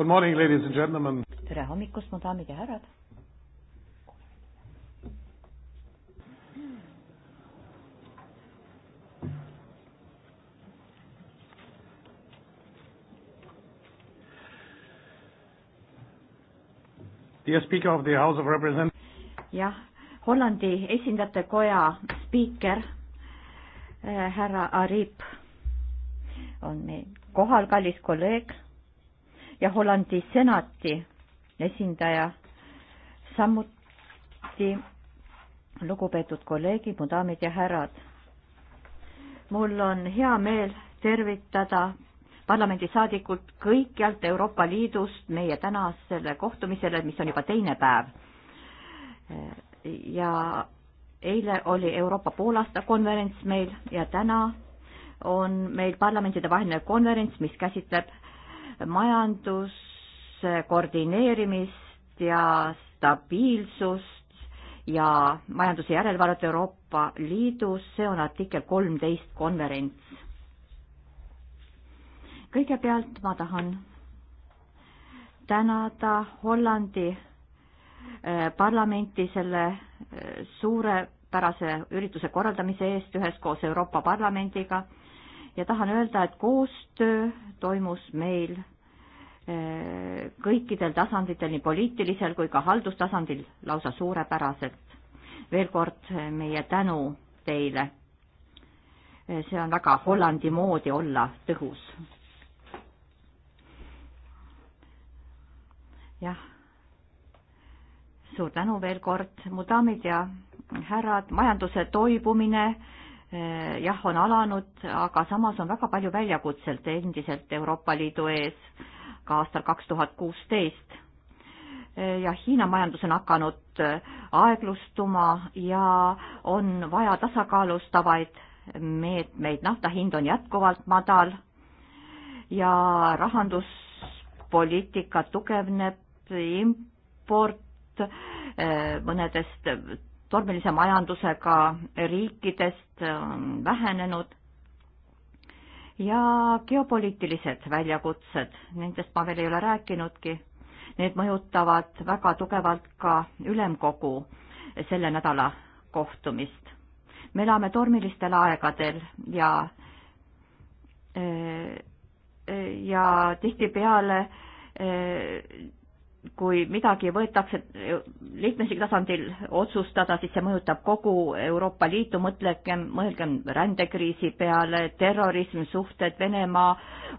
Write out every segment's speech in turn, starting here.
Good morning, ladies and gentlemen. tere hommikust, mu daamid ja härrad. Dear Speaker of the House of Representatives. jah, Hollandi esindajate koja spiiker eh, härra Arip on meil kohal, kallis kolleeg ja Hollandi senati esindaja, samuti lugupeetud kolleegid, mu daamid ja härrad. mul on hea meel tervitada parlamendisaadikult kõikjalt Euroopa Liidust meie tänasele kohtumisele, mis on juba teine päev. ja eile oli Euroopa poolaasta konverents meil ja täna on meil parlamendide vaheline konverents, mis käsitleb majanduskoordineerimist ja stabiilsust ja majanduse järelevalvet Euroopa Liidus, see on artikkel kolmteist konverents. kõigepealt ma tahan tänada Hollandi eh, parlamenti selle eh, suurepärase ürituse korraldamise eest üheskoos Euroopa Parlamendiga ja tahan öelda, et koostöö toimus meil kõikidel tasanditel, nii poliitilisel kui ka haldustasandil lausa suurepäraselt. veel kord eh, meie tänu teile. Eh, see on väga Hollandi moodi olla tõhus. jah, suur tänu veel kord, mu daamid ja härrad, majanduse toibumine eh, jah, on alanud, aga samas on väga palju väljakutselt endiselt Euroopa Liidu ees ka aastal kaks tuhat kuusteist. ja Hiina majandus on hakanud aeglustuma ja on vaja tasakaalustavaid meetmeid, nafta hind on jätkuvalt madal ja rahanduspoliitika tugevneb, import eh, mõnedest tormilise majandusega riikidest on vähenenud ja geopoliitilised väljakutsed, nendest ma veel ei ole rääkinudki. Need mõjutavad väga tugevalt ka ülemkogu selle nädala kohtumist. me elame tormilistel aegadel ja äh, äh, ja tihtipeale äh, kui midagi võetakse liikmesriigi tasandil otsustada, siis see mõjutab kogu Euroopa Liitu, mõtlegem, mõelgem rändekriisi peale, terrorism, suhted Venemaa,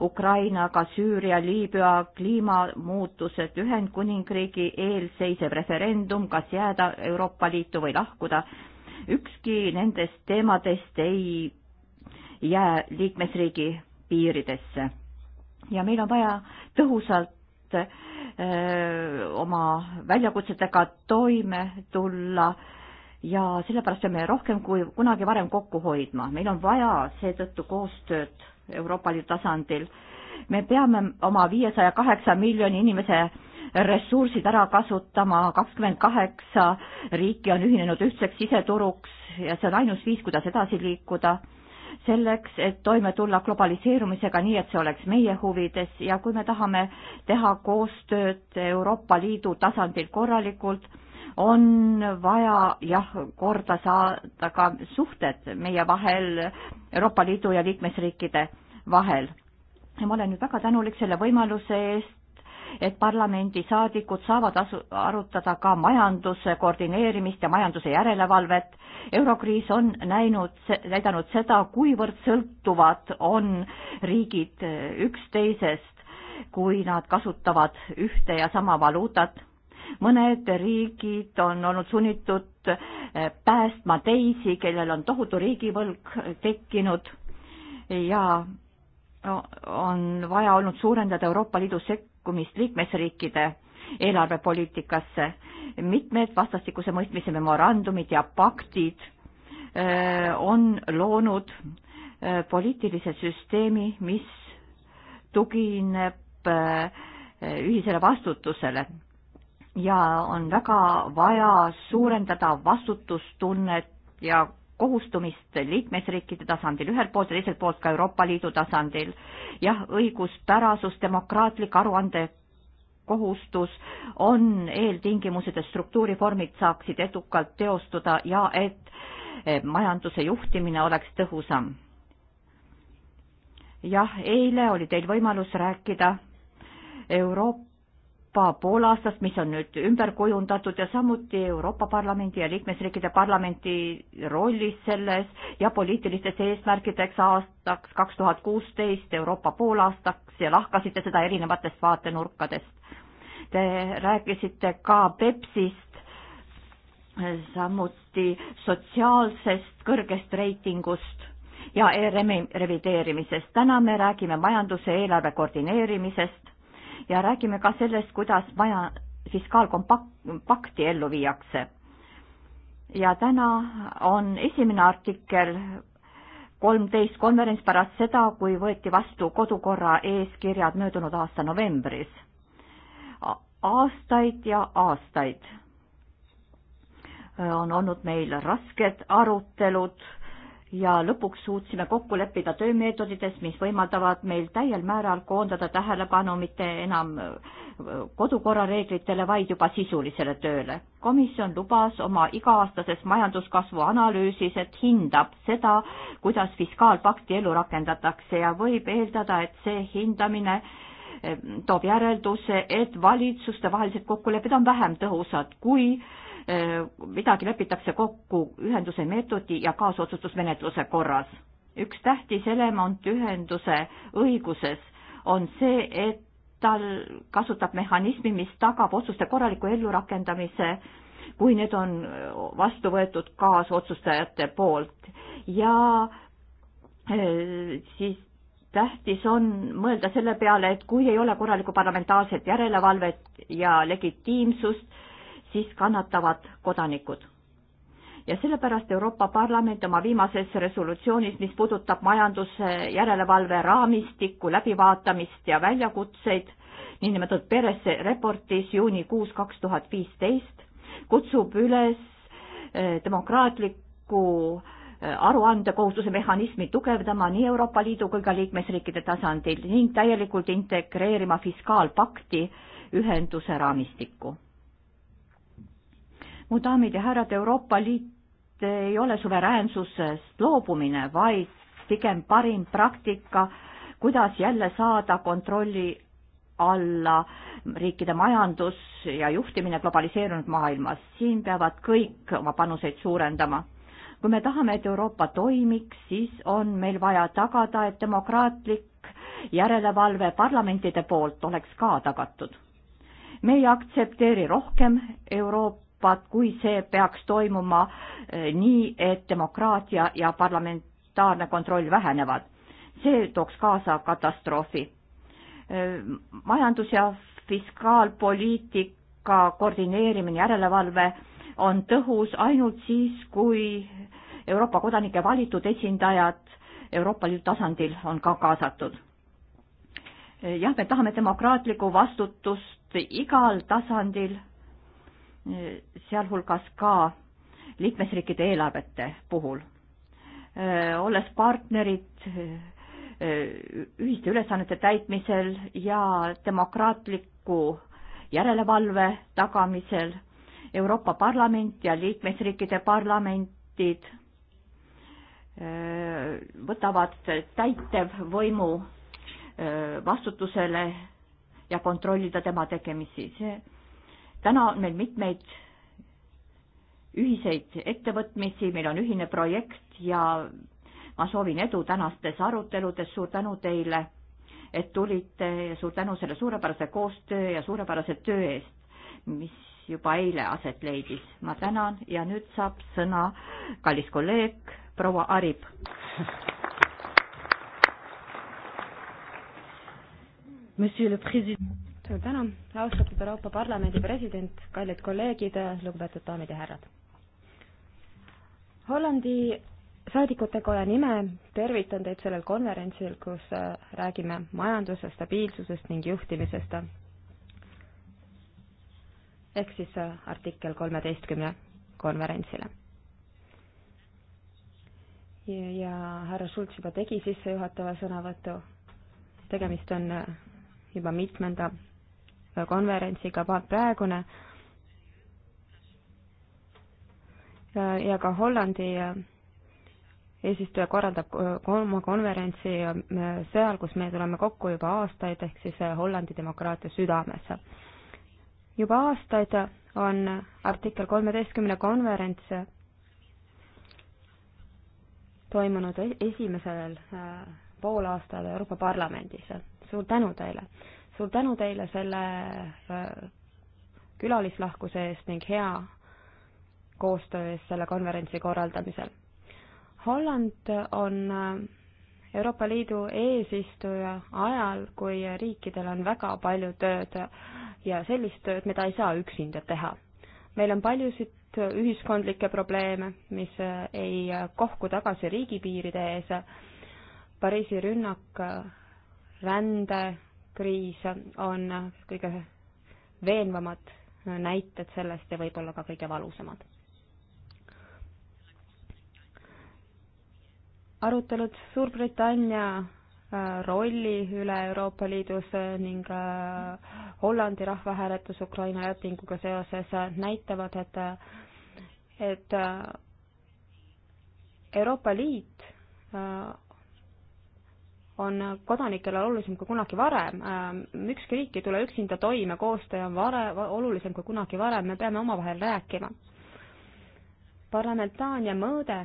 Ukrainaga, Süüria, Liibüa, kliimamuutused, Ühendkuningriigi eelseisev referendum, kas jääda Euroopa Liitu või lahkuda. ükski nendest teemadest ei jää liikmesriigi piiridesse. ja meil on vaja tõhusalt et oma väljakutsetega toime tulla ja sellepärast peame rohkem kui kunagi varem kokku hoidma. meil on vaja seetõttu koostööd Euroopa Liidu tasandil. me peame oma viiesaja kaheksa miljoni inimese ressursid ära kasutama, kakskümmend kaheksa riiki on ühinenud ühtseks siseturuks ja see on ainus viis, kuidas edasi liikuda selleks, et toime tulla globaliseerumisega nii, et see oleks meie huvides ja kui me tahame teha koostööd Euroopa Liidu tasandil korralikult, on vaja jah, korda saada ka suhted meie vahel, Euroopa Liidu ja liikmesriikide vahel. ja ma olen nüüd väga tänulik selle võimaluse eest et parlamendisaadikud saavad asu-, arutada ka majanduse koordineerimist ja majanduse järelevalvet. eurokriis on näinud, näidanud seda, kuivõrd sõltuvad on riigid eh, üksteisest, kui nad kasutavad ühte ja sama valuutat. mõned riigid on olnud sunnitud eh, päästma teisi, kellel on tohutu riigivõlg eh, tekkinud ja on vaja olnud suurendada Euroopa Liidu sek-, sekkumist liikmesriikide eelarvepoliitikasse. mitmed vastastikuse mõistmise memorandumid ja paktid äh, on loonud äh, poliitilise süsteemi, mis tugineb äh, ühisele vastutusele ja on väga vaja suurendada vastutustunnet ja kohustumist liikmesriikide tasandil ühelt poolt ja teiselt poolt ka Euroopa Liidu tasandil. jah, õiguspärasus, demokraatlik aruande kohustus on eeltingimused, et struktuuriformid saaksid edukalt teostuda ja et eh, majanduse juhtimine oleks tõhusam. jah, eile oli teil võimalus rääkida Euroopa Euroopa poolaastast, mis on nüüd ümber kujundatud ja samuti Euroopa Parlamendi ja liikmesriikide parlamendi rollis selles ja poliitilistes eesmärkideks aastaks kaks tuhat kuusteist Euroopa poolaastaks ja lahkasite seda erinevatest vaatenurkadest. Te rääkisite ka Pepsist, samuti sotsiaalsest kõrgest reitingust ja ERM-i revideerimisest. täna me räägime majanduse eelarve koordineerimisest ja räägime ka sellest, kuidas maja fiskaalkompakti ellu viiakse. ja täna on esimene artikkel kolmteist konverents pärast seda, kui võeti vastu kodukorra eeskirjad möödunud aasta novembris. aastaid ja aastaid on olnud meil rasked arutelud ja lõpuks suutsime kokku leppida töömeetodites, mis võimaldavad meil täiel määral koondada tähelepanu mitte enam äh, kodukorra reeglitele, vaid juba sisulisele tööle. komisjon lubas oma iga-aastases majanduskasvu analüüsis, et hindab seda, kuidas fiskaalpakti ellu rakendatakse ja võib eeldada, et see hindamine äh, toob järelduse, et valitsustevahelised kokkulepped on vähem tõhusad kui äh, Äh, midagi lepitakse kokku ühenduse meetodi ja kaasotsustusmenetluse korras. üks tähtis element ühenduse õiguses on see, et tal kasutab mehhanismi, mis tagab otsuste korraliku ellurakendamise, kui need on vastu võetud kaasotsustajate poolt ja äh, siis tähtis on mõelda selle peale, et kui ei ole korralikku parlamentaarset järelevalvet ja legitiimsust, siis kannatavad kodanikud. ja sellepärast Euroopa Parlament oma viimases resolutsioonis, mis puudutab majanduse järelevalve raamistikku, läbivaatamist ja väljakutseid, niinimetatud peresse reportis juunikuus kaks tuhat viisteist, kutsub üles eh, demokraatliku eh, aruandekohustuse mehhanismi tugevdama nii Euroopa Liidu kui ka liikmesriikide tasandil ning täielikult integreerima fiskaalpakti ühenduse raamistikku mu daamid ja härrad, Euroopa Liit ei ole suveräänsusest loobumine, vaid pigem parim praktika, kuidas jälle saada kontrolli alla riikide majandus ja juhtimine globaliseerunud maailmas. siin peavad kõik oma panuseid suurendama. kui me tahame, et Euroopa toimiks, siis on meil vaja tagada, et demokraatlik järelevalve parlamentide poolt oleks ka tagatud. me ei aktsepteeri rohkem Euroopa Euroopat, kui see peaks toimuma eh, nii, et demokraatia ja parlamentaarne kontroll vähenevad. see tooks kaasa katastroofi. Eh, majandus- ja fiskaalpoliitika koordineerimine, järelevalve on tõhus ainult siis, kui Euroopa kodanike valitud esindajad Euroopa Liidu tasandil on ka kaasatud eh, jah, me tahame demokraatlikku vastutust igal tasandil Äh, sealhulgas ka liikmesriikide eelarvete puhul. Äh, olles partnerid äh, ühiste ülesannete täitmisel ja demokraatliku järelevalve tagamisel, Euroopa Parlament ja liikmesriikide parlamentid võtavad täitevvõimu vastutusele ja kontrollida tema tegemisi. see täna on meil mitmeid ühiseid ettevõtmisi, meil on ühine projekt ja ma soovin edu tänastes aruteludes, suur tänu teile, et tulite ja suur tänu selle suurepärase koostöö ja suurepärase töö eest, mis juba eile aset leidis. ma tänan ja nüüd saab sõna kallis kolleeg proua Arip. Monsieur le Président suur tänu, austatud Euroopa Parlamendi president, kallid kolleegid, lugupeetud daamid ja härrad. Hollandi saadikute koja nime tervitan teid sellel konverentsil, kus äh, räägime majanduse stabiilsusest ning juhtimisest. ehk siis äh, artikkel kolmeteistkümne konverentsile. ja härra Schultz juba tegi sissejuhatava sõnavõtu, tegemist on äh, juba mitmenda konverentsiga praegune ja ka Hollandi äh, eesistuja korraldab äh, oma konverentsi äh, seal, kus me tuleme kokku juba aastaid, ehk siis Hollandi demokraatia südames. juba aastaid on artikkel kolmeteistkümne konverents toimunud e-, esimesel poolaastal Euroopa Parlamendis. suur tänu teile! suur tänu teile selle äh, külalislahkuse eest ning hea koostöö eest selle konverentsi korraldamisel. Holland on äh, Euroopa Liidu eesistuja ajal, kui riikidel on väga palju tööd ja sellist tööd, mida ei saa üksinda teha. meil on paljusid ühiskondlikke probleeme, mis äh, ei kohku tagasi riigipiiride ees. Pariisi rünnak, rände kriis on kõige veenvamad näited sellest ja võib-olla ka kõige valusamad. arutelud Suurbritannia äh, rolli üle Euroopa Liidus äh, ning äh, Hollandi rahvahääletus Ukraina lepinguga seoses näitavad, et, et Euroopa Liit on kodanikel olulisem kui kunagi varem. Ähm, ükski riik ei tule üksinda toime, koostöö on vare, olulisem kui kunagi varem, me peame omavahel rääkima. parlamentaania mõõde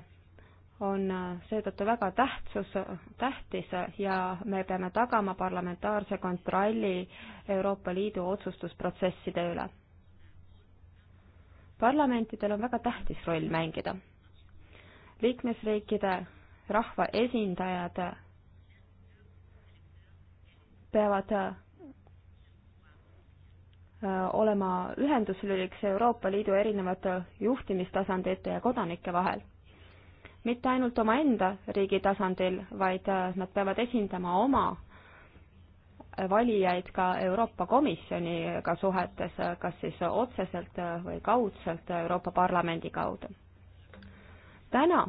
on äh, seetõttu väga tähtsus, tähtis ja me peame tagama parlamentaarse kontrolli Euroopa Liidu otsustusprotsesside üle. parlamentidel on väga tähtis roll mängida. liikmesriikide rahvaesindajad peavad äh, äh, olema ühenduslüliks Euroopa Liidu erinevate juhtimistasandite ja kodanike vahel. mitte ainult omaenda riigi tasandil, vaid äh, nad peavad esindama oma valijaid ka Euroopa Komisjoniga suhetes, kas siis otseselt või kaudselt Euroopa Parlamendi kaudu. täna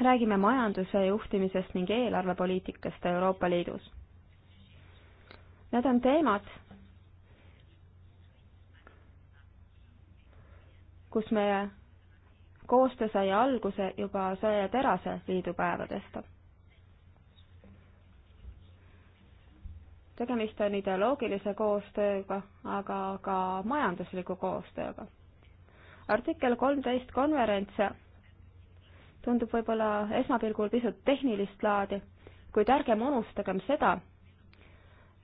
räägime majanduse juhtimisest ning eelarvepoliitikast Euroopa Liidus Need on teemad, kus meie koostöö sai alguse juba söe ja terase liidu päevadest. tegemist on ideoloogilise koostööga, aga ka majandusliku koostööga. artikkel kolmteist konverents tundub võib-olla esmapilgul pisut tehnilist laadi, kuid ärgem unustagem seda,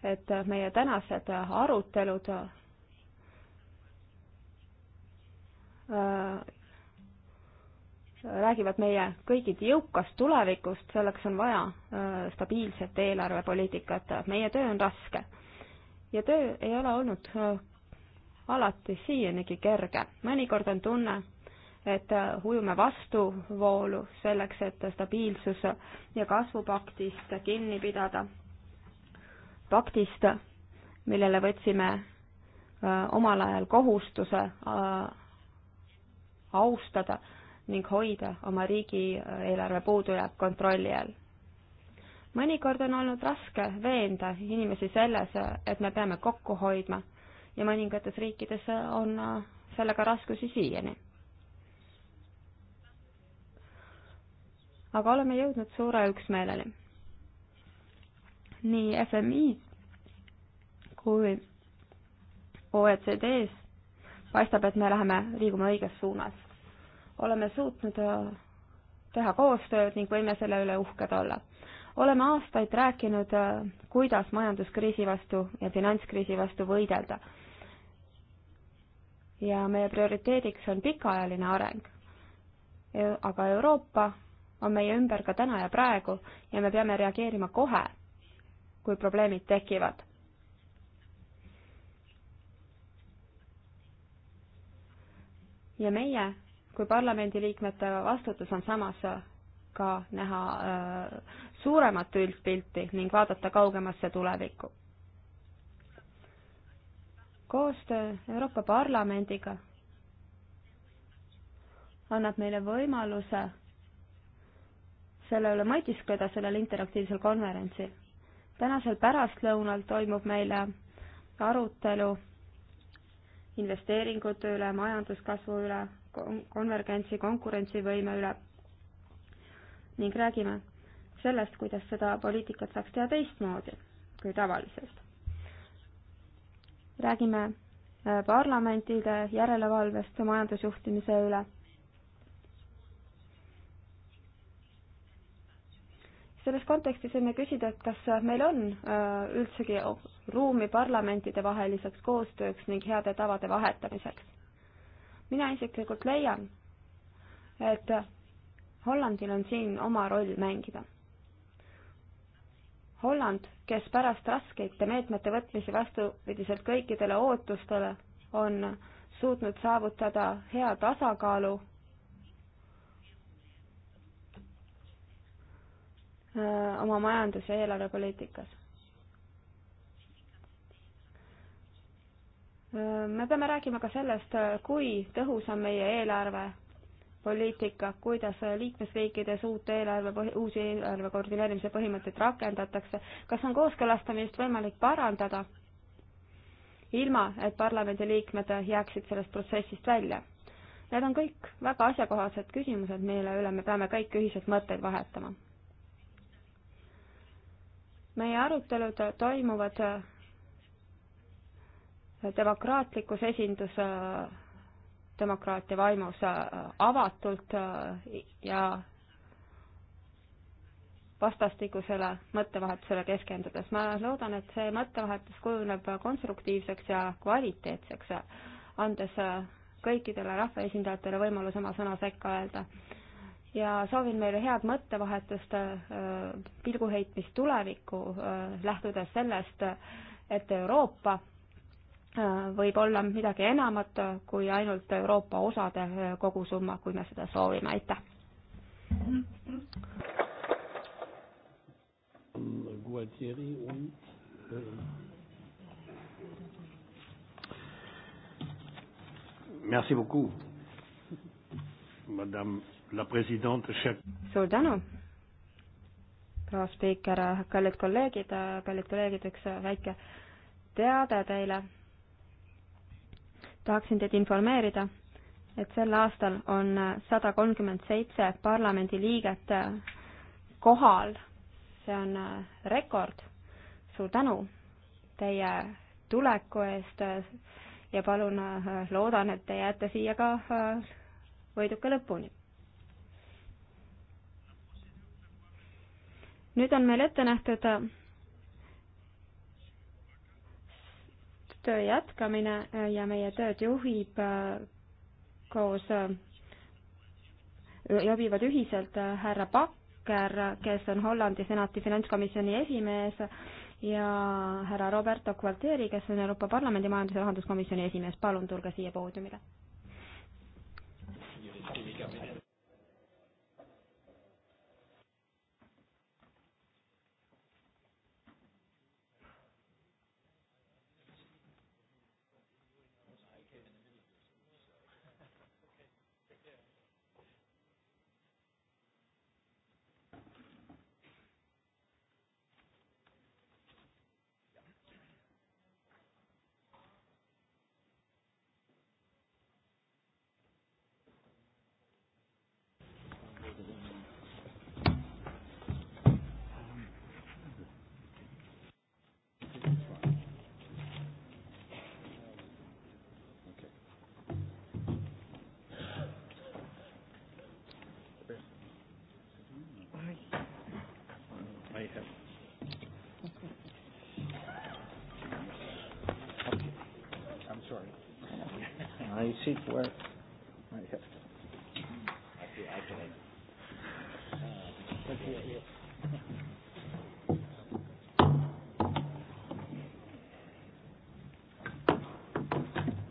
et meie tänased arutelud äh, räägivad meie kõigiti jõukast tulevikust, selleks on vaja äh, stabiilset eelarvepoliitikat, meie töö on raske. ja töö ei ole olnud äh, alati siianigi kerge, mõnikord on tunne, et ujume vastuvoolu selleks, et stabiilsus ja kasvupaktist kinni pidada paktist, millele võtsime äh, omal ajal kohustuse äh, austada ning hoida oma riigieelarve äh, puudujääk kontrolli all. mõnikord on olnud raske veenda inimesi selles, et me peame kokku hoidma ja mõningates riikides on sellega raskusi siiani. aga oleme jõudnud suure üksmeeleni nii FMI-s kui OECD-s paistab, et me läheme, liigume õiges suunas. oleme suutnud äh, teha koostööd ning võime selle üle uhked olla. oleme aastaid rääkinud, äh, kuidas majanduskriisi vastu ja finantskriisi vastu võidelda. ja meie prioriteediks on pikaajaline areng. E, aga Euroopa on meie ümber ka täna ja praegu ja me peame reageerima kohe kui probleemid tekivad. ja meie kui parlamendiliikmete vastutus on samas ka näha öö, äh, suuremat üldpilti ning vaadata kaugemasse tulevikku. koostöö Euroopa Parlamendiga annab meile võimaluse selle üle mõtiskleda sellel interaktiivsel konverentsil tänasel pärastlõunal toimub meil arutelu investeeringute üle, majanduskasvu üle, konvergentsi, konkurentsivõime üle ning räägime sellest, kuidas seda poliitikat saaks teha teistmoodi kui tavaliselt. räägime äh, parlamentide järelevalvest majandusjuhtimise üle selles kontekstis võime küsida, et kas meil on äh, üldsegi ruumi parlamentidevaheliseks koostööks ning heade tavade vahetamiseks. mina isiklikult leian, et Hollandil on siin oma roll mängida. Holland, kes pärast raskeid meetmete võtmisi vastupidiselt kõikidele ootustele on suutnud saavutada hea tasakaalu Äh, oma majandus- ja eelarvepoliitikas. Äh, me peame rääkima ka sellest, äh, kui tõhus on meie eelarvepoliitika, kuidas liikmesriikides uut eelarve, uusi eelarve koordineerimise põhimõtteid rakendatakse, kas on kooskõlastamist võimalik parandada, ilma et parlamendiliikmed jääksid sellest protsessist välja. Need on kõik väga asjakohased küsimused, mille üle me peame kõik ühiselt mõtteid vahetama meie arutelud toimuvad äh, demokraatlikus esindus, äh, demokraatia vaimus äh, avatult ja vastastikusele mõttevahetusele keskendudes. ma loodan, et see mõttevahetus kujuneb konstruktiivseks ja kvaliteetseks, andes kõikidele rahvaesindajatele võimalus oma sõna sekka öelda ja soovin meile head mõttevahetust, äh, pilguheitmist tulevikku, äh, lähtudes sellest, et Euroopa äh, võib olla midagi enamat kui ainult Euroopa osade kogusumma, kui me seda soovime, aitäh. Gualtieri und Merci beaucoup, Madame suur tänu, proua spiiker, kallid kolleegid, kallid kolleegid, üks väike teade teile. tahaksin teid informeerida, et sel aastal on sada kolmkümmend seitse parlamendiliiget kohal. see on rekord. suur tänu teie tuleku eest ja palun, äh, loodan, et te jääte siia ka äh, võiduka lõpuni nüüd on meil ette nähtud äh, töö jätkamine äh, ja meie tööd juhib äh, koos, juhivad ühiselt härra Bakker, kes on Hollandi senati finantskomisjoni esimees ja härra Roberto Gualtieri, kes on Euroopa Parlamendi majandus- ja rahanduskomisjoni esimees. palun tulge siia poodiumile where right here.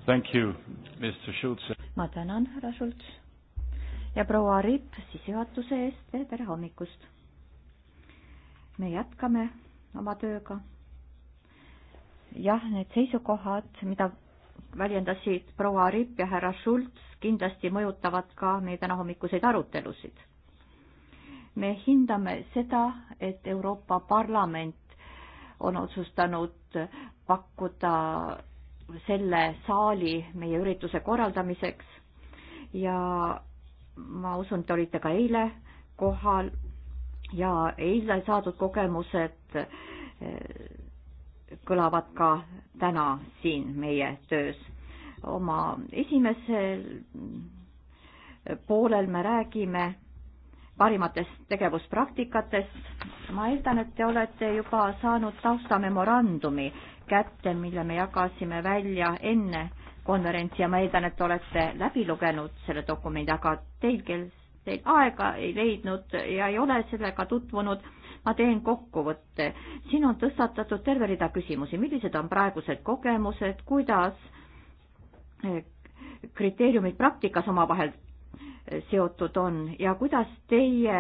Thank you, Mr Schultz. ma tänan, härra Schultz ja proua Ripp sissejuhatuse eest ja tere hommikust. me jätkame oma tööga. jah, need seisukohad, mida väljendasid proua Aripp ja härra Schultz, kindlasti mõjutavad ka meie tänahommikuseid arutelusid. me hindame seda, et Euroopa Parlament on otsustanud pakkuda selle saali meie ürituse korraldamiseks ja ma usun, te olite ka eile kohal ja eile saadud kogemused kõlavad ka täna siin meie töös. oma esimesel poolel me räägime parimatest tegevuspraktikatest. ma eeldan, et te olete juba saanud taustamemorandumi kätte, mille me jagasime välja enne konverentsi ja ma eeldan, et olete läbi lugenud selle dokumendi, aga teil, kes teil aega ei leidnud ja ei ole sellega tutvunud ma teen kokkuvõtte. siin on tõstatatud terve rida küsimusi, millised on praegused kogemused, kuidas eh, kriteeriumid praktikas omavahel eh, seotud on ja kuidas teie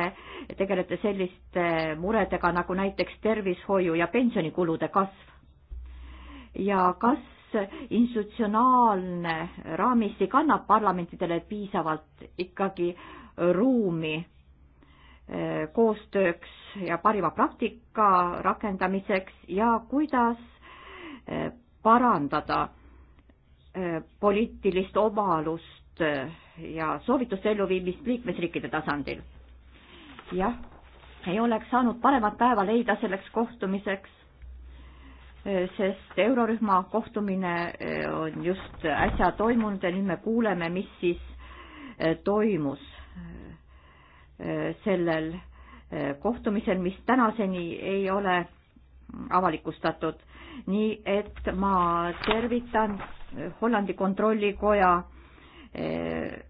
tegelete selliste muredega nagu näiteks tervishoiu ja pensionikulude kasv? ja kas institutsionaalne raamistik annab parlamentidele piisavalt ikkagi ruumi koostööks ja parima praktika rakendamiseks ja kuidas eh, parandada eh, poliitilist omalust eh, ja soovituste elluviimist liikmesriikide tasandil. jah, ei oleks saanud paremat päeva leida selleks kohtumiseks, sest eurorühma kohtumine on just äsja toimunud ja nüüd me kuuleme, mis siis toimus sellel eh, kohtumisel, mis tänaseni ei ole avalikustatud. nii et ma tervitan eh, Hollandi Kontrollikoja eh,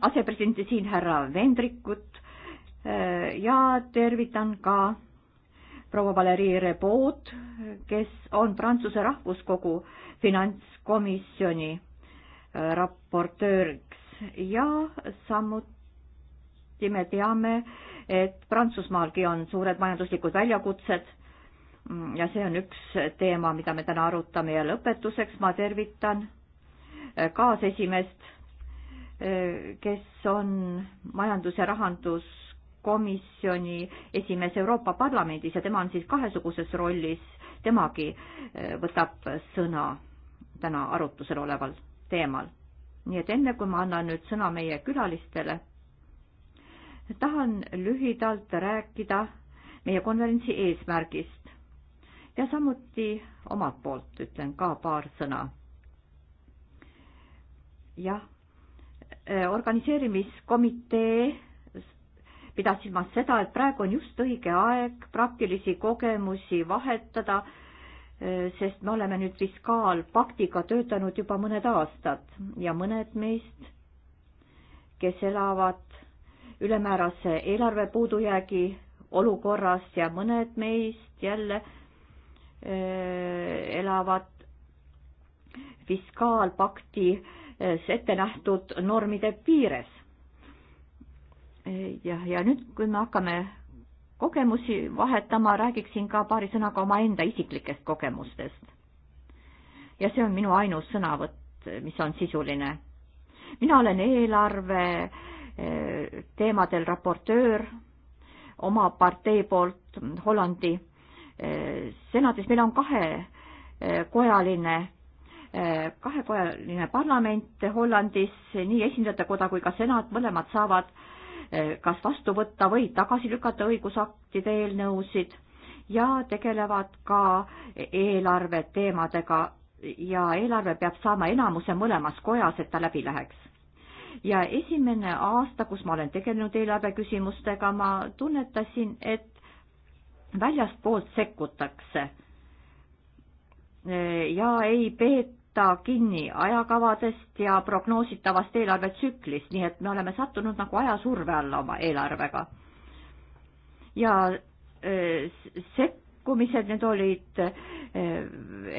asepresidenti siin härra Vendrikut ja tervitan ka proua Valerii Rebood, kes on Prantsuse Rahvuskogu finantskomisjoni raportöör ja samuti me teame, et Prantsusmaalgi on suured majanduslikud väljakutsed ja see on üks teema, mida me täna arutame ja lõpetuseks ma tervitan kaasesimeest, kes on majandus- ja rahanduskomisjoni esimees Euroopa Parlamendis ja tema on siis kahesuguses rollis, temagi võtab sõna täna arutusel oleval teemal nii et enne kui ma annan nüüd sõna meie külalistele, tahan lühidalt rääkida meie konverentsi eesmärgist ja samuti omalt poolt ütlen ka paar sõna. jah, eh, organiseerimiskomitee pidas silmas seda, et praegu on just õige aeg praktilisi kogemusi vahetada sest me oleme nüüd fiskaalpaktiga töötanud juba mõned aastad ja mõned meist, kes elavad ülemäärase eelarve puudujäägi olukorras ja mõned meist jälle äh, elavad fiskaalpaktis äh, ette nähtud normide piires. Äh, jah, ja nüüd, kui me hakkame kogemusi vahetama, räägiksin ka paari sõnaga omaenda isiklikest kogemustest. ja see on minu ainus sõnavõtt, mis on sisuline. mina olen eelarve eh, teemadel raportöör oma partei poolt Hollandi eh, senatis, meil on kahekojaline eh, kahekojaline parlament Hollandis, nii esindajate koda kui ka senat, mõlemad saavad Eh, kas vastu võtta või tagasi lükata õigusaktide eelnõusid ja tegelevad ka eelarve teemadega ja eelarve peab saama enamuse mõlemas kojas, et ta läbi läheks. ja esimene aasta, kus ma olen tegelenud eelarve küsimustega, ma tunnetasin, et väljastpoolt sekkutakse eh, ja ei peeta ta kinni ajakavadest ja prognoositavast eelarvetsüklist, nii et me oleme sattunud nagu ajasurve alla oma eelarvega. ja e, sekkumised, need olid e,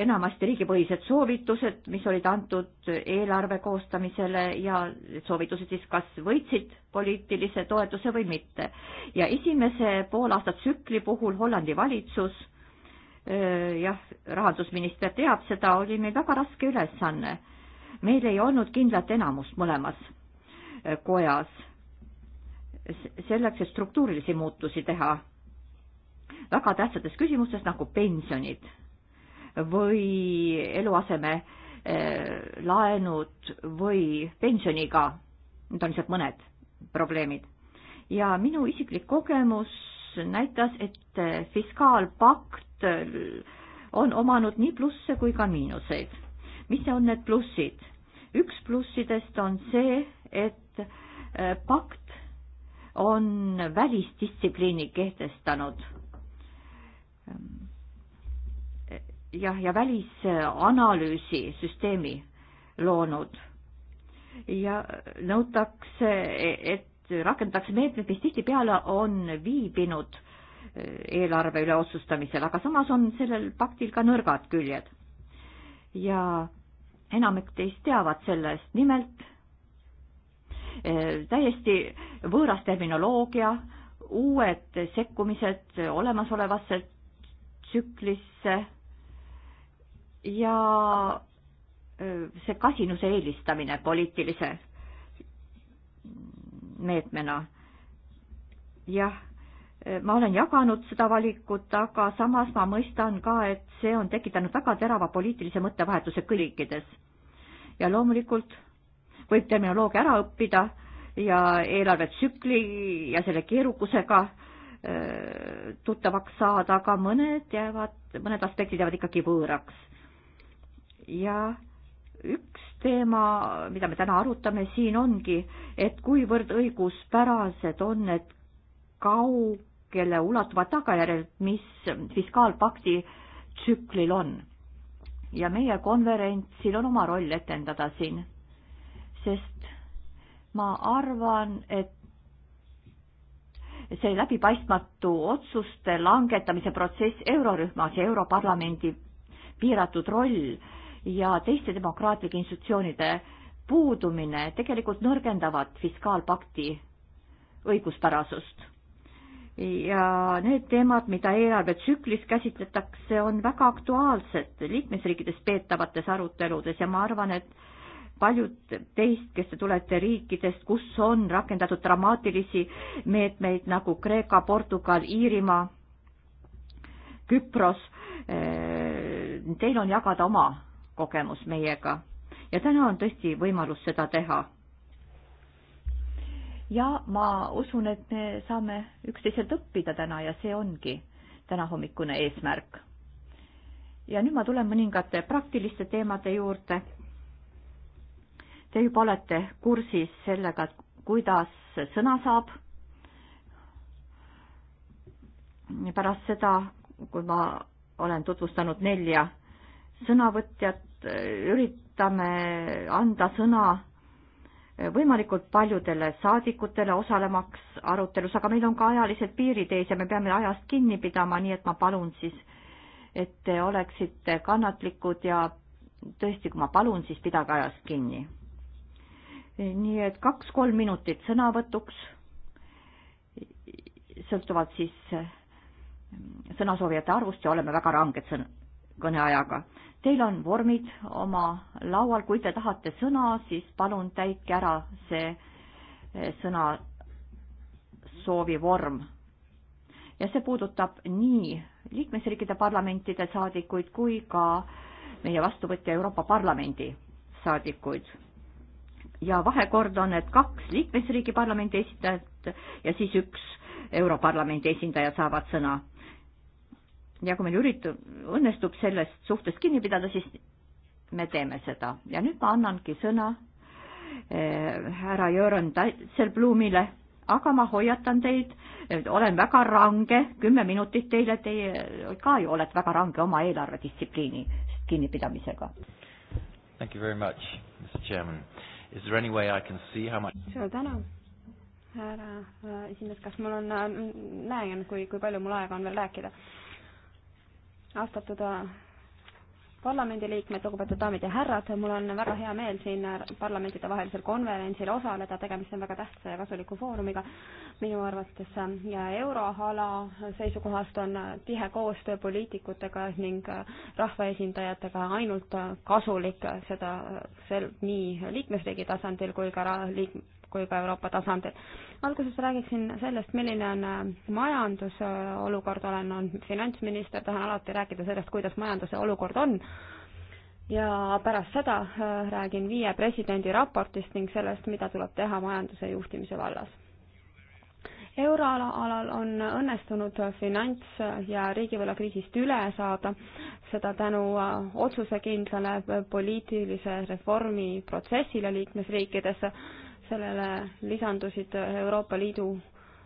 enamasti riigipõhised soovitused, mis olid antud eelarve koostamisele ja soovitused siis kas võitsid poliitilise toetuse või mitte. ja esimese poolaasta tsükli puhul Hollandi valitsus jah, rahandusminister teab seda, oli meil väga raske ülesanne. meil ei olnud kindlat enamust mõlemas kojas selleks, et struktuurilisi muutusi teha väga tähtsates küsimustes nagu pensionid või eluaseme laenud või pensioniiga. Need on lihtsalt mõned probleemid. ja minu isiklik kogemus näitas, et fiskaalpakt on omanud nii plusse kui ka miinuseid. mis on need plussid? üks plussidest on see, et äh, pakt on välisdistsipliini kehtestanud. Ehm, jah, ja välisanalüüsi süsteemi loonud ja nõutakse, et rakendatakse meetmed, mis tihtipeale on viibinud eh, eelarve üle otsustamisel, aga samas on sellel paktil ka nõrgad küljed. ja enamik teist teavad sellest, nimelt eh, täiesti võõras terminoloogia, uued sekkumised olemasolevasse tsüklisse ja eh, see kasinuse eelistamine poliitilise meetmena. jah, ma olen jaganud seda valikut, aga samas ma mõistan ka, et see on tekitanud väga terava poliitilise mõttevahetuse kõikides. ja loomulikult võib terminoloogia ära õppida ja eelarvetsükli ja selle keerukusega äh, tuttavaks saada, aga mõned jäävad, mõned aspektid jäävad ikkagi võõraks. ja üks teema, mida me täna arutame, siin ongi, et kuivõrd õiguspärased on need kaugele ulatuvad tagajärjed, mis fiskaalpakti tsüklil on. ja meie konverentsil on oma roll etendada siin, sest ma arvan, et see läbipaistmatu otsuste langetamise protsess eurorühmas ja Europarlamendi piiratud roll ja teiste demokraatlike institutsioonide puudumine tegelikult nõrgendavad fiskaalpakti õiguspärasust. ja need teemad, mida eelarvetsüklis käsitletakse, on väga aktuaalsed liikmesriikides peetavates aruteludes ja ma arvan, et paljud teist, kes te tulete riikidest, kus on rakendatud dramaatilisi meetmeid nagu Kreeka, Portugal, Iirimaa, Küpros, eh, teil on jagada oma kogemus meiega ja täna on tõesti võimalus seda teha. ja ma usun, et me saame üksteiselt õppida täna ja see ongi tänahommikune eesmärk. ja nüüd ma tulen mõningate praktiliste teemade juurde. Te juba olete kursis sellega, kuidas sõna saab. pärast seda, kui ma olen tutvustanud nelja sõnavõtjat, Eh, üritame anda sõna eh, võimalikult paljudele saadikutele osalemaks arutelus, aga meil on ka ajalised piirid ees ja me peame ajast kinni pidama, nii et ma palun siis, et te oleksite kannatlikud ja tõesti, kui ma palun, siis pidage ajast kinni. nii et kaks-kolm minutit sõnavõtuks, sõltuvalt siis eh, sõnasoovijate arvust ja oleme väga ranged sõn-, kõneajaga. Teil on vormid oma laual, kui te tahate sõna, siis palun täitke ära see eh, sõna soovi vorm. ja see puudutab nii liikmesriikide parlamentide saadikuid kui ka meie vastuvõtja Euroopa Parlamendi saadikuid. ja vahekord on, et kaks liikmesriigi parlamendi esindajat ja siis üks Europarlamendi esindaja saavad sõna ja kui meil üritab, õnnestub sellest suhtest kinni pidada, siis me teeme seda ja nüüd ma annangi sõna eh, härra Jörn Tasselblumile, aga ma hoiatan teid, olen väga range, kümme minutit teile, teie ka ju olete väga range oma eelarvedistsipliini kinnipidamisega. Thank you very much, Mr Chairman. Is there any way I can see how much suur tänu, härra äh, esimees, kas mul on, äh, näen, kui, kui palju mul aega on veel rääkida austatud äh, parlamendiliikmed, lugupeetud daamid ja härrad, mul on väga hea meel siin parlamentidevahelisel konverentsil osaleda, tegemist on väga tähtsa ja kasuliku foorumiga minu arvates ja euroala seisukohast on tihe koostöö poliitikutega ning rahvaesindajatega ainult kasulik, seda sel-, nii liikmesriigi tasandil kui ka liik-, kui ka Euroopa tasandil. alguses räägiksin sellest, milline on äh, majandusolukord, olen olnud finantsminister, tahan alati rääkida sellest, kuidas majanduse olukord on, ja pärast seda äh, räägin viie presidendi raportist ning sellest, mida tuleb teha majanduse juhtimise vallas. euroalal on õnnestunud finants- ja riigivõlakriisist üle saada, seda tänu äh, otsusekindlale poliitilise reformi protsessile liikmesriikides sellele lisandusid Euroopa Liidu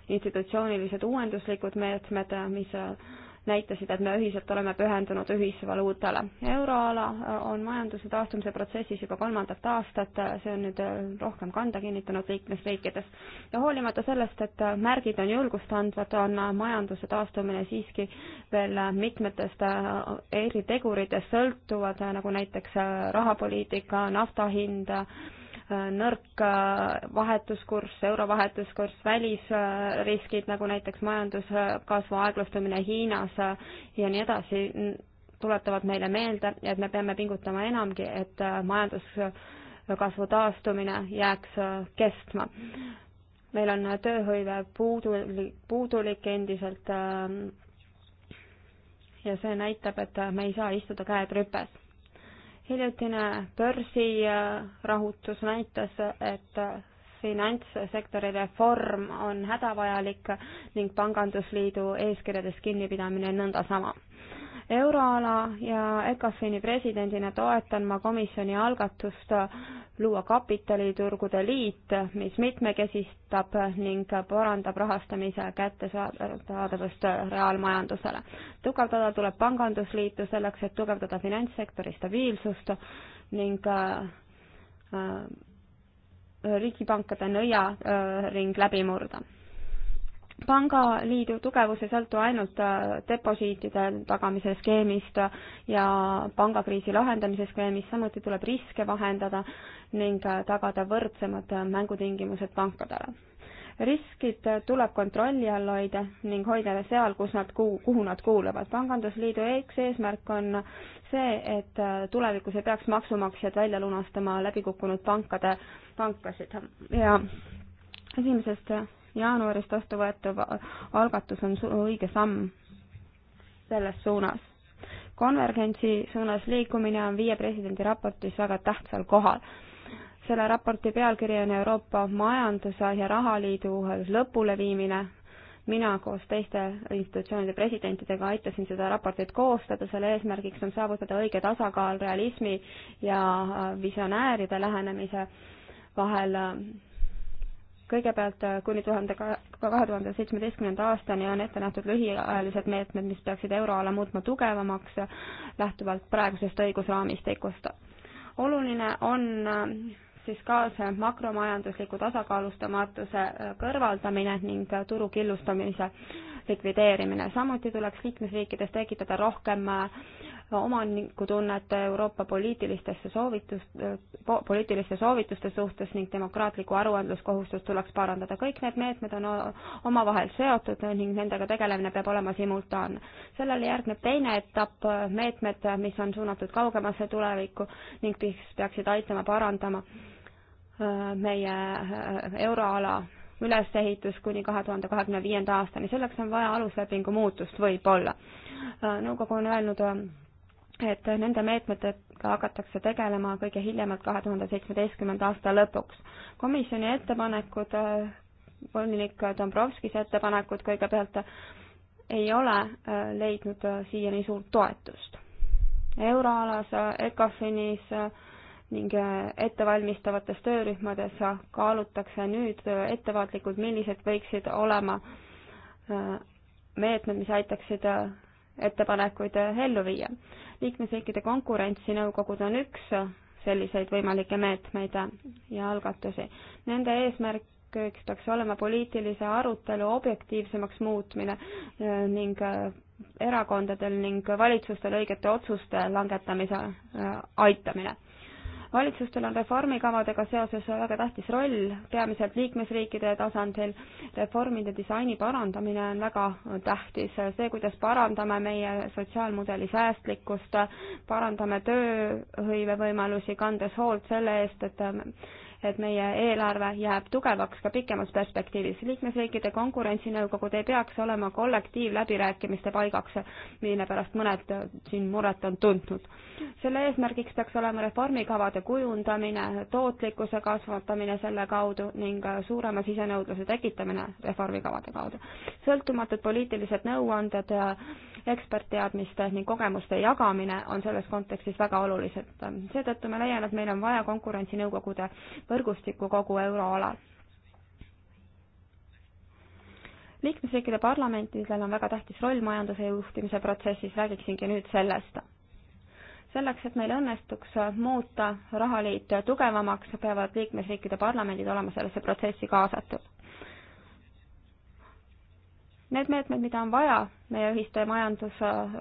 institutsioonilised uuenduslikud meetmed, mis näitasid, et me ühiselt oleme pühendunud ühisvaluutale. euroala on majanduse taastumise protsessis juba kolmandat aastat, see on nüüd rohkem kanda kinnitanud liikmesriikides. ja hoolimata sellest, et märgid on julgust andvad, on majanduse taastumine siiski veel mitmetest eriteguritest sõltuvad, nagu näiteks rahapoliitika, nafta hind, nõrk äh, vahetuskurss, euro vahetuskurss, välisriskid nagu näiteks majanduskasvu aeglustumine Hiinas äh, ja nii edasi, tuletavad meile meelde, et me peame pingutama enamgi, et äh, majanduskasvu taastumine jääks kestma. meil on tööhõive puudulik, puudulik endiselt ähm, ja see näitab, et me ei saa istuda käed rüpes hiljutine börsirahutus näitas, et finantssektori reform on hädavajalik ning pangandusliidu eeskirjadest kinnipidamine nõnda sama euroala ja ECOFIN-i presidendina toetan ma komisjoni algatust luua kapitaliturgude liit, mis mitmekesistab ning parandab rahastamise kättesaadavust reaalmajandusele. tugevdada tuleb pangandusliitu selleks, et tugevdada finantssektori stabiilsust ning äh, äh, riigipankade nõiaring läbi murda pangaliidu tugevus ei sõltu ainult äh, deposiitide tagamise skeemist ja pangakriisi lahendamise skeemist, samuti tuleb riske vahendada ning äh, tagada võrdsemad äh, mängutingimused pankadele. riskid tuleb kontrolli all hoida ning hoida seal, kus nad, kuhu nad kuuluvad. pangandusliidu eks eesmärk on see, et tulevikus ei peaks maksumaksjad välja lunastama läbikukkunud pankade pankasid ja esimesest jaanuarist vastu võetav algatus on õige samm selles suunas. konvergentsi suunas liikumine on viie presidendi raportis väga tähtsal kohal. selle raporti pealkiri on Euroopa Majanduse ja Rahaliidu lõpuleviimine. mina koos teiste institutsioonide presidentidega aitasin seda raportit koostada, selle eesmärgiks on saavutada õige tasakaal realismi ja visionääride lähenemise vahel kõigepealt äh, kuni tuhande, kahe tuhande seitsmeteistkümnenda aastani on ette nähtud lühiajalised meetmed, mis peaksid euroala muutma tugevamaks äh, lähtuvalt praegusest õigusraamistikust. oluline on fiskaalse äh, makromajandusliku tasakaalustamatuse kõrvaldamine ning turu killustamise likvideerimine. samuti tuleks liikmesriikides tekitada rohkem omanikutunnet Euroopa poliitilistesse soovitus, poliitiliste soovituste suhtes ning demokraatlikku aruandluskohustust tuleks parandada. kõik need meetmed on omavahel seotud ning nendega tegelemine peab olema simultaanne. sellele järgneb teine etapp, meetmed, mis on suunatud kaugemasse tulevikku ning mis peaksid aitama parandama meie euroala ülesehitus kuni kahe tuhande kahekümne viienda aastani, selleks on vaja aluslepingu muutust võib-olla. nõukogu on öelnud et nende meetmetega hakatakse tegelema kõige hiljemalt kahe tuhande seitsmeteistkümnenda aasta lõpuks. komisjoni ettepanekud, volinik Dombrovskis ettepanekud kõigepealt ei ole äh, leidnud äh, siiani suurt toetust. euroalas, äh, ECOFINis ning ettevalmistavates töörühmades kaalutakse nüüd ettevaatlikult, millised võiksid olema meetmed, mis aitaksid ettepanekuid ellu viia liikmesriikide konkurentsinõukogud on üks selliseid võimalikke meetmeid ja algatusi. Nende eesmärk eks peaks olema poliitilise arutelu objektiivsemaks muutmine äh, ning äh, erakondadel ning valitsustel õigete otsuste langetamise äh, aitamine valitsustel on reformikavadega seoses väga tähtis roll, peamiselt liikmesriikide tasandil. reformide disaini parandamine on väga tähtis, see, kuidas parandame meie sotsiaalmudeli säästlikkust, parandame tööhõive võimalusi, kandes hoolt selle eest, et et meie eelarve jääb tugevaks ka pikemas perspektiivis. liikmesriikide konkurentsinõukogud ei peaks olema kollektiivläbirääkimiste paigaks, mille pärast mõned siin muret on tundnud. selle eesmärgiks peaks olema reformikavade kujundamine, tootlikkuse kasvatamine selle kaudu ning suurema sisenõudluse tekitamine reformikavade kaudu. sõltumatud poliitilised nõuanded ekspertteadmiste ning kogemuste jagamine on selles kontekstis väga olulised. seetõttu ma leian, et meil on vaja konkurentsinõukogude võrgustikku kogu euroalal liikmesriikide parlamentidel on väga tähtis roll majanduse juhtimise protsessis, räägiksingi nüüd sellest. selleks, et meil õnnestuks muuta rahaliit tugevamaks, peavad liikmesriikide parlamendid olema sellesse protsessi kaasatud. Need meetmed, mida on vaja meie ühiste majandus äh,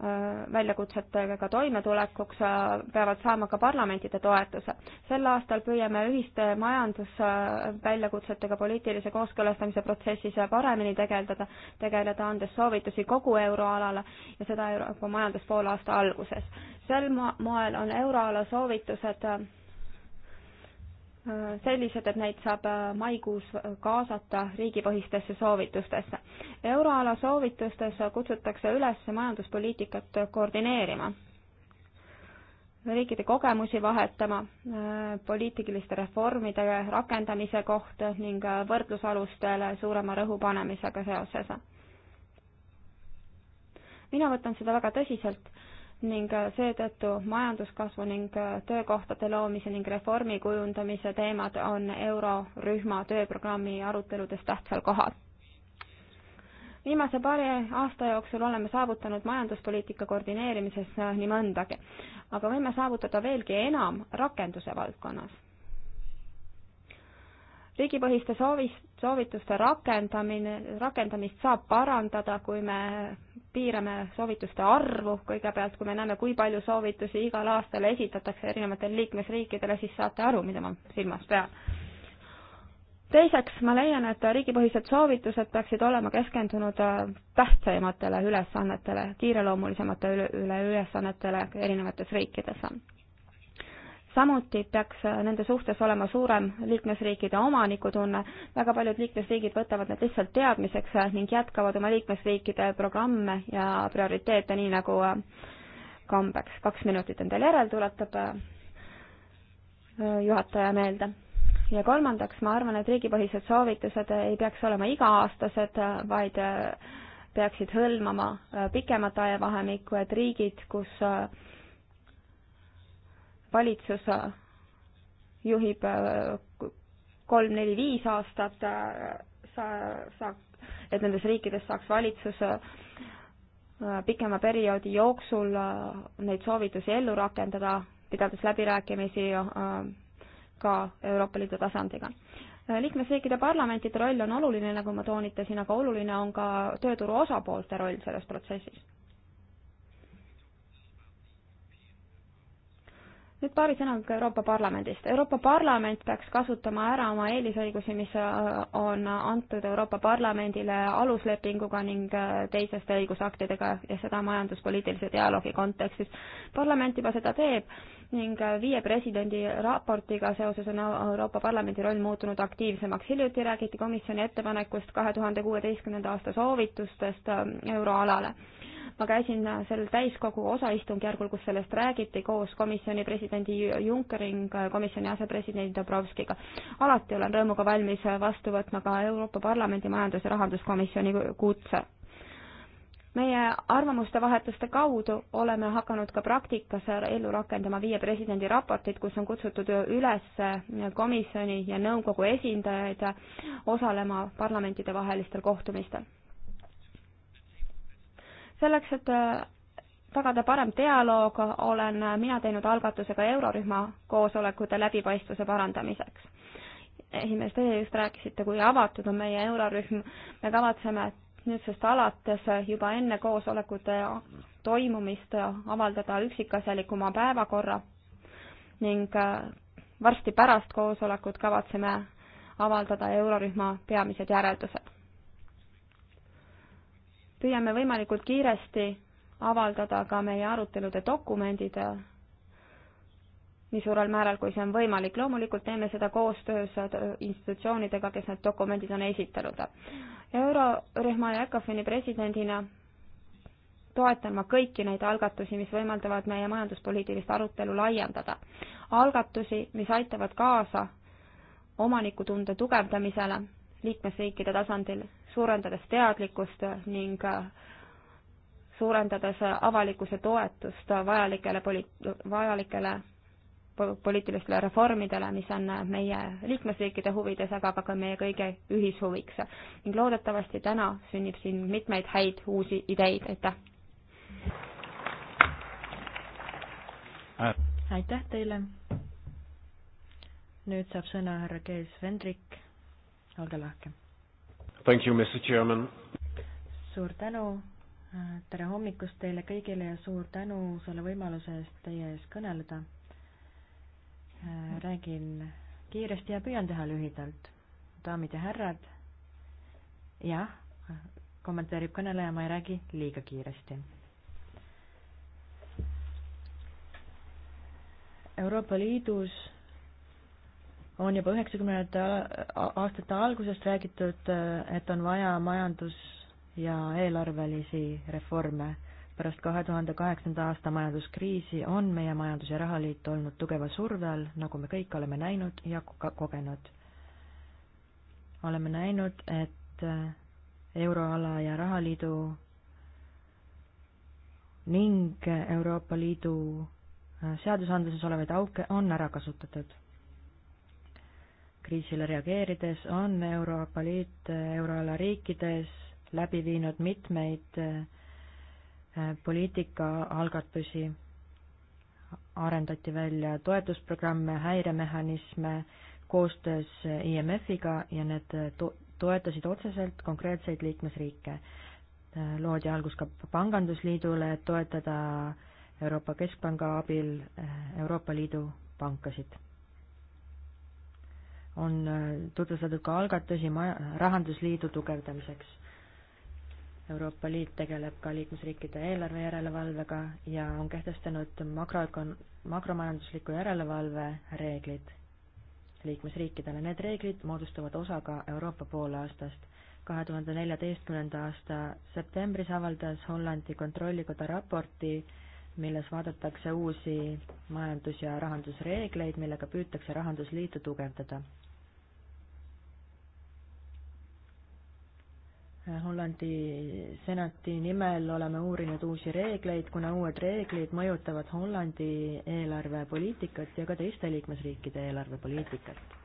äh, väljakutsetega toimetulekuks äh, peavad saama ka parlamentide toetuse. sel aastal püüame ühiste majandusväljakutsetega poliitilise kooskõlastamise protsessis paremini tegeldada, tegeleda, andes soovitusi kogu euroalale ja seda Euroopa majanduspoolaasta alguses. sel moel on euroala soovitused sellised, et neid saab äh, maikuus kaasata riigipõhistesse soovitustesse. euroala soovitustes kutsutakse üles majanduspoliitikat koordineerima, riikide kogemusi vahetama äh, poliitiliste reformide rakendamise kohta ning äh, võrdlusalustele suurema rõhu panemisega seoses. mina võtan seda väga tõsiselt ning äh, seetõttu majanduskasvu ning äh, töökohtade loomise ning reformi kujundamise teemad on eurorühma tööprogrammi aruteludes tähtsal kohal. viimase paari aasta jooksul oleme saavutanud majanduspoliitika koordineerimises äh, nii mõndagi, aga võime saavutada veelgi enam rakenduse valdkonnas. riigipõhiste soovis, soovituste rakendamine, rakendamist saab parandada, kui me piirame soovituste arvu kõigepealt, kui me näeme, kui palju soovitusi igal aastal esitatakse erinevatele liikmesriikidele, siis saate aru, mida ma silmas pean. teiseks, ma leian, et riigipõhised soovitused peaksid olema keskendunud äh, tähtsaimatele ülesannetele, kiireloomulisemate üle ülesannetele erinevates riikides samuti peaks äh, nende suhtes olema suurem liikmesriikide omanikutunne, väga paljud liikmesriigid võtavad need lihtsalt teadmiseks äh, ning jätkavad oma liikmesriikide programme ja prioriteete, nii nagu äh, kombeks. kaks minutit on teil järel, tuletab juhataja meelde. ja kolmandaks, ma arvan, et riigipõhised soovitused ei peaks olema iga-aastased, vaid peaksid hõlmama pikemat ajavahemikku, et riigid, kus valitsus juhib äh, kolm-neli-viis aastat, äh, sa-, sa-, et nendes riikides saaks valitsus äh, pikema perioodi jooksul neid soovitusi ellu rakendada, pidades läbirääkimisi ka Euroopa Liidu tasandiga. liikmesriikide parlamentide roll on oluline, nagu ma toonitasin, aga oluline on ka tööturu osapoolte roll selles protsessis nüüd paari sõnaga Euroopa Parlamendist. Euroopa Parlament peaks kasutama ära oma eelisõigusi, mis äh, on antud Euroopa Parlamendile aluslepinguga ning äh, teiseste õigusaktidega ja seda majanduspoliitilise dialoogi kontekstis. parlament juba seda teeb ning äh, viie presidendi raportiga seoses on Euroopa Parlamendi roll muutunud aktiivsemaks. hiljuti räägiti komisjoni ettepanekust kahe tuhande kuueteistkümnenda aasta soovitustest euroalale ma käisin sel täiskogu osaistungjärgul, kus sellest räägiti koos komisjoni presidendi Junckeriga ja komisjoni asepresidendi Dobrovskiga. alati olen rõõmuga valmis vastu võtma ka Euroopa Parlamendi majandus- ja rahanduskomisjoni kutse meie arvamuste vahetuste kaudu oleme hakanud ka praktikas ellu rakendama viie presidendi raportit, kus on kutsutud üles komisjoni ja nõukogu esindajaid osalema parlamentidevahelistel kohtumistel selleks, et äh, tagada parem dialoog, olen äh, mina teinud algatuse ka eurorühma koosolekute läbipaistvuse parandamiseks. esimees, teie just rääkisite, kui avatud on meie eurorühm, me kavatseme nüüdsest alates juba enne koosolekute toimumist avaldada üksikasjalikuma päevakorra ning äh, varsti pärast koosolekut kavatseme avaldada eurorühma peamised järeldused püüame võimalikult kiiresti avaldada ka meie arutelude dokumendid, nii suurel määral, kui see on võimalik. loomulikult teeme seda koostöös institutsioonidega, kes need dokumendid on esitanud. eurorühma ja ECOFIN-i presidendina toetan ma kõiki neid algatusi, mis võimaldavad meie majanduspoliitilist arutelu laiendada. algatusi, mis aitavad kaasa omanikutunde tugevdamisele liikmesriikide tasandil suurendades teadlikkust ning äh, suurendades avalikkuse toetust vajalikele poli-, vajalikele poliitilistele reformidele, mis on äh, meie liikmesriikide huvides, aga ka meie kõige ühishuviks. ning loodetavasti täna sünnib siin mitmeid häid uusi ideid, aitäh! aitäh teile! nüüd saab sõna härra Kees Vendrik, olge lahke Thank you, Mr Chairman. suur tänu, tere hommikust teile kõigile ja suur tänu selle võimaluse eest teie ees kõneleda. räägin kiiresti ja püüan teha lühidalt. daamid ja härrad, jah, kommenteerib kõneleja, ma ei räägi liiga kiiresti. Euroopa Liidus on juba üheksakümnendate aastate algusest räägitud, et on vaja majandus- ja eelarvelisi reforme. pärast kahe tuhande kaheksanda aasta majanduskriisi on meie Majandus- ja Rahaliit olnud tugeva surve all, nagu me kõik oleme näinud ja ka kogenud. oleme näinud, et euroala ja rahaliidu ning Euroopa Liidu seadusandluses olevaid auke on ära kasutatud kriisile reageerides on Euroopa Liit euroala riikides läbi viinud mitmeid äh, poliitikaalgatusi, arendati välja toetusprogramme, häiremehhanisme koostöös IMF-iga ja need to-, toetasid otseselt konkreetseid liikmesriike. Äh, loodi algus ka Pangandusliidule, et toetada Euroopa Keskpanga abil äh, Euroopa Liidu pankasid on äh, tutvustatud ka algatusi Rahandusliidu tugevdamiseks. Euroopa Liit tegeleb ka liikmesriikide eelarve järelevalvega ja on kehtestanud makroökon-, makromajandusliku järelevalve reeglid liikmesriikidele. Need reeglid moodustavad osa ka Euroopa poolaastast. kahe tuhande neljateistkümnenda aasta septembris avaldas Hollandi kontrollikoda raporti äh, milles vaadatakse uusi majandus- ja rahandusreegleid, millega püütakse Rahandusliitu tugevdada. Hollandi senati nimel oleme uurinud uusi reegleid, kuna uued reeglid mõjutavad Hollandi eelarvepoliitikat ja ka teiste liikmesriikide eelarvepoliitikat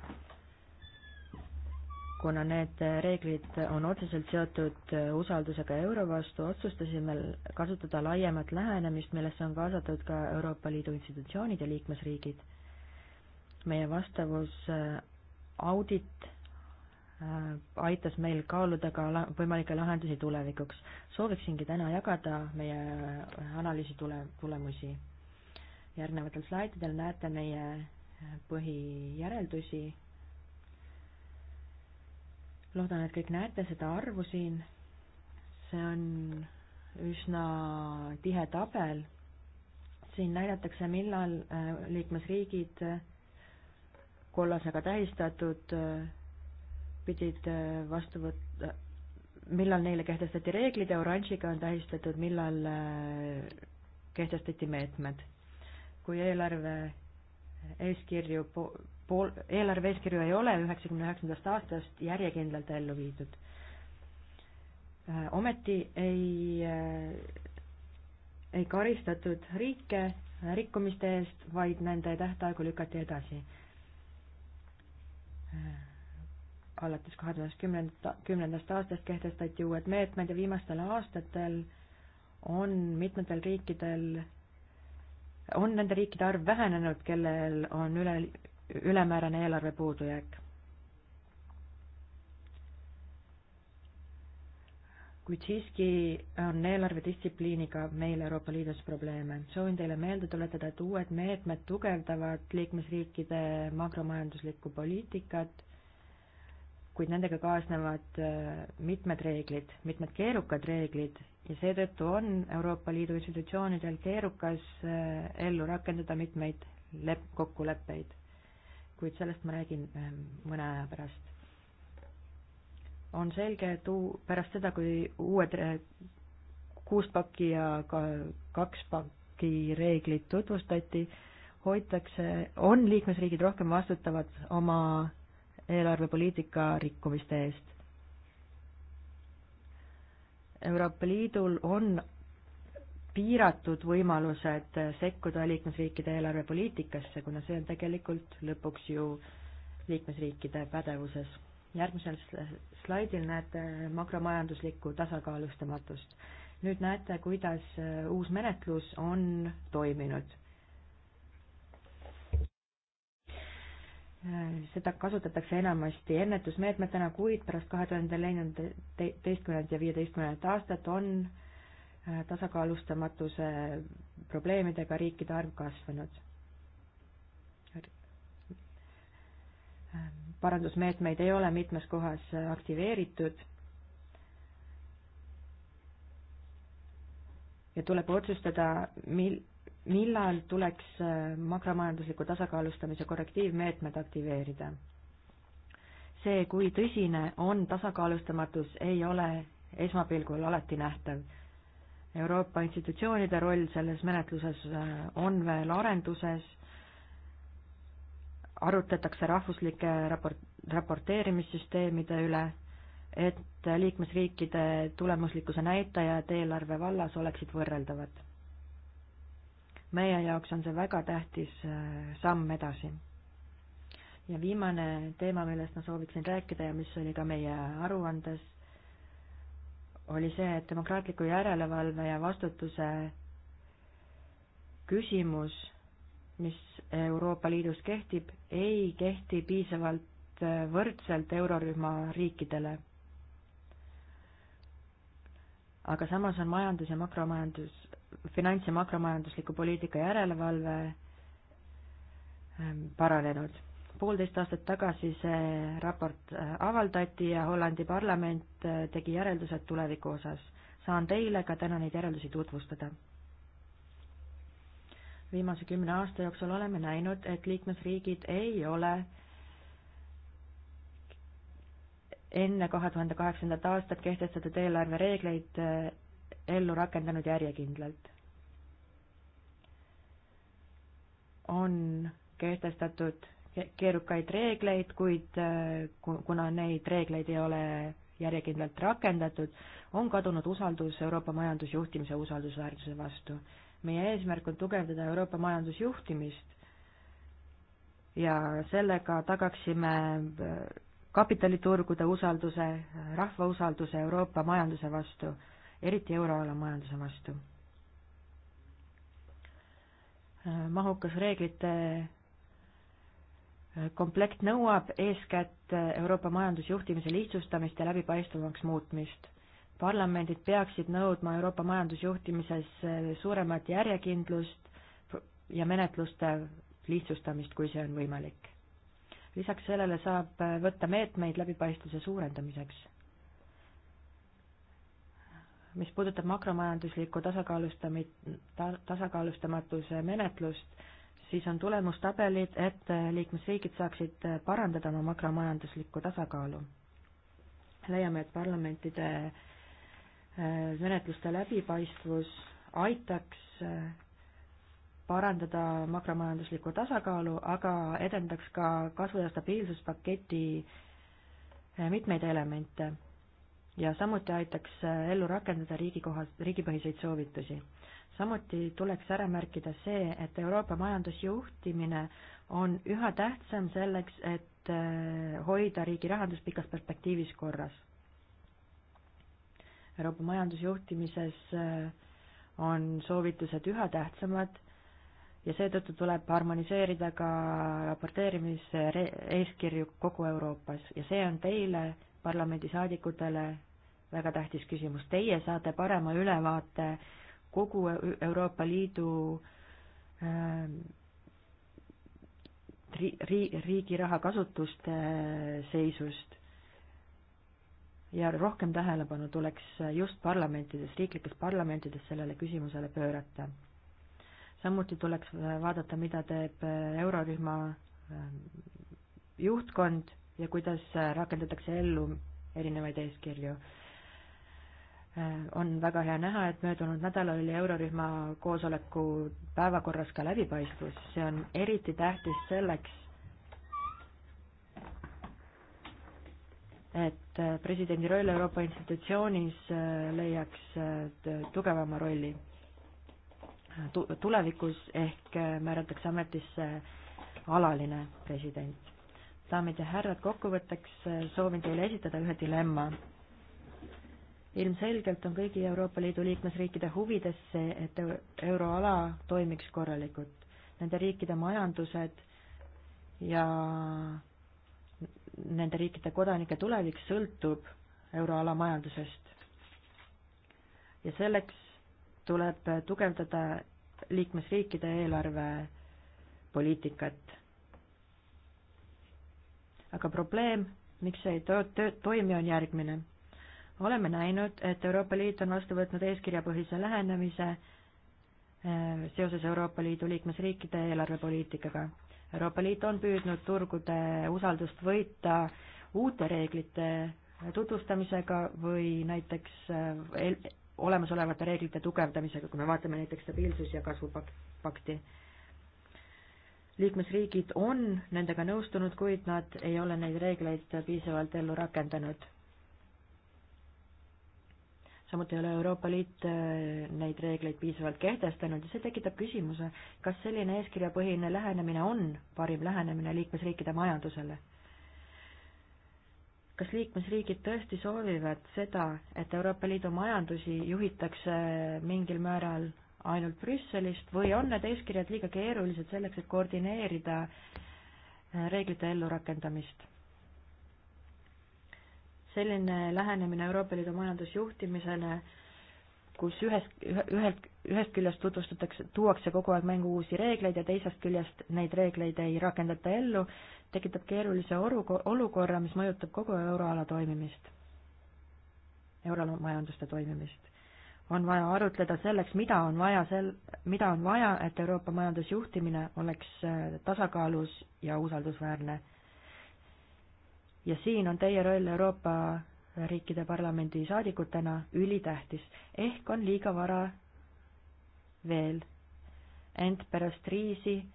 kuna need reeglid on otseselt seotud äh, usaldusega euro vastu, otsustasime kasutada laiemat lähenemist, millesse on kaasatud ka Euroopa Liidu institutsioonid ja liikmesriigid. meie vastavusaudit äh, äh, aitas meil kaaluda ka la-, võimalikke lahendusi tulevikuks. sooviksingi täna jagada meie analüüsi tule-, tulemusi. järgnevatel slaididel näete meie põhijäreldusi loodan, et kõik näete seda arvu siin. see on üsna tihe tabel. siin näidatakse, millal äh, liikmesriigid äh, kollasega tähistatud äh, pidid vastu võtta, millal neile kehtestati reeglid ja oranžiga on tähistatud, millal kehtestati meetmed. kui eelarve eeskirju po pool, eelarve-eeskirju ei ole üheksakümne üheksandast aastast järjekindlalt ellu viidud. Äh, ometi ei, äh, ei karistatud riike rikkumiste eest, vaid nende tähtaegu lükati edasi. Äh, alates kahe tuhande kümnenda, kümnendast aastast kehtestati uued meetmed ja viimastel aastatel on mitmetel riikidel on nende riikide arv vähenenud, kellel on üle ülemäärane eelarve puudujääk. kuid siiski on eelarvedistsipliiniga meil Euroopa Liidus probleeme. soovin teile meelde tuletada, et uued meetmed tugevdavad liikmesriikide makromajanduslikku poliitikat, kuid nendega kaasnevad äh, mitmed reeglid, mitmed keerukad reeglid ja seetõttu on Euroopa Liidu institutsioonidel keerukas äh, ellu rakendada mitmeid lepp-, kokkuleppeid kuid sellest ma räägin ähm, mõne aja pärast. on selge, et uu-, pärast seda, kui uued äh, kuus pakki ja ka kaks pakki reeglid tutvustati, hoitakse, on liikmesriigid rohkem vastutavad oma eelarvepoliitika rikkumiste eest. Euroopa Liidul on piiratud võimalused sekkuda liikmesriikide eelarvepoliitikasse, kuna see on tegelikult lõpuks ju liikmesriikide pädevuses. järgmisel slaidil näete makromajanduslikku tasakaalustamatust. nüüd näete, kuidas uus menetlus on toiminud. seda kasutatakse enamasti ennetusmeetmetena, kuid pärast kahe tuhande neljandat, teistkümnendat ja viieteistkümnendat aastat on äh, Äh, tasakaalustamatuse probleemidega riikide arv kasvanud. parandusmeetmeid ei ole mitmes kohas aktiveeritud ja tuleb otsustada, mil-, millal tuleks äh, makromajandusliku tasakaalustamise korrektiivmeetmed aktiveerida. see, kui tõsine on tasakaalustamatus, ei ole esmapilgul alati nähtav Euroopa institutsioonide roll selles menetluses äh, on veel arenduses, arutletakse rahvuslike raport, raporteerimissüsteemide üle, et liikmesriikide tulemuslikkuse näitajad eelarve vallas oleksid võrreldavad. meie jaoks on see väga tähtis äh, samm edasi. ja viimane teema, millest ma sooviksin rääkida ja mis oli ka meie aruandes oli see, et demokraatliku järelevalve ja vastutuse küsimus, mis Euroopa Liidus kehtib, ei kehti piisavalt võrdselt eurorühma riikidele. aga samas on majandus ja makromajandus, finants- ja makromajandusliku poliitika järelevalve ähm, paranenud poolteist aastat tagasi see raport äh, avaldati ja Hollandi parlament äh, tegi järeldused tuleviku osas. saan teile ka täna neid järeldusi tutvustada. viimase kümne aasta jooksul oleme näinud, et liikmesriigid ei ole enne kahe tuhande kaheksandat aastat kehtestatud eelarvereegleid äh, ellu rakendanud järjekindlalt. on kehtestatud keerukaid reegleid, kuid äh, kuna neid reegleid ei ole järjekindlalt rakendatud, on kadunud usaldus Euroopa majandusjuhtimise usaldusväärsuse vastu. meie eesmärk on tugevdada Euroopa majandusjuhtimist ja sellega tagaksime äh, kapitaliturgude usalduse, rahva usalduse Euroopa majanduse vastu, eriti euroala majanduse vastu. Äh, mahukas reeglite komplekt nõuab eeskätt Euroopa majandusjuhtimise lihtsustamist ja läbipaistvamaks muutmist. parlamendid peaksid nõudma Euroopa majandusjuhtimises suuremat järjekindlust ja menetluste lihtsustamist, kui see on võimalik. lisaks sellele saab võtta meetmeid läbipaistvuse suurendamiseks. mis puudutab makromajanduslikku tasakaalustamit-, ta-, tasakaalustamatuse menetlust, siis on tulemustabelid, et liikmesriigid saaksid parandada oma makromajanduslikku tasakaalu. leiame, et parlamentide äh, menetluste läbipaistvus aitaks äh, parandada makromajanduslikku tasakaalu, aga edendaks ka kasvu- ja stabiilsuspaketi äh, mitmeid elemente. ja samuti aitaks ellu rakendada riigikoha, riigipõhiseid soovitusi samuti tuleks ära märkida see, et Euroopa majandusjuhtimine on üha tähtsam selleks, et äh, hoida riigi rahandus pikas perspektiivis korras. Euroopa majandusjuhtimises äh, on soovitused üha tähtsamad ja seetõttu tuleb harmoniseerida ka raporteerimise eeskirju kogu Euroopas ja see on teile, parlamendisaadikutele, väga tähtis küsimus. Teie saate parema ülevaate äh, kogu Euroopa Liidu ähm, ri-, riigi raha kasutuste seisust ja rohkem tähelepanu tuleks just parlamentides, riiklikes parlamentides sellele küsimusele pöörata. samuti tuleks vaadata, mida teeb äh, eurorühma ähm, juhtkond ja kuidas äh, rakendatakse ellu erinevaid eeskirju on väga hea näha, et möödunud nädalal oli eurorühma koosoleku päevakorras ka läbipaistvus, see on eriti tähtis selleks, et presidendi roll Euroopa institutsioonis äh, leiaks äh, tugevama rolli tu-, tulevikus, ehk äh, määratakse ametisse alaline president. daamid ja härrad, kokkuvõtteks soovin teile esitada ühe dilemma ilmselgelt on kõigi Euroopa Liidu liikmesriikide huvides see, et euroala toimiks korralikult. Nende riikide majandused ja nende riikide kodanike tulevik sõltub euroala majandusest. ja selleks tuleb tugevdada liikmesriikide eelarvepoliitikat. aga probleem, miks see ei to-, töö-, toimi, on järgmine oleme näinud, et Euroopa Liit on vastu võtnud eeskirjapõhise lähenemise äh, seoses Euroopa Liidu liikmesriikide eelarvepoliitikaga. Euroopa Liit on püüdnud turgude usaldust võita uute reeglite tutvustamisega või näiteks äh, olemasolevate reeglite tugevdamisega, kui me vaatame näiteks stabiilsus- ja kasvupakti. liikmesriigid on nendega nõustunud, kuid nad ei ole neid reegleid piisavalt ellu rakendanud samuti ei ole Euroopa Liit äh, neid reegleid piisavalt kehtestanud ja see tekitab küsimuse, kas selline eeskirjapõhine lähenemine on parim lähenemine liikmesriikide majandusele. kas liikmesriigid tõesti soovivad seda, et Euroopa Liidu majandusi juhitakse äh, mingil määral ainult Brüsselist või on need eeskirjad liiga keerulised selleks, et koordineerida äh, reeglite ellurakendamist? selline lähenemine Euroopa Liidu majandusjuhtimisele, kus ühes, ühelt, ühest küljest tutvustatakse, tuuakse kogu aeg mängu uusi reegleid ja teisest küljest neid reegleid ei rakendata ellu, tekitab keerulise oru-, olukorra, mis mõjutab kogu euroala toimimist, euroala majanduste toimimist. on vaja arutleda selleks, mida on vaja sel-, mida on vaja, et Euroopa majandusjuhtimine oleks äh, tasakaalus ja usaldusväärne ja siin on teie roll Euroopa riikide parlamendi saadikutena ülitähtis, ehk on liiga vara veel. ent pärast kriisi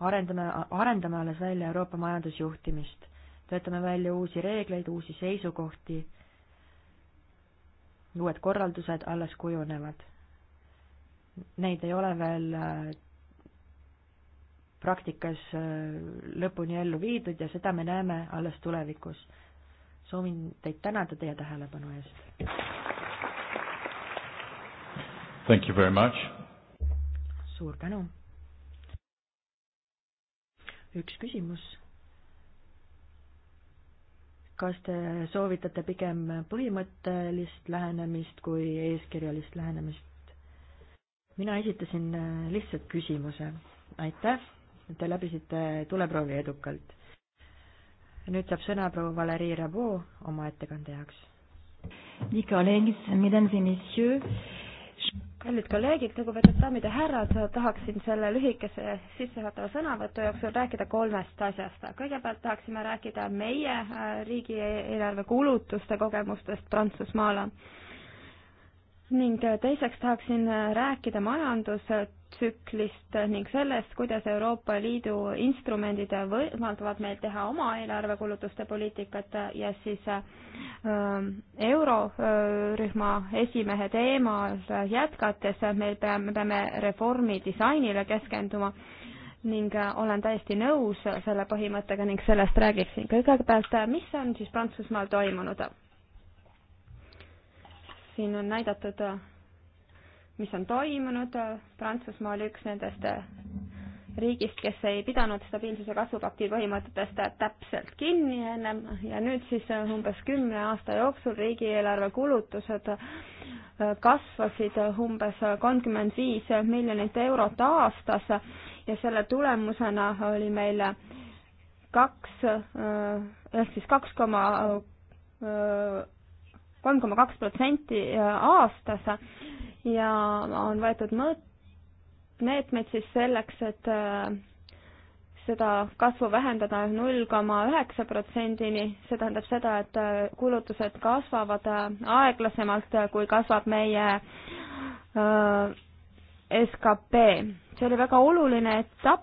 arendame, arendame alles välja Euroopa majandusjuhtimist, töötame välja uusi reegleid, uusi seisukohti, uued korraldused alles kujunevad. Neid ei ole veel äh, praktikas äh, lõpuni ellu viidud ja seda me näeme alles tulevikus. soovin teid tänada teie tähelepanu eest. Thank you very much. suur tänu. üks küsimus. kas te soovitate pigem põhimõttelist lähenemist kui eeskirjalist lähenemist? mina esitasin lihtsalt küsimuse. aitäh Te läbisite tuleproovi edukalt. nüüd saab sõna proua Valerii Rabo oma ettekande jaoks. kallid kolleegid, lugupeetud daamid ja härrad, tahaksin selle lühikese sissejuhatava sõnavõtu jooksul rääkida kolmest asjast. kõigepealt tahaksime rääkida meie äh, riigieelarve kulutuste kogemustest Prantsusmaale ning äh, teiseks tahaksin äh, rääkida majandustsüklist ning sellest, kuidas Euroopa Liidu instrumendid võimaldavad meil teha oma eelarvekulutuste poliitikat ja siis äh, eurorühma esimehe teemal jätkates meil peame, peame reformi disainile keskenduma ning olen täiesti nõus selle põhimõttega ning sellest räägiksin. kõigepealt, mis on siis Prantsusmaal toimunud? siin on näidatud, mis on toimunud, Prantsusmaa oli üks nendest riigist, kes ei pidanud stabiilsuse kasvupakti põhimõtetest täpselt kinni ennem ja nüüd siis umbes kümne aasta jooksul riigieelarve kulutused kasvasid umbes kolmkümmend viis miljonit eurot aastas ja selle tulemusena oli meil kaks ehk siis kaks koma kolm koma kaks protsenti äh, aastas ja on võetud mõõt-, meetmed siis selleks, et äh, seda kasvu vähendada null koma üheksa protsendini, see tähendab seda, et äh, kulutused kasvavad aeglasemalt, kui kasvab meie skp. see oli väga oluline etapp,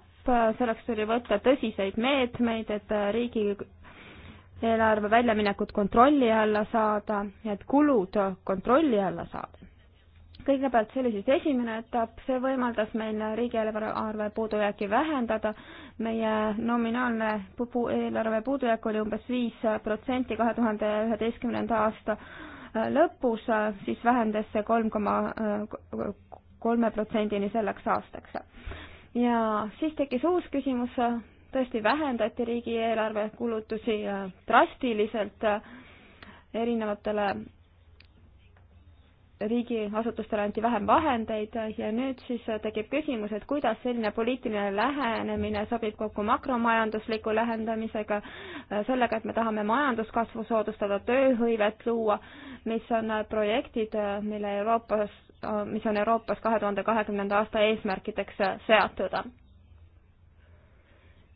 selleks tuli võtta tõsiseid meetmeid, et riigi eelarve väljaminekut kontrolli alla saada, et kulud kontrolli alla saada. kõigepealt see oli siis esimene etapp, see võimaldas meil riigieelarve puudujääki vähendada, meie nominaalne eelarve puudujääk oli umbes viis protsenti kahe tuhande üheteistkümnenda aasta lõpus, siis vähendas see kolm koma kolme protsendini selleks aastaks. ja siis tekkis uus küsimus, tõesti vähendati riigieelarve kulutusi äh, drastiliselt äh, erinevatele riigiasutustele anti vähem vahendeid äh, ja nüüd siis tekib küsimus, et kuidas selline poliitiline lähenemine sobib kokku makromajandusliku lähendamisega, sellega, et me tahame majanduskasvu soodustada, tööhõivet luua, mis on projektid, mille Euroopas, mis on Euroopas kahe tuhande kahekümnenda aasta eesmärkideks seatud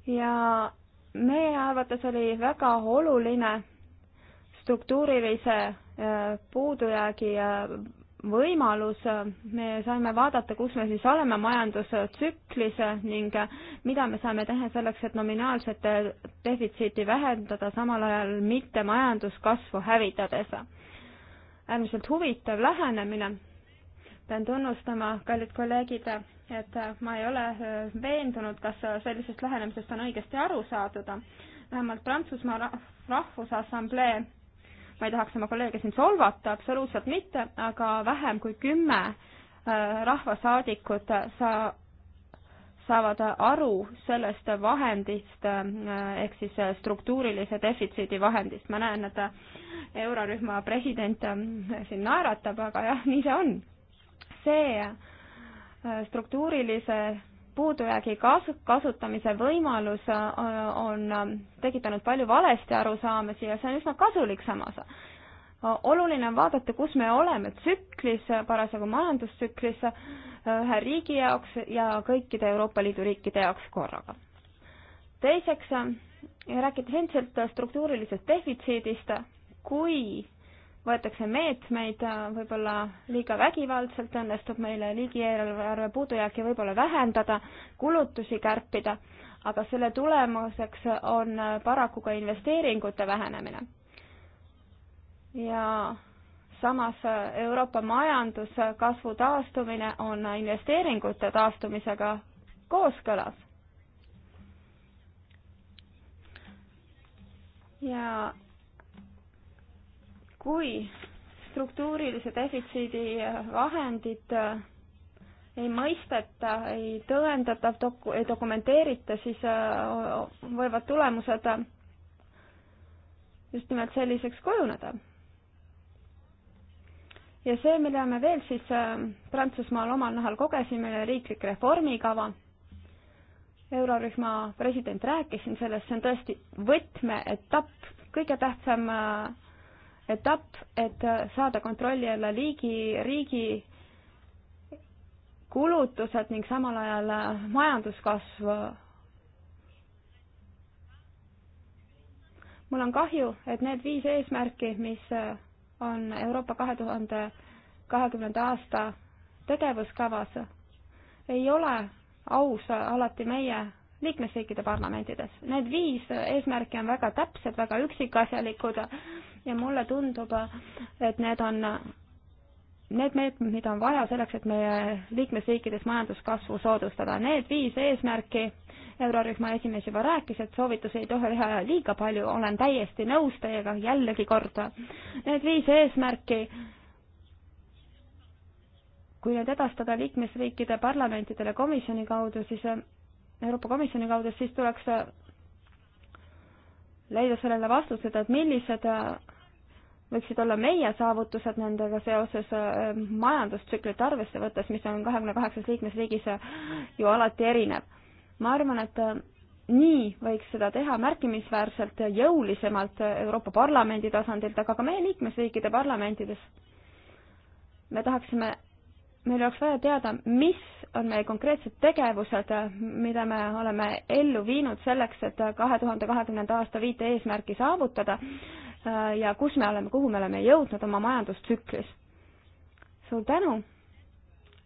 ja meie arvates oli väga oluline struktuurilise äh, puudujäägi äh, võimalus, me saime vaadata, kus me siis oleme majandustsüklis ning äh, mida me saame teha selleks, et nominaalset defitsiiti vähendada, samal ajal mitte majanduskasvu hävitades. äärmiselt huvitav lähenemine. pean tunnustama, kallid kolleegid, et äh, ma ei ole äh, veendunud, kas äh, sellisest lähenemisest on õigesti aru saadud. vähemalt Prantsusmaa Rahvusassamblee, ma ei tahaks oma kolleege siin solvata, absoluutselt mitte, aga vähem kui kümme rahvasaadikut sa-, saavad aru sellest vahendist ehk siis struktuurilise defitsiidi vahendist. ma näen, et eurorühma president siin naeratab, aga jah, nii see on. see struktuurilise puudujäägi kasu-, kasutamise võimalus äh, on äh, tekitanud palju valesti arusaamisi ja see on üsna kasulik samas. Äh, oluline on vaadata, kus me oleme tsüklis, parasjagu majandustsüklis, ühe riigi jaoks ja kõikide Euroopa Liidu riikide jaoks korraga. teiseks, rääkides endiselt struktuurilisest defitsiidist, kui võetakse meetmeid, võib-olla liiga vägivaldselt õnnestub meile riigieelarve puudujääki võib-olla vähendada, kulutusi kärpida, aga selle tulemuseks on paraku ka investeeringute vähenemine. ja samas Euroopa majanduskasvu taastumine on investeeringute taastumisega kooskõlas. ja kui struktuurilise defitsiidi vahendid äh, ei mõisteta, ei tõendata, doku-, ei dokumenteerita, siis äh, võivad tulemused äh, just nimelt selliseks kujuneda. ja see, mida me veel siis Prantsusmaal omal nahal kogesime, riiklik reformikava, eurorühma president rääkis siin sellest, see on tõesti võtmeetapp, kõige tähtsam äh, etapp, et äh, saada kontrolli alla liigi, riigi kulutused ning samal ajal äh, majanduskasv. mul on kahju, et need viis eesmärki, mis äh, on Euroopa kahe tuhande kahekümnenda aasta tegevuskavas, ei ole aus alati meie liikmesriikide parlamentides. Need viis eesmärki on väga täpsed, väga üksikasjalikud ja mulle tundub, et need on need meetmed, mida on vaja selleks, et meie liikmesriikides majanduskasvu soodustada. Need viis eesmärki, eurorühma esimees juba rääkis, et soovitusi ei tohi teha liiga palju, olen täiesti nõus teiega, jällegi kord. Need viis eesmärki, kui need edastada liikmesriikide parlamentidele komisjoni kaudu, siis Euroopa Komisjoni kaudu, siis tuleks äh, leida sellele vastused, et millised äh, võiksid olla meie saavutused nendega seoses äh, majandustsüklit arvesse võttes, mis on kahekümne kaheksas liikmesriigis ju alati erinev. ma arvan, et nii võiks seda teha märkimisväärselt jõulisemalt Euroopa Parlamendi tasandilt, aga ka meie liikmesriikide parlamentides. me tahaksime meil oleks vaja teada, mis on meie konkreetsed tegevused, mida me oleme ellu viinud selleks, et kahe tuhande kahekümnenda aasta viite eesmärki saavutada äh, ja kus me oleme, kuhu me oleme jõudnud oma majandustsüklis. suur tänu,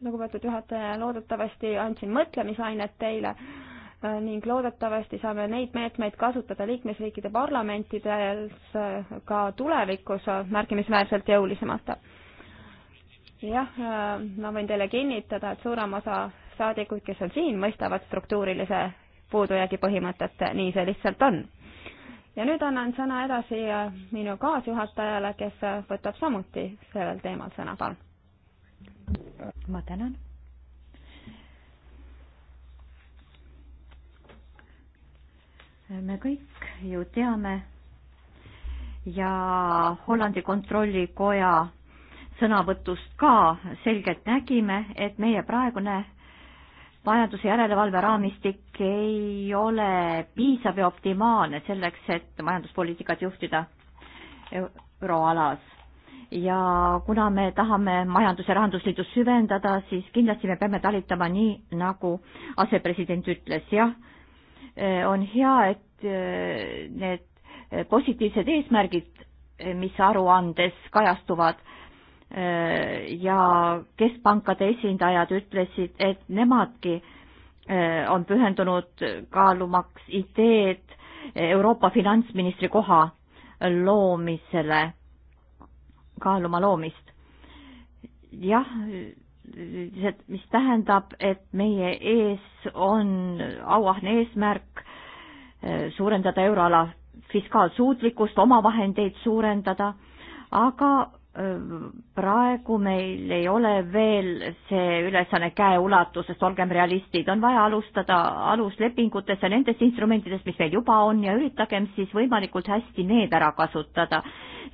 lugupeetud juhataja, loodetavasti andsin mõtlemisainet teile äh, ning loodetavasti saame neid meetmeid kasutada liikmesriikide parlamentides äh, ka tulevikus märkimisväärselt jõulisemalt jah, ma võin teile kinnitada, et suurem osa saadikuid, kes on siin, mõistavad struktuurilise puudujäägi põhimõtet, nii see lihtsalt on. ja nüüd annan sõna edasi minu kaasjuhatajale, kes võtab samuti sellel teemal sõna, palun. ma tänan. me kõik ju teame ja Hollandi Kontrollikoja sõnavõtust ka selgelt nägime, et meie praegune majanduse järelevalve raamistik ei ole piisav ja optimaalne selleks, et majanduspoliitikat juhtida euroalas. ja kuna me tahame majandus- ja rahandusliidu süvendada, siis kindlasti me peame talitama nii, nagu asepresident ütles, jah, e, on hea, et e, need positiivsed eesmärgid, e, mis aruandes kajastuvad, Äh, ja keskpankade esindajad ütlesid, et nemadki äh, on pühendunud kaalumaks ideed Euroopa finantsministri koha loomisele, kaaluma loomist. jah, mis tähendab, et meie ees on auahne eesmärk äh, suurendada euroala fiskaalsuutlikkust, omavahendeid suurendada, aga praegu meil ei ole veel see ülesanne käeulatuses, olgem realistid, on vaja alustada aluslepingutes ja nendes instrumentides, mis meil juba on ja üritagem siis võimalikult hästi need ära kasutada,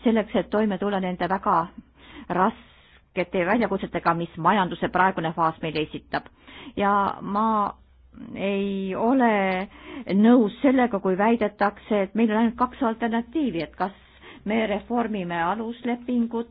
selleks et toime tulla nende väga raskete väljakutsetega, mis majanduse praegune faas meile esitab. ja ma ei ole nõus sellega, kui väidetakse, et meil on ainult kaks alternatiivi, et kas me reformime aluslepingut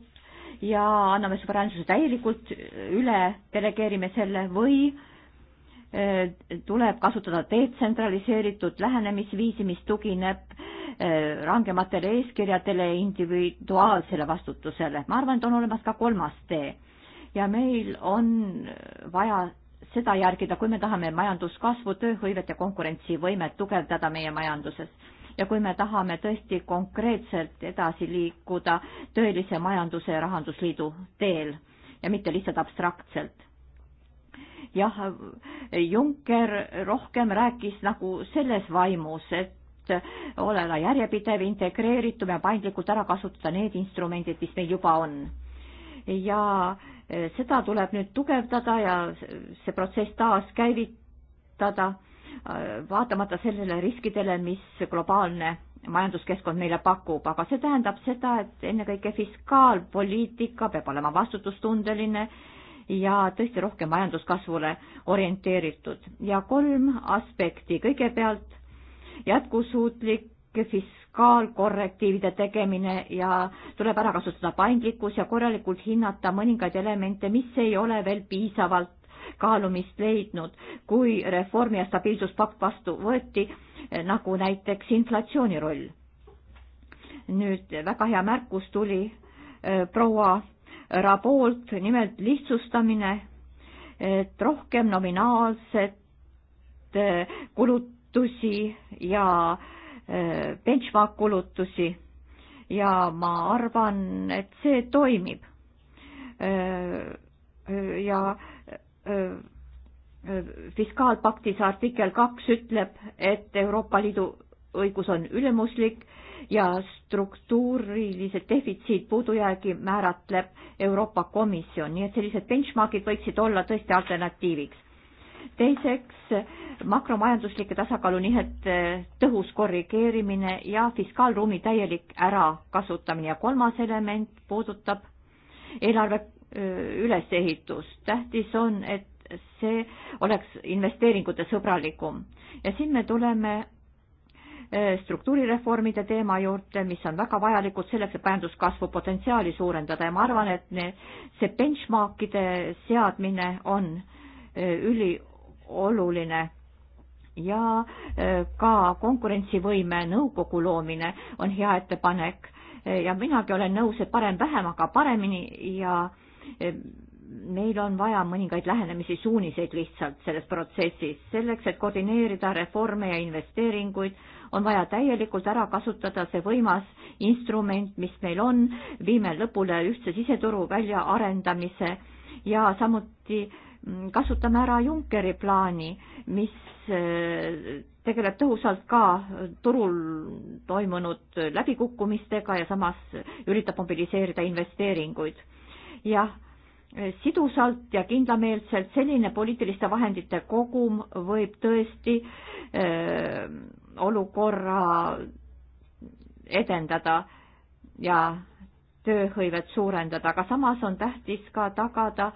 ja anname suveräänsuse täielikult üle, delegeerime selle või äh, tuleb kasutada detsentraliseeritud lähenemisviisi, mis tugineb äh, rangematele eeskirjadele, individuaalsele vastutusele. ma arvan, et on olemas ka kolmas tee ja meil on vaja seda järgida, kui me tahame majanduskasvu, tööhõivet ja konkurentsivõimet tugevdada meie majanduses ja kui me tahame tõesti konkreetselt edasi liikuda tõelise majanduse ja rahandusliidu teel ja mitte lihtsalt abstraktselt. jah, Juncker rohkem rääkis nagu selles vaimus, et olema järjepidev, integreeritum ja paindlikult ära kasutada need instrumendid, mis meil juba on. ja seda tuleb nüüd tugevdada ja see protsess taaskäivitada vaatamata sellele riskidele, mis globaalne majanduskeskkond meile pakub, aga see tähendab seda, et ennekõike fiskaalpoliitika peab olema vastutustundeline ja tõesti rohkem majanduskasvule orienteeritud ja kolm aspekti, kõigepealt jätkusuutlik fiskaalkorrektiivide tegemine ja tuleb ära kasutada paindlikkus ja korralikult hinnata mõningaid elemente, mis ei ole veel piisavalt kaalumist leidnud, kui reformi ja stabiilsuspakt vastu võeti, nagu näiteks inflatsiooni roll. nüüd väga hea märkus tuli äh, proua Raboolt, nimelt lihtsustamine, et rohkem nominaalset äh, kulutusi ja äh, benchmark kulutusi ja ma arvan, et see toimib. ja Äh, äh, fiskaalpaktis artikkel kaks ütleb, et Euroopa Liidu õigus on ülemuslik ja struktuurilised defitsiit puudujäägi määratleb Euroopa Komisjon, nii et sellised benchmarkid võiksid olla tõesti alternatiiviks. teiseks, makromajanduslike tasakaalu nihete äh, tõhus korrigeerimine ja fiskaalruumi täielik ärakasutamine ja kolmas element puudutab eelarve ülesehitus. tähtis on, et see oleks investeeringute sõbralikum ja siin me tuleme struktuurireformide teema juurde, mis on väga vajalikud selleks, et majanduskasvu potentsiaali suurendada ja ma arvan, et need, see benchmarkide seadmine on ülioluline ja ka konkurentsivõime nõukogu loomine on hea ettepanek ja minagi olen nõus, et parem vähem, aga paremini ja äh, Eh, meil on vaja mõningaid lähenemisi, suuniseid lihtsalt selles protsessis. selleks, et koordineerida reforme ja investeeringuid, on vaja täielikult ära kasutada see võimas instrument, mis meil on, viime lõpule ühtse siseturu väljaarendamise ja samuti mm, kasutame ära Junckeri plaani, mis eh, tegeleb tõhusalt ka turul toimunud läbikukkumistega ja samas üritab mobiliseerida investeeringuid jah, sidusalt ja kindlameelselt selline poliitiliste vahendite kogum võib tõesti öö, äh, olukorra edendada ja tööhõivet suurendada, aga samas on tähtis ka tagada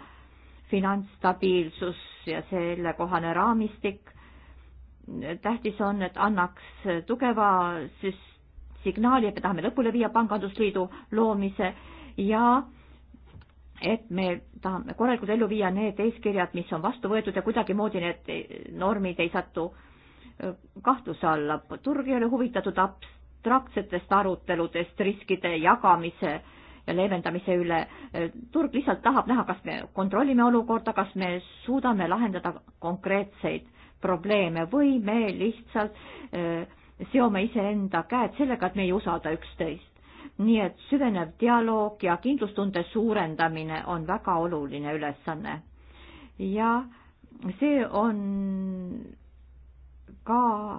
finantsstabiilsus ja sellekohane raamistik. tähtis on, et annaks tugeva signaali, et me tahame lõpule viia pangandusliidu loomise ja äh, et me tahame korralikult ellu viia need eeskirjad, mis on vastu võetud ja kuidagimoodi need normid ei satu äh, kahtluse alla. turg ei ole huvitatud abstraktsetest aruteludest riskide jagamise ja leevendamise üle. Äh, turg lihtsalt tahab näha, kas me kontrollime olukorda, kas me suudame lahendada konkreetseid probleeme või me lihtsalt öö, äh, seome iseenda käed sellega, et me ei usalda üksteist nii et süvenev dialoog ja kindlustunde suurendamine on väga oluline ülesanne. ja see on ka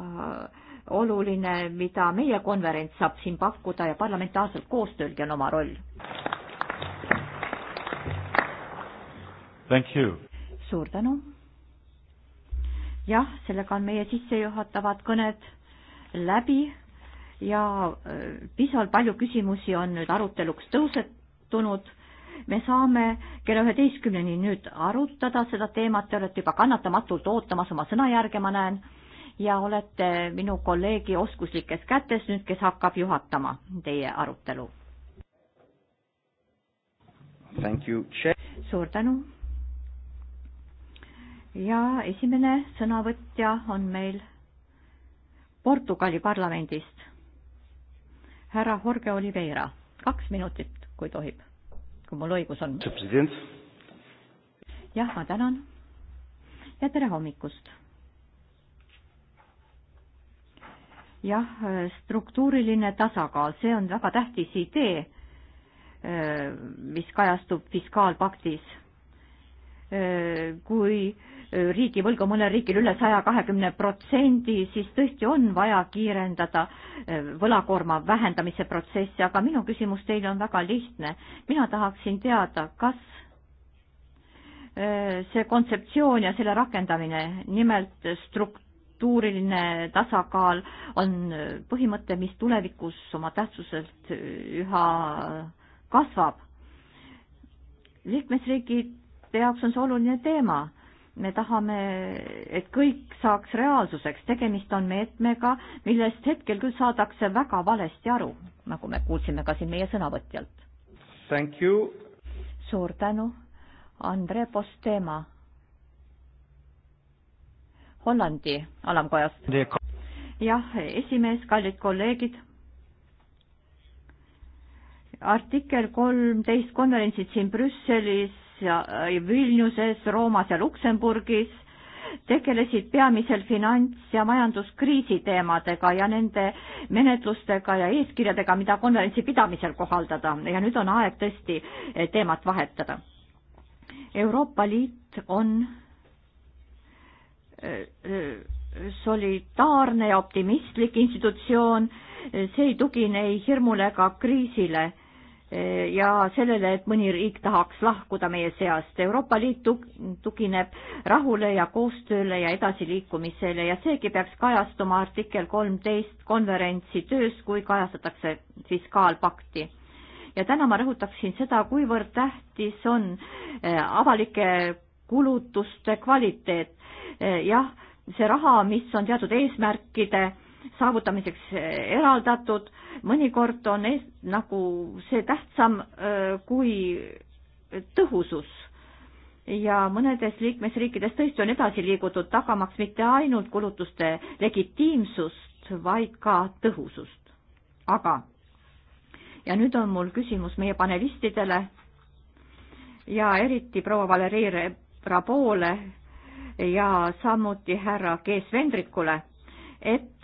oluline, mida meie konverents saab siin pakkuda ja parlamentaarsel koostöölgi on oma roll. suur tänu. jah, sellega on meie sissejuhatavad kõned läbi ja äh, piisavalt palju küsimusi on nüüd aruteluks tõusetunud. me saame kella üheteistkümneni nüüd arutada seda teemat, te olete juba kannatamatult ootamas oma sõna järge, ma näen, ja olete minu kolleegi oskuslikes kätes nüüd, kes hakkab juhatama teie arutelu. suur tänu. ja esimene sõnavõtja on meil Portugali parlamendist härra Jorge Oliveira, kaks minutit, kui tohib, kui mul õigus on. jah, ma tänan ja tere hommikust. jah, struktuuriline tasakaal, see on väga tähtis idee, mis kajastub fiskaalpaktis kui riigivõlg on mõnel riigil üle saja kahekümne protsendi, siis tõesti on vaja kiirendada eh, võlakoorma vähendamise protsessi, aga minu küsimus teile on väga lihtne. mina tahaksin teada, kas eh, see kontseptsioon ja selle rakendamine, nimelt struktuuriline tasakaal on põhimõte, mis tulevikus oma tähtsuselt üha kasvab. liikmesriigid laste jaoks on see oluline teema. me tahame, et kõik saaks reaalsuseks, tegemist on meetmega, millest hetkel küll saadakse väga valesti aru, nagu me kuulsime ka siin meie sõnavõtjalt. Thank you. suur tänu, Andre Postema. Hollandi alamkojast. jah, esimees, kallid kolleegid artikkel kolmteist konverentsid siin Brüsselis ja Vilniuses, Roomas ja Luksemburgis tegelesid peamiselt finants- ja majanduskriisi teemadega ja nende menetlustega ja eeskirjadega, mida konverentsi pidamisel kohaldada ja nüüd on aeg tõesti eh, teemat vahetada. Euroopa Liit on eh, eh, solidaarne ja optimistlik institutsioon, see ei tugine ei hirmule ega kriisile ja sellele, et mõni riik tahaks lahkuda meie seast. Euroopa Liit tugineb rahule ja koostööle ja edasiliikumisele ja seegi peaks kajastuma artikkel kolmteist konverentsi töös, kui kajastatakse fiskaalpakti. ja täna ma rõhutaksin seda, kuivõrd tähtis on eh, avalike kulutuste kvaliteet. Eh, jah, see raha, mis on teatud eesmärkide saavutamiseks eh, eraldatud, mõnikord on ees, nagu see tähtsam eh, kui tõhusus. ja mõnedes liikmesriikides tõesti on edasi liigutud, tagamaks mitte ainult kulutuste legitiimsust, vaid ka tõhusust. aga ja nüüd on mul küsimus meie panelistidele ja eriti proua Valerii Raboole ja samuti härra G. Svendrikule, et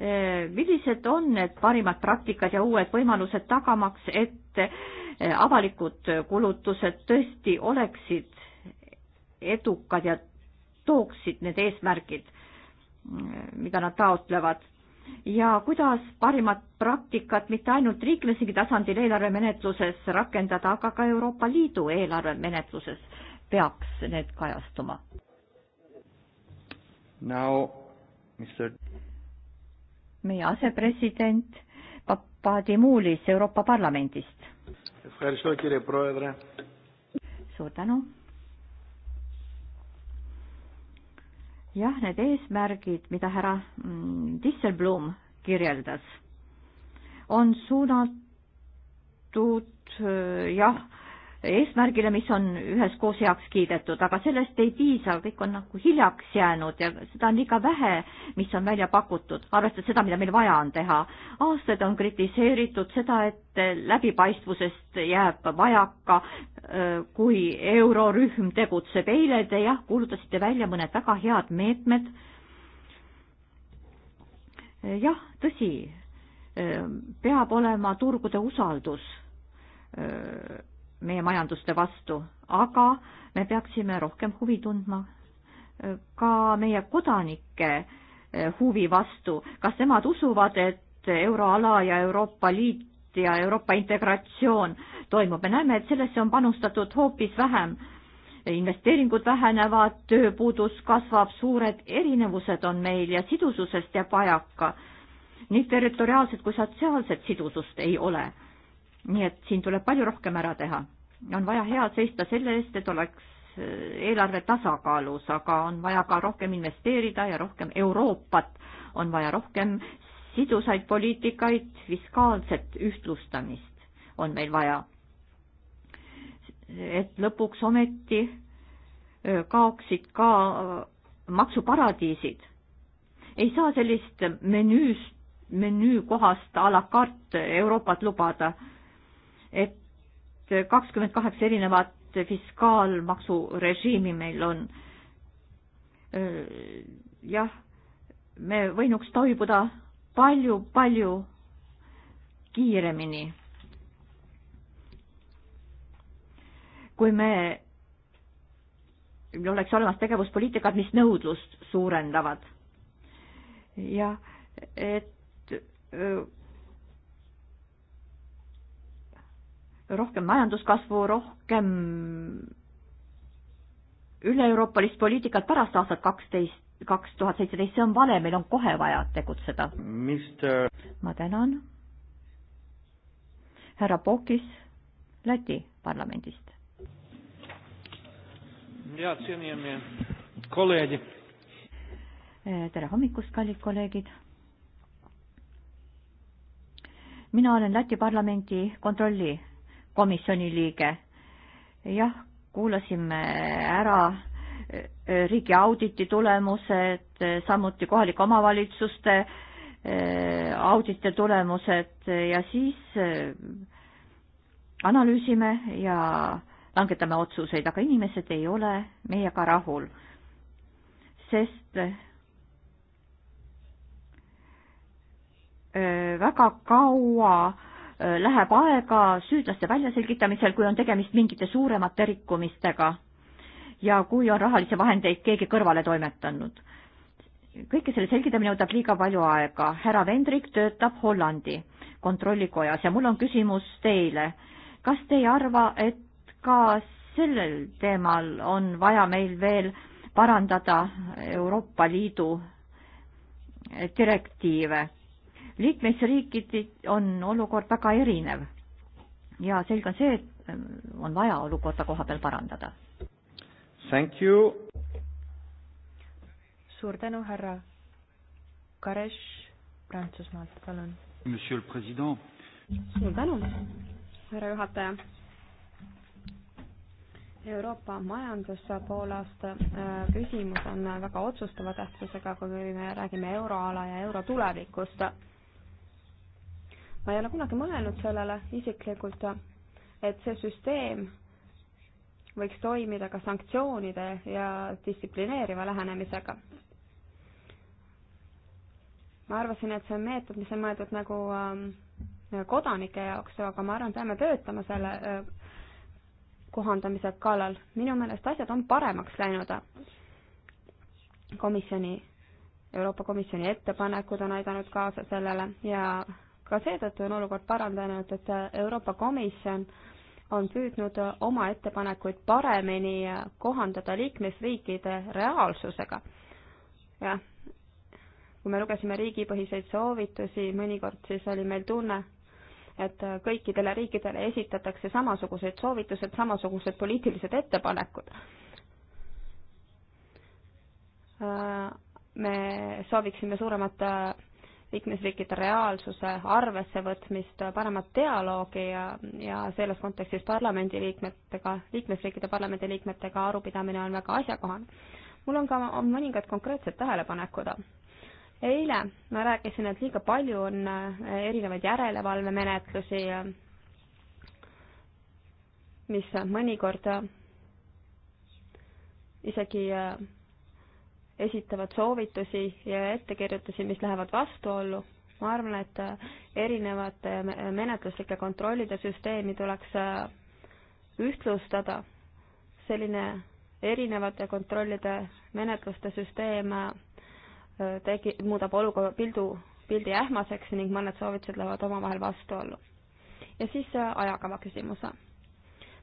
Äh, millised on need parimad praktikad ja uued võimalused tagamaks, et äh, avalikud kulutused tõesti oleksid edukad ja tooksid need eesmärgid, äh, mida nad taotlevad? ja kuidas parimat praktikat mitte ainult riiklisingi tasandil eelarvemenetluses rakendada, aga ka Euroopa Liidu eelarvemenetluses peaks need kajastuma? Now, Mr meie asepresident Papadimulis Euroopa Parlamendist. suur tänu. jah, need eesmärgid, mida härra mm, Disselblum kirjeldas, on suunatud äh, jah, eesmärgile, mis on üheskoos heaks kiidetud, aga sellest ei piisa, kõik on nagu hiljaks jäänud ja seda on liiga vähe, mis on välja pakutud, arvestades seda, mida meil vaja on teha. aastaid on kritiseeritud seda, et läbipaistvusest jääb vajaka, kui eurorühm tegutseb. eile te jah, kuulutasite välja mõned väga head meetmed. jah, tõsi, peab olema turgude usaldus meie majanduste vastu, aga me peaksime rohkem huvi tundma eh, ka meie kodanike eh, huvi vastu, kas nemad usuvad, et euroala ja Euroopa Liit ja Euroopa integratsioon toimub, me näeme, et sellesse on panustatud hoopis vähem. investeeringud vähenevad, tööpuudus kasvab, suured erinevused on meil ja sidususest jääb vajaka. nii territoriaalset kui sotsiaalset sidusust ei ole nii et siin tuleb palju rohkem ära teha. on vaja hea seista selle eest, et oleks äh, eelarve tasakaalus, aga on vaja ka rohkem investeerida ja rohkem Euroopat, on vaja rohkem sidusaid poliitikaid, fiskaalset ühtlustamist on meil vaja. et lõpuks ometi äh, kaoksid ka äh, maksuparadiisid. ei saa sellist menüüst, menüükohast a la carte Euroopat lubada et kakskümmend kaheksa erinevat fiskaalmaksurežiimi meil on. jah, me võinuks toibuda palju-palju kiiremini. kui me, oleks olemas tegevuspoliitikad, mis nõudlust suurendavad. jah, et öö, rohkem majanduskasvu, rohkem üle-euroopalist poliitikat pärast aastat kaksteist, kaks tuhat seitseteist, see on vale, meil on kohe vaja tegutseda Mister.... ma tänan. härra Pokis Läti parlamendist. Eh, tere hommikust, kallid kolleegid mina olen Läti parlamendi kontrolli komisjoni liige. jah, kuulasime ära e, riigi auditi tulemused, e, samuti kohalike omavalitsuste e, audite tulemused ja siis analüüsime ja langetame otsuseid, aga inimesed ei ole meiega rahul, sest väga kaua läheb aega süüdlaste väljaselgitamisel, kui on tegemist mingite suuremate rikkumistega ja kui on rahalisi vahendeid keegi kõrvale toimetanud. kõike selle selgitamine võtab liiga palju aega. härra Vendrik töötab Hollandi kontrollikojas ja mul on küsimus teile. kas te ei arva, et ka sellel teemal on vaja meil veel parandada Euroopa Liidu direktiive? liikmesriikide on olukord väga erinev ja selge on see, et on vaja olukorda koha peal parandada. Thank you. suur tänu, härra Karesh Prantsusmaalt, palun. Monsieur le president. suur tänu, härra juhataja. Euroopa majandus poolaasta äh, küsimus on väga otsustava tähtsusega, kui me räägime euroala ja euro tulevikust ma ei ole kunagi mõelnud sellele isiklikult, et see süsteem võiks toimida ka sanktsioonide ja distsiplineeriva lähenemisega. ma arvasin, et see on meetod, mis on mõeldud nagu ähm, kodanike jaoks, aga ma arvan, peame töötama selle äh, kohandamise kallal. minu meelest asjad on paremaks läinud. komisjoni, Euroopa Komisjoni ettepanekud on aidanud kaasa sellele ja ka seetõttu on olukord parandanud, et Euroopa Komisjon on püüdnud oma ettepanekuid paremini kohandada liikmesriikide reaalsusega. jah, kui me lugesime riigipõhiseid soovitusi, mõnikord siis oli meil tunne, et kõikidele riikidele esitatakse samasugused soovitused, samasugused poliitilised ettepanekud. Äh, me sooviksime suuremat liikmesriikide reaalsuse arvessevõtmist, paremat dialoogi ja, ja selles kontekstis parlamendiliikmetega, liikmesriikide parlamendiliikmetega arupidamine on väga asjakohane. mul on ka on mõningad konkreetsed tähelepanekud. eile ma rääkisin, et liiga palju on äh, erinevaid järelevalvemenetlusi, mis mõnikord äh, isegi äh, esitavad soovitusi ja ettekirjutusi, mis lähevad vastuollu. ma arvan, et äh, erinevate menetluslike kontrollide süsteemi tuleks äh, ühtlustada. selline erinevate kontrollide menetluste süsteem äh, tegi, muudab olukorra, pildu, pildi ähmaseks ning mõned soovitused lähevad omavahel vastuollu. ja siis ajakava küsimus.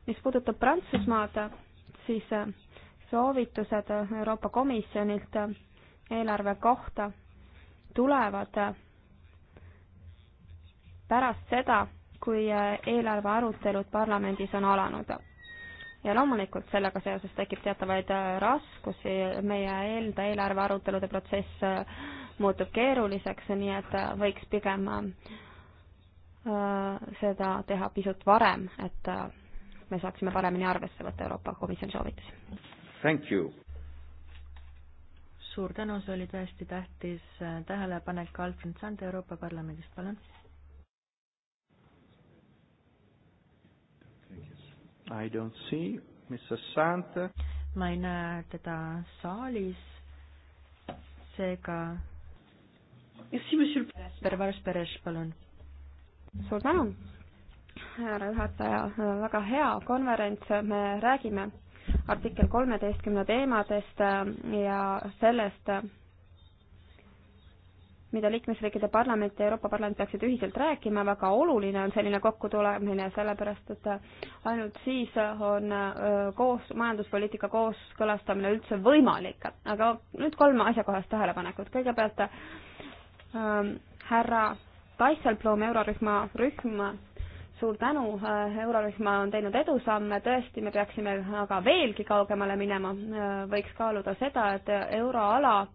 mis puudutab Prantsusmaad, siis soovitused Euroopa Komisjonilt eelarve kohta tulevad pärast seda, kui eelarve arutelud parlamendis on alanud. ja loomulikult sellega seoses tekib teatavaid raskusi, meie enda eelarve arutelude protsess muutub keeruliseks, nii et võiks pigem äh, seda teha pisut varem, et äh, me saaksime paremini arvesse võtta Euroopa Komisjoni soovitusi. Thank you! suur tänu, see oli tõesti tähtis äh, tähelepanek, Alfred Sand Euroopa Parlamendist, palun. I don't see Mrs Sand. ma ei näe teda saalis, seega. Pervars Peres, palun. suur tänu, härra juhataja, väga hea konverents, me räägime artikkel kolmeteistkümne teemadest äh, ja sellest, äh, mida liikmesriikide parlament ja Euroopa Parlament peaksid ühiselt rääkima, väga oluline on selline kokkutulemine, sellepärast et äh, ainult siis on koos, majanduspoliitika kooskõlastamine üldse võimalik. aga nüüd kolm asjakohast tähelepanekut, kõigepealt ähm, härra Taisselblom, eurorühma rühm suur tänu, äh, eurorühma on teinud edusamme, tõesti, me peaksime aga veelgi kaugemale minema, äh, võiks kaaluda seda, et euroala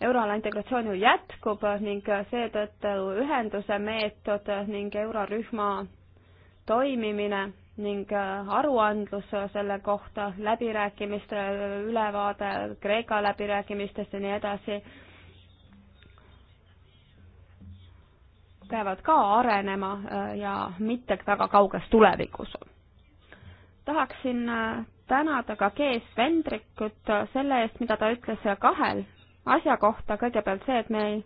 euroala integratsioon ju jätkub ning seetõttu ühenduse meetod ning eurorühma toimimine ning äh, aruandlus selle kohta, läbirääkimiste ülevaade Kreeka läbirääkimistest ja nii edasi peavad ka arenema äh, ja mitte väga kauges tulevikus. tahaksin äh, tänada ka G-s Vendrikut äh, selle eest, mida ta ütles kahel asja kohta, kõigepealt see, et me ei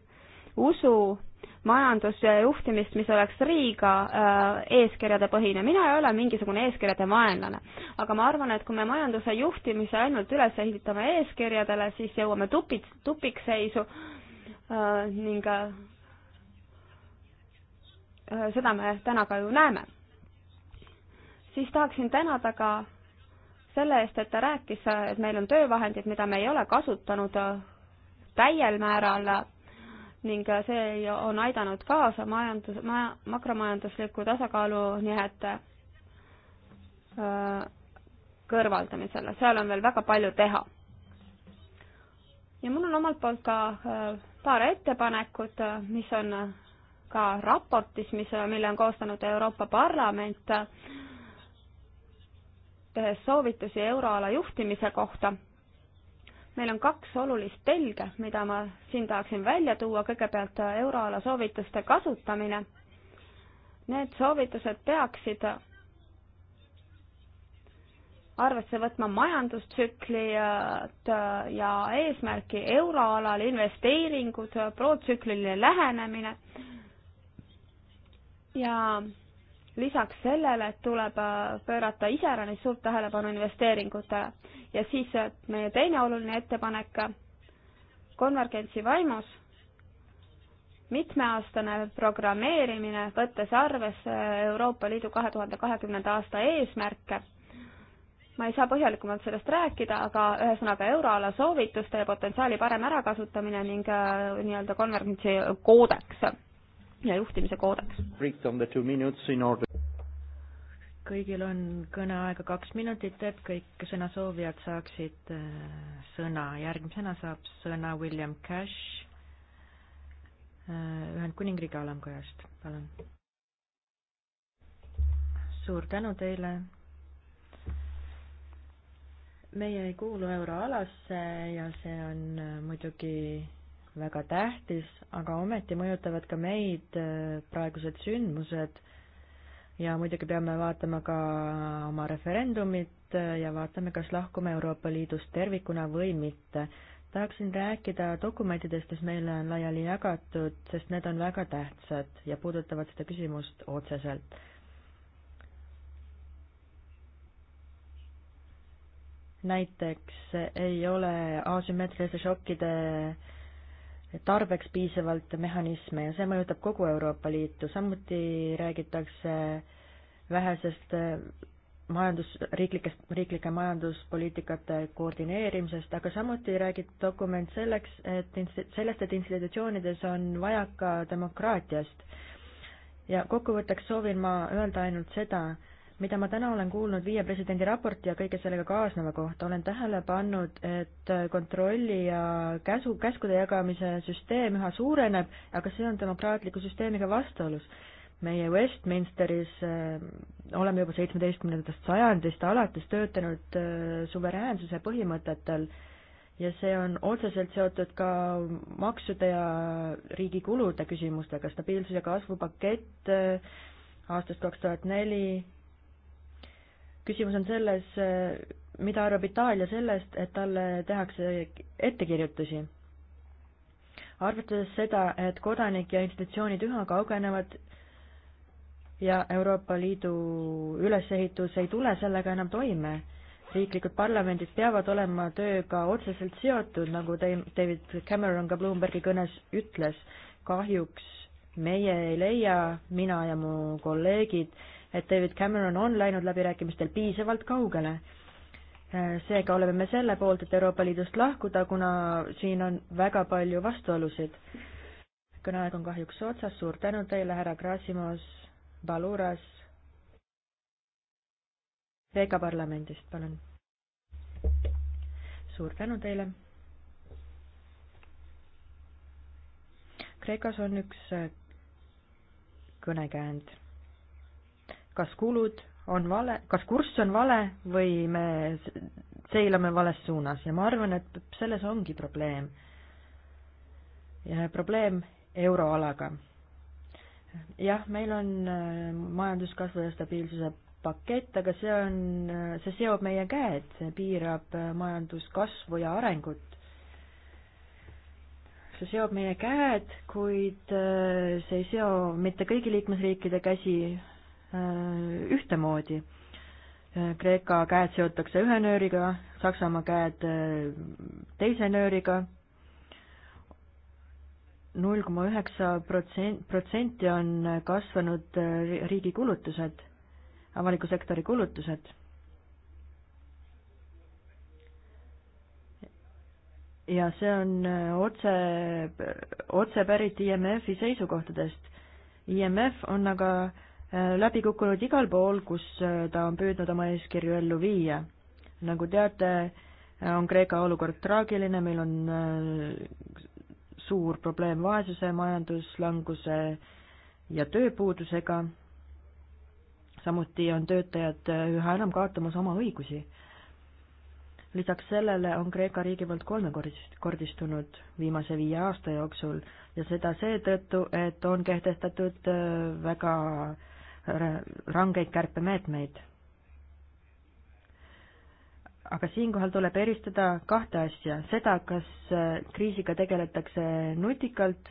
usu majandusjuhtimist, mis oleks liiga eeskirjade põhine. mina ei ole mingisugune eeskirjade vaenlane, aga ma arvan, et kui me majanduse juhtimise ainult üles ehitame eeskirjadele, siis jõuame tupi, tupikseisu ning Äh, seda me täna ka ju näeme. siis tahaksin tänada ka selle eest, et ta rääkis, et meil on töövahendid, mida me ei ole kasutanud äh, täiel määral ning äh, see on aidanud kaasa majandus, maja, makromajandusliku tasakaalu nihete kõrvaldamisele, seal on veel väga palju teha. ja mul on omalt poolt ka paar ettepanekut, mis on ka raportis, mis, mille on koostanud Euroopa Parlament, tehes soovitusi euroala juhtimise kohta. meil on kaks olulist telge, mida ma siin tahaksin välja tuua, kõigepealt euroala soovituste kasutamine. Need soovitused peaksid arvesse võtma majandustsükli ja eesmärki euroalal, investeeringud, protsükliline lähenemine ja lisaks sellele tuleb äh, pöörata iseäranis suurt tähelepanu investeeringutele. ja siis meie teine oluline ettepanek konvergentsi vaimus, mitmeaastane programmeerimine, võttes arvesse Euroopa Liidu kahe tuhande kahekümnenda aasta eesmärke. ma ei saa põhjalikumalt sellest rääkida, aga ühesõnaga euroala soovituste ja potentsiaali parem ärakasutamine ning äh, nii-öelda konvergentsi koodeks ja juhtimise koodeks. kõigil on kõneaega kaks minutit, et kõik sõnasoovijad saaksid äh, sõna. järgmisena saab sõna William Cash äh, Ühendkuningriigi alamkojast, palun. suur tänu teile meie ei kuulu euroalasse ja see on äh, muidugi väga tähtis, aga ometi mõjutavad ka meid äh, praegused sündmused ja muidugi peame vaatama ka oma referendumit äh, ja vaatame, kas lahkume Euroopa Liidust tervikuna või mitte. tahaksin rääkida dokumentidest, mis meile on laiali jagatud, sest need on väga tähtsad ja puudutavad seda küsimust otseselt. näiteks ei ole asümmeetriliste šokkide tarbeks piisavalt mehhanisme ja see mõjutab kogu Euroopa Liitu, samuti räägitakse vähesest äh, majandus, riiklikest, riiklike majanduspoliitikate koordineerimisest, aga samuti räägib dokument selleks, et sellest, et institutsioonides on vajaka demokraatiast. ja kokkuvõtteks soovin ma öelda ainult seda, mida ma täna olen kuulnud viie presidendi raporti ja kõige sellega kaasneva kohta, olen tähele pannud, et kontrolli ja käsu, käskude jagamise süsteem üha suureneb, aga see on demokraatliku süsteemiga vastuolus. meie Westminsteris äh, oleme juba seitsmeteistkümnendast sajandist alates töötanud äh, suveräänsuse põhimõtetel ja see on otseselt seotud ka maksude ja riigi kulude küsimustega, stabiilsuse kasvupakett äh, aastast kaks tuhat neli küsimus on selles, mida arvab Itaalia sellest, et talle tehakse ettekirjutusi. arvestades seda, et kodanik ja institutsioonid üha kaugenevad ja Euroopa Liidu ülesehitus ei tule sellega enam toime, riiklikud parlamendid peavad olema tööga otseselt seotud, nagu David Cameron ka Bloombergi kõnes ütles, kahjuks meie ei leia, mina ja mu kolleegid, et David Cameron on läinud läbirääkimistel piisavalt kaugele. Äh, seega oleme me selle poolt, et Euroopa Liidust lahkuda, kuna siin on väga palju vastuolusid. kõneaeg on kahjuks otsas, suur tänu teile, härra Krasimos, Baluras, Kreeka parlamendist, palun. suur tänu teile Kreekas on üks äh, kõnekäänd kas kulud on vale, kas kurss on vale või me seilame vales suunas ja ma arvan, et selles ongi probleem. probleem euroalaga. jah, meil on äh, majanduskasvu ja stabiilsuse pakett, aga see on, äh, see seob meie käed, see piirab äh, majanduskasvu ja arengut. see seob meie käed, kuid see ei seo mitte kõigi liikmesriikide käsi, Äh, ühtemoodi. Äh, Kreeka käed seotakse ühe nööriga, Saksamaa käed äh, teise nööriga, null koma üheksa protsent, protsenti on kasvanud riigi kulutused, avaliku sektori kulutused. ja see on otse, otse pärit IMF-i seisukohtadest. IMF on aga äh, läbi kukkunud igal pool, kus äh, ta on püüdnud oma eeskirju ellu viia. nagu teate, on Kreeka olukord traagiline, meil on äh, suur probleem vaesuse, majanduslanguse ja tööpuudusega, samuti on töötajad äh, üha enam kaotamas oma õigusi. lisaks sellele on Kreeka riigi poolt kolmekordistunud viimase viie aasta jooksul ja seda seetõttu, et on kehtestatud väga äh, rangeid kärpemeetmeid. aga siinkohal tuleb eristada kahte asja, seda, kas äh, kriisiga tegeletakse nutikalt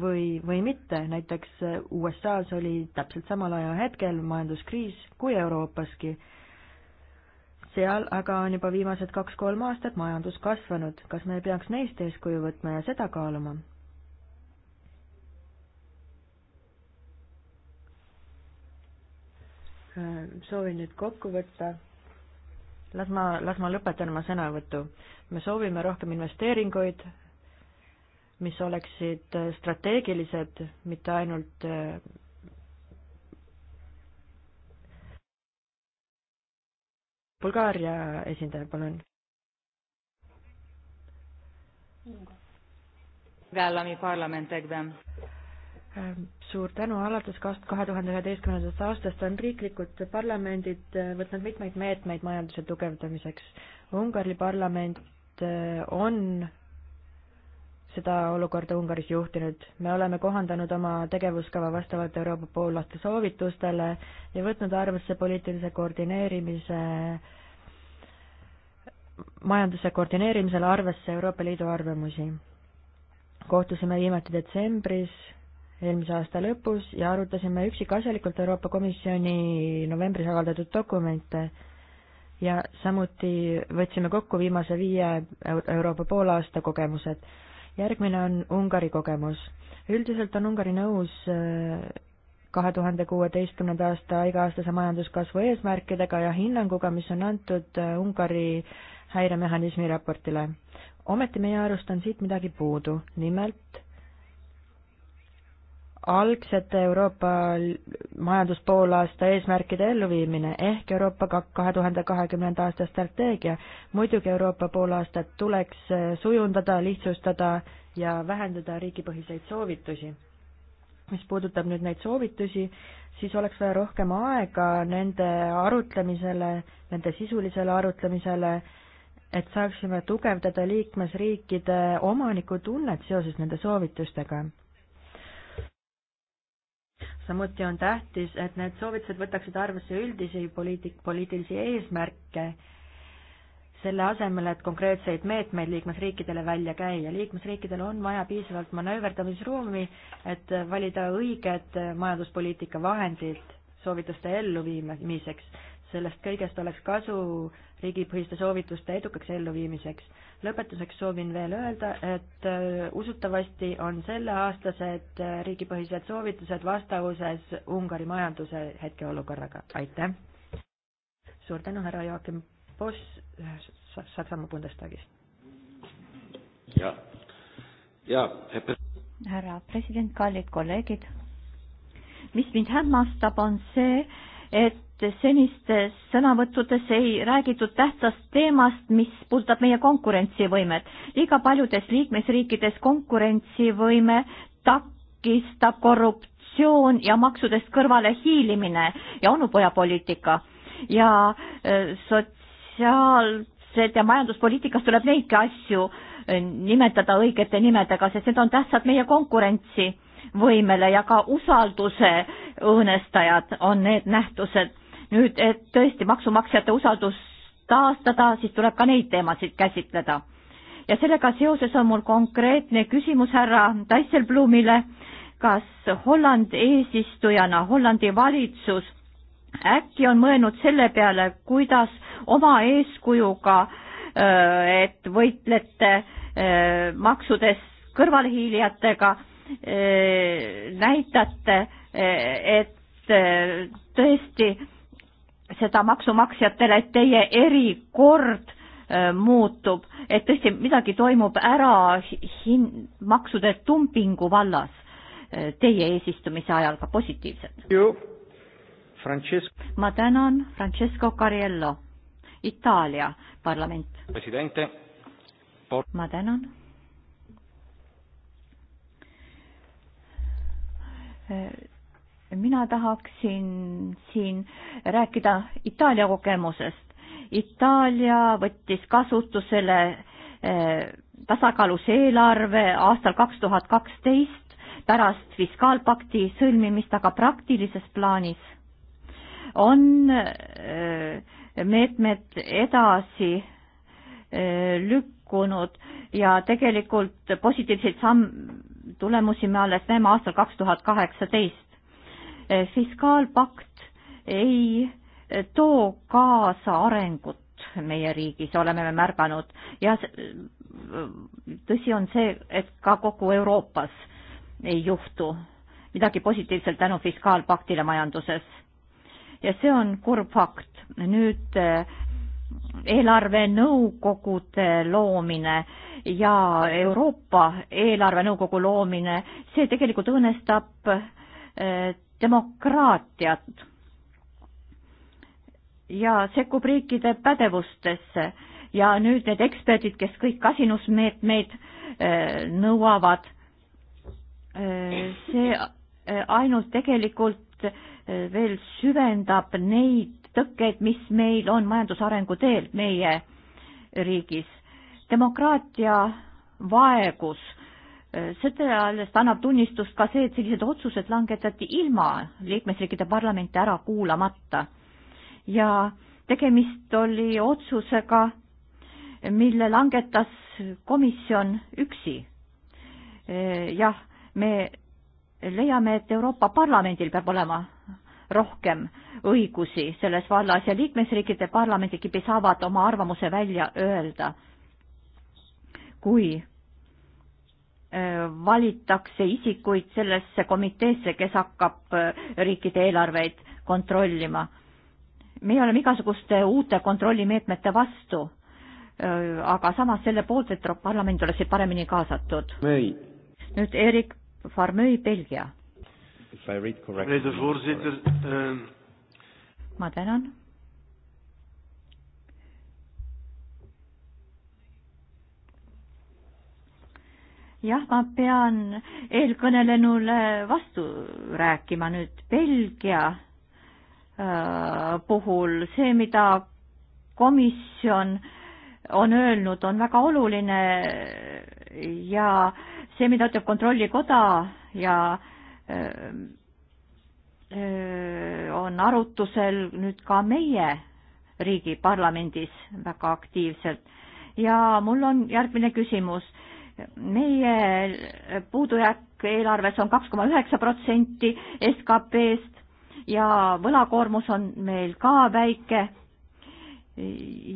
või, või mitte, näiteks äh, USA-s oli täpselt samal ajahetkel majanduskriis kui Euroopaski. seal aga on juba viimased kaks-kolm aastat majandus kasvanud, kas me ei peaks neist eeskuju võtma ja seda kaaluma? Ähm, soovin nüüd kokku võtta. las ma, las ma lõpetan oma sõnavõtu. me soovime rohkem investeeringuid, mis oleksid äh, strateegilised, mitte ainult äh, Bulgaaria esindaja, palun. állami parlamentekben. Ähm, suur tänu, alates kahe tuhande üheteistkümnendast aastast on riiklikud parlamendid äh, võtnud mitmeid meetmeid majanduse tugevdamiseks. Ungari parlament äh, on seda olukorda Ungaris juhtinud. me oleme kohandanud oma tegevuskava vastavalt Euroopa poolaasta soovitustele ja võtnud arvesse poliitilise koordineerimise majanduse koordineerimisel arvesse Euroopa Liidu arvamusi. kohtusime viimati detsembris eelmise aasta lõpus ja arutasime üksikasjalikult Euroopa Komisjoni novembris avaldatud dokumente ja samuti võtsime kokku viimase viie Euroopa poolaasta kogemused. järgmine on Ungari kogemus. üldiselt on Ungari nõus äh, kahe tuhande kuueteistkümnenda aasta iga-aastase majanduskasvu eesmärkidega ja hinnanguga, mis on antud äh, Ungari häiremehhanismi raportile. ometi meie arust on siit midagi puudu, nimelt algsete Euroopa majanduspoolaasta eesmärkide elluviimine ehk Euroopa kahe tuhande kahekümnenda aasta strateegia. muidugi Euroopa poolaastat tuleks eh, sujundada, lihtsustada ja vähendada riigipõhiseid soovitusi. mis puudutab nüüd neid soovitusi, siis oleks vaja rohkem aega nende arutlemisele, nende sisulisele arutlemisele et saaksime tugevdada liikmesriikide omanikutunnet seoses nende soovitustega samuti on tähtis, et need soovitused võtaksid arvesse üldisi poliitik-, poliitilisi eesmärke, selle asemel, et konkreetseid meetmeid liikmesriikidele välja käia. liikmesriikidel on vaja piisavalt manööverdamisruumi, et valida õiged majanduspoliitika vahendid soovituste elluviimiseks sellest kõigest oleks kasu riigipõhiste soovituste edukaks elluviimiseks. lõpetuseks soovin veel öelda, et äh, usutavasti on selleaastased äh, riigipõhised soovitused vastavuses Ungari majanduse hetkeolukorraga, aitäh! suur tänu, härra Joakim Boss äh, Saksamaa Bundestagist! ja, ja härra president, kallid kolleegid, mis mind hämmastab, on see, et senistes sõnavõttudes ei räägitud tähtsast teemast, mis puudutab meie konkurentsivõimet. liiga paljudes liikmesriikides konkurentsivõime takistab korruptsioon ja maksudest kõrvale hiilimine ja onupojapoliitika ja äh, sotsiaalsed ja majanduspoliitikas tuleb neidki asju äh, nimetada õigete nimedega, sest need on tähtsad meie konkurentsi võimele ja ka usalduse õõnestajad on need nähtused. nüüd, et tõesti maksumaksjate usaldus taastada, siis tuleb ka neid teemasid käsitleda. ja sellega seoses on mul konkreetne küsimus härra Tasselblumile, kas Holland eesistujana, Hollandi valitsus äkki on mõelnud selle peale, kuidas oma eeskujuga, äh, et võitlete äh, maksudest kõrvalhiilijatega Äh, näitate, äh, et äh, tõesti seda maksumaksjatele, et teie erikord muutub, et tõesti midagi toimub ära hin-, maksude dumpingu vallas teie eesistumise ajal ka positiivset. ma tänan, Francesco Cariello, Itaalia parlament. ma tänan Äh, mina tahaksin siin rääkida Itaalia kogemusest. Itaalia võttis kasutusele äh, tasakaalus eelarve aastal kaks tuhat kaksteist pärast fiskaalpakti sõlmimist, aga praktilises plaanis on äh, meetmed edasi lükkunud ja tegelikult positiivseid samme tulemusi me alles näeme aastal kaks tuhat kaheksateist. fiskaalpakt ei too kaasa arengut meie riigis, oleme me märganud ja tõsi on see, et ka kogu Euroopas ei juhtu midagi positiivselt tänu fiskaalpaktile majanduses. ja see on kurb fakt. nüüd äh, eelarvenõukogude loomine ja Euroopa eelarvenõukogu loomine, see tegelikult õõnestab eh, demokraatiat ja sekkub riikide pädevustesse ja nüüd need eksperdid, kes kõik kasinusmeetmeid eh, nõuavad, eh, see ainult tegelikult veel süvendab neid tõkked, mis meil on majandusarengu teel meie riigis. demokraatia vaegus, sellest annab tunnistust ka see, et sellised otsused langetati ilma liikmesriikide parlamente ära kuulamata. ja tegemist oli otsusega, mille langetas komisjon üksi. jah, me leiame, et Euroopa Parlamendil peab olema rohkem õigusi selles vallas ja liikmesriikide parlamendikid saavad oma arvamuse välja öelda, kui äh, valitakse isikuid sellesse komiteesse, kes hakkab äh, riikide eelarveid kontrollima. meie oleme igasuguste uute kontrollimeetmete vastu, äh, aga samas selle poolt, et parlament oleks paremini kaasatud. nüüd Erik Farmöi, Belgia if I read correctly. Meneer de voorzitter. Uh... Ma tänan. jah, ma pean eelkõnelenule vastu rääkima nüüd Belgia äh, puhul. see, mida komisjon on öelnud, on väga oluline ja see, mida ütleb Kontrollikoda ja äh, on arutusel nüüd ka meie riigi parlamendis väga aktiivselt. ja mul on järgmine küsimus. meie puudujääk eelarves on kaks koma üheksa protsenti SKP-st ja võlakoormus on meil ka väike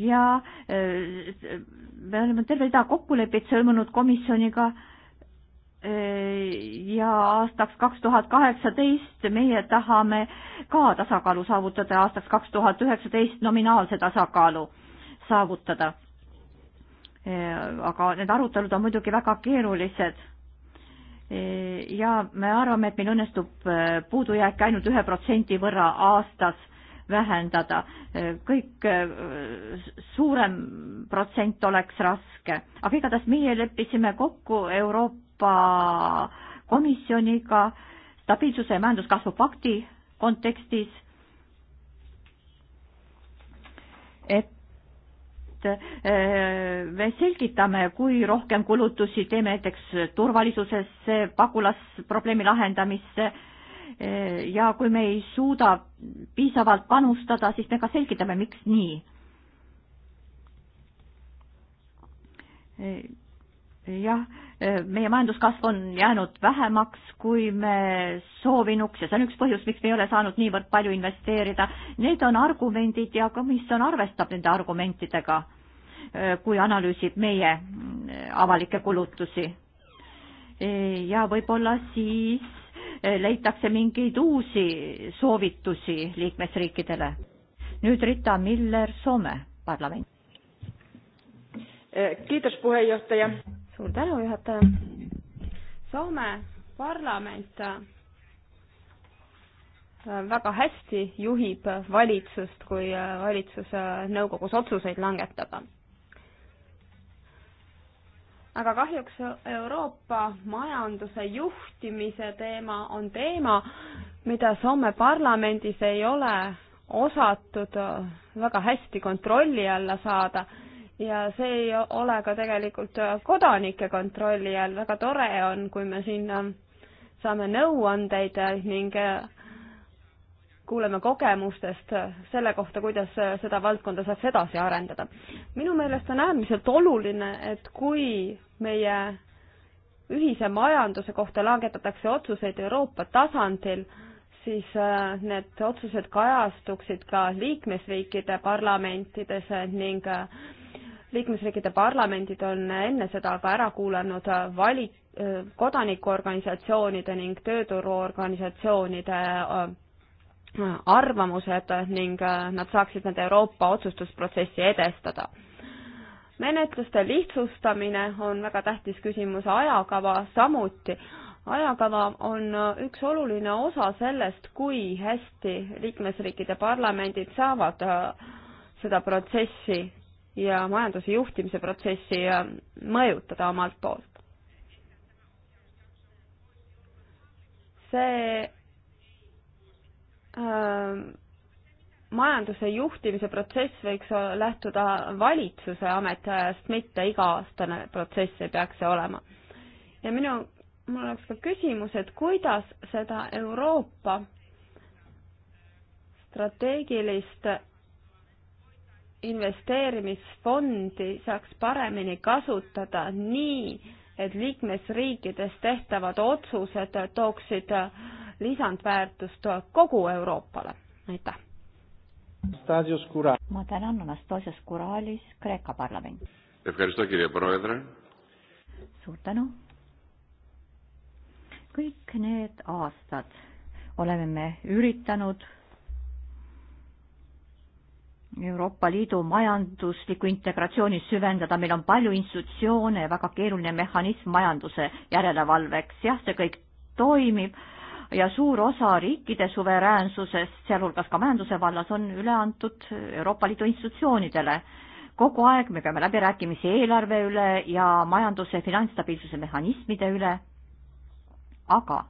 ja me oleme terve rida kokkuleppeid sõlmunud komisjoniga Äh, ja aastaks kaks tuhat kaheksateist meie tahame ka tasakaalu saavutada, aastaks kaks tuhat üheksateist nominaalse tasakaalu saavutada. Äh, aga need arutelud on muidugi väga keerulised. Äh, ja me arvame, et meil õnnestub puudujääki ainult ühe protsendi võrra aastas vähendada. kõik suurem protsent oleks raske, aga igatahes meie leppisime kokku Euroopa Euroopa Komisjoniga stabiilsuse ja majanduskasvu pakti kontekstis, et eh, me selgitame, kui rohkem kulutusi teeme näiteks turvalisusesse, pagulasprobleemi lahendamisse eh, ja kui me ei suuda piisavalt panustada, siis me ka selgitame, miks nii. Eh, jah Äh, meie majanduskasv on jäänud vähemaks, kui me soovinuks ja see on üks põhjus, miks me ei ole saanud niivõrd palju investeerida. Need on argumendid ja komisjon arvestab nende argumentidega, äh, kui analüüsib meie äh, avalikke kulutusi. ja võib-olla siis leitakse mingeid uusi soovitusi liikmesriikidele. nüüd Rita Miller, Soome parlament. Kiitos puheenjohtaja suur tänu, juhataja. Soome parlament äh, väga hästi juhib valitsust, kui äh, valitsus äh, nõukogus otsuseid langetab. aga kahjuks Euroopa majanduse juhtimise teema on teema, mida Soome parlamendis ei ole osatud väga hästi kontrolli alla saada ja see ei ole ka tegelikult kodanike kontrolli all, väga tore on, kui me siin äh, saame nõuandeid äh, ning äh, kuuleme kogemustest selle kohta, kuidas seda valdkonda saaks edasi arendada. minu meelest on äärmiselt oluline, et kui meie ühise majanduse kohta langetatakse otsuseid Euroopa tasandil, siis need otsused kajastuksid ka liikmesriikide parlamentides ning äh, liikmesriikide parlamendid on enne seda ka ära kuulanud vali-, kodanikuorganisatsioonide ning tööturuorganisatsioonide äh, arvamused ning äh, nad saaksid need Euroopa otsustusprotsessi edestada. menetluste lihtsustamine on väga tähtis küsimus, ajakava samuti. ajakava on äh, üks oluline osa sellest, kui hästi liikmesriikide parlamendid saavad seda protsessi ja majanduse juhtimise protsessi mõjutada omalt poolt. see äh, majanduse juhtimise protsess võiks lähtuda valitsuse ametiajast, mitte iga-aastane protsess ei peaks see olema. ja minu, mul oleks ka küsimus, et kuidas seda Euroopa strateegilist investeerimisfondi saaks paremini kasutada nii, et liikmesriikides tehtavad otsused tooksid lisandväärtust kogu Euroopale. aitäh! ma tänan Anastasias Kuralis, Kreeka parlament. suur tänu! kõik need aastad oleme me üritanud Euroopa Liidu majanduslikku integratsiooni süvendada, meil on palju institutsioone ja väga keeruline mehhanism majanduse järelevalveks, jah, see kõik toimib ja suur osa riikide suveräänsusest, sealhulgas ka majanduse vallas, on üle antud Euroopa Liidu institutsioonidele. kogu aeg me peame läbirääkimisi eelarve üle ja majanduse finantsstabiilsuse mehhanismide üle, aga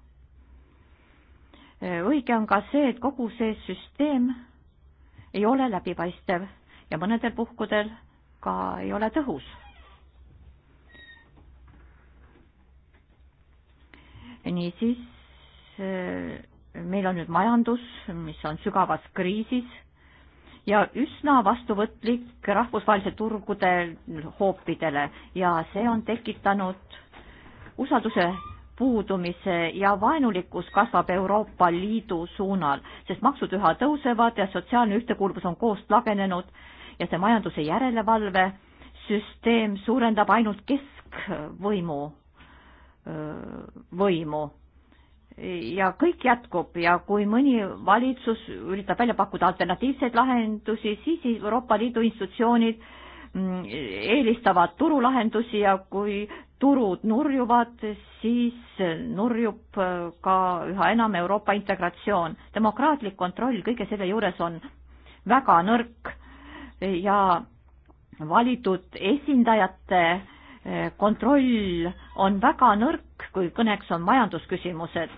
õige on ka see, et kogu see süsteem ei ole läbipaistev ja mõnedel puhkudel ka ei ole tõhus. niisiis, eh, meil on nüüd majandus, mis on sügavas kriisis ja üsna vastuvõtlik rahvusvahelise turgude hoopidele ja see on tekitanud usalduse puudumise ja vaenulikkus kasvab Euroopa Liidu suunal, sest maksud üha tõusevad ja sotsiaalne ühtekuuluvus on koost lagenenud ja see majanduse järelevalve süsteem suurendab ainult keskvõimu võimu. ja kõik jätkub ja kui mõni valitsus üritab välja pakkuda alternatiivseid lahendusi, siis Euroopa Liidu institutsioonid äh, Mm, eelistavad turulahendusi ja kui turud nurjuvad, siis nurjub äh, ka üha enam Euroopa integratsioon. demokraatlik kontroll kõige selle juures on väga nõrk ja valitud esindajate äh, kontroll on väga nõrk, kui kõneks on majandusküsimused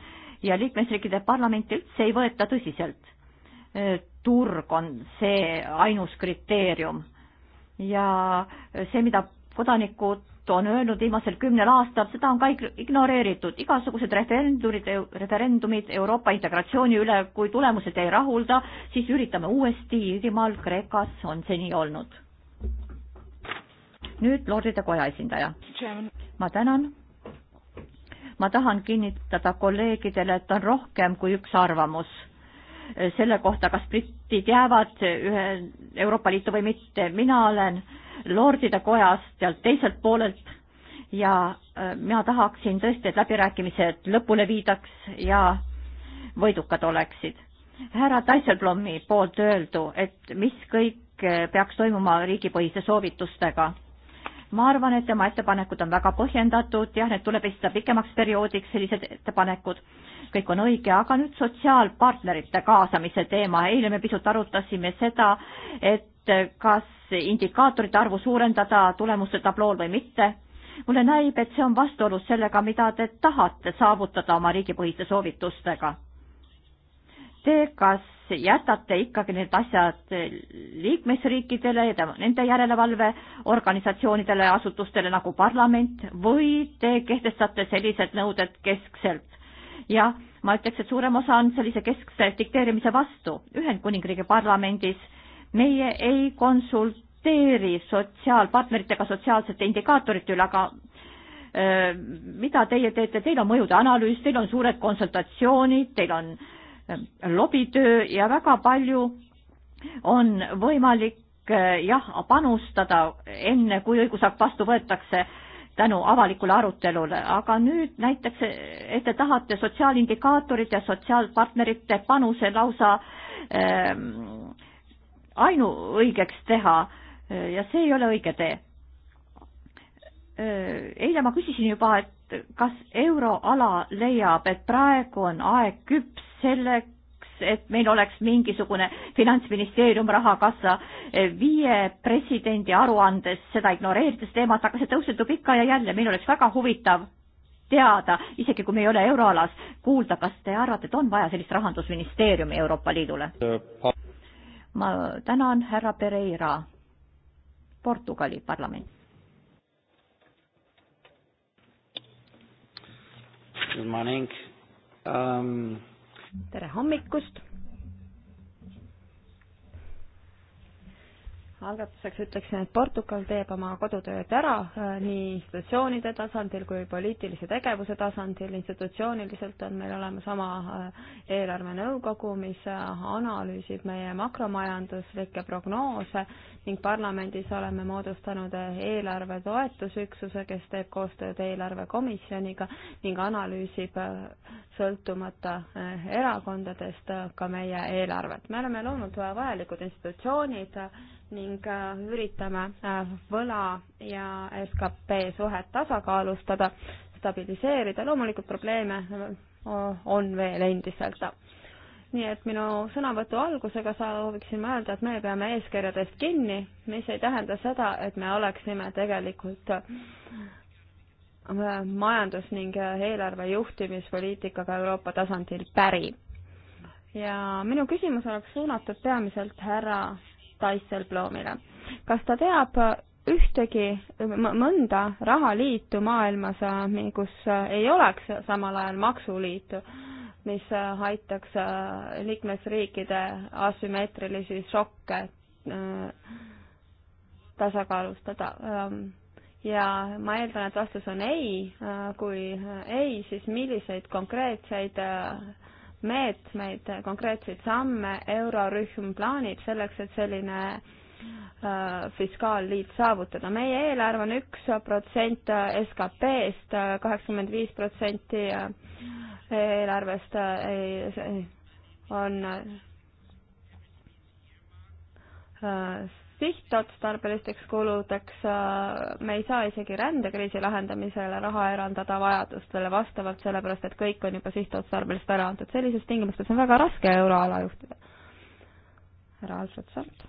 ja liikmesriikide parlamente üldse ei võeta tõsiselt. Äh, turg on see ainus kriteerium ja see, mida kodanikud on öelnud viimasel kümnel aastal, seda on ka ignoreeritud. igasugused referendumid, referendumid Euroopa integratsiooni üle, kui tulemused ei rahulda, siis üritame uuesti, Iirimaal, Kreekas on see nii olnud. nüüd Lordide Koja esindaja. ma tänan. ma tahan kinnitada kolleegidele, et on rohkem kui üks arvamus selle kohta, kas britid jäävad ühe Euroopa Liitu või mitte. mina olen lordide kojast sealt teiselt poolelt ja äh, mina tahaksin tõesti, et läbirääkimised lõpule viidaks ja võidukad oleksid. härra Taisselblommi poolt öeldu, et mis kõik äh, peaks toimuma riigipõhiste soovitustega ma arvan, et tema ettepanekud on väga põhjendatud, jah, need tuleb esitada pikemaks perioodiks, sellised ettepanekud, kõik on õige, aga nüüd sotsiaalpartnerite kaasamise teema, eile me pisut arutasime seda, et kas indikaatorite arvu suurendada tulemuste tablool või mitte. mulle näib, et see on vastuolus sellega, mida te tahate saavutada oma riigipõhiste soovitustega te kas jätate ikkagi need asjad liikmesriikidele ja nende järelevalveorganisatsioonidele ja asutustele nagu parlament või te kehtestate sellised nõuded keskselt? jah, ma ütleks, et suurem osa on sellise keskse dikteerimise vastu. Ühendkuningriigi parlamendis meie ei konsulteeri sotsiaalpartneritega sotsiaalsete indikaatorite üle, aga öö, mida teie teete, teil on mõjude analüüs, teil on suured konsultatsioonid, teil on öö, Äh, lobitöö ja väga palju on võimalik äh, jah, panustada enne, kui õigusakt vastu võetakse tänu avalikule arutelule, aga nüüd näiteks, et te tahate sotsiaalindikaatorid ja sotsiaalpartnerite panuse lausa ähm, ainuõigeks teha äh, ja see ei ole õige tee eile ma küsisin juba, et kas euroala leiab, et praegu on aeg küps selleks, et meil oleks mingisugune finantsministeerium, rahakassa, viie presidendi aruandes seda ignoreerides teemat, aga see tõusetub ikka ja jälle, meil oleks väga huvitav teada, isegi kui me ei ole euroalas, kuulda, kas te arvate, et on vaja sellist rahandusministeeriumi Euroopa Liidule? ma tänan, härra Pereira, Portugali parlament Good morning um.... tere hommikust algatuseks ütleksin, et Portugal teeb oma kodutööd ära äh, nii institutsioonide tasandil kui poliitilise tegevuse tasandil. institutsiooniliselt on meil olemas oma äh, eelarvenõukogu, mis äh, analüüsib meie makromajanduslikke prognoose ning parlamendis oleme moodustanud eelarve toetusüksuse, kes teeb koostööd eelarvekomisjoniga ning analüüsib sõltumata erakondadest ka meie eelarvet. me oleme loonud vajalikud institutsioonid ning äh, üritame äh, võla ja skp suhet tasakaalustada, stabiliseerida, loomulikult probleeme äh, on veel endiselt. nii et minu sõnavõtu algusega sooviksin ma öelda, et me peame eeskirjadest kinni, mis ei tähenda seda, et me oleksime tegelikult majandus- ning eelarve juhtimispoliitikaga Euroopa tasandil päri. ja minu küsimus oleks suunatud peamiselt härra Taisselbloomile. kas ta teab ühtegi mõnda rahaliitu maailmas, kus ei oleks samal ajal maksuliitu, mis aitaks äh, liikmesriikide asümmeetrilisi šokke äh, tasakaalustada? Ähm, ja ma eeldan, et vastus on ei, äh, kui ei, siis milliseid konkreetseid meetmeid, konkreetseid samme eurorühm plaanib selleks, et selline äh, fiskaalliit saavutada. meie eelarve on üks protsent SKP-st, kaheksakümmend viis protsenti eelarvest äh, on äh, sihtotstarbelisteks kuludeks äh, me ei saa isegi rändekriisi lahendamisele raha eraldada vajadustele vastavalt, sellepärast et kõik on juba sihtotstarbeliselt ära antud. sellises tingimustes on väga raske euroala juhtida. härra Alfred Salt.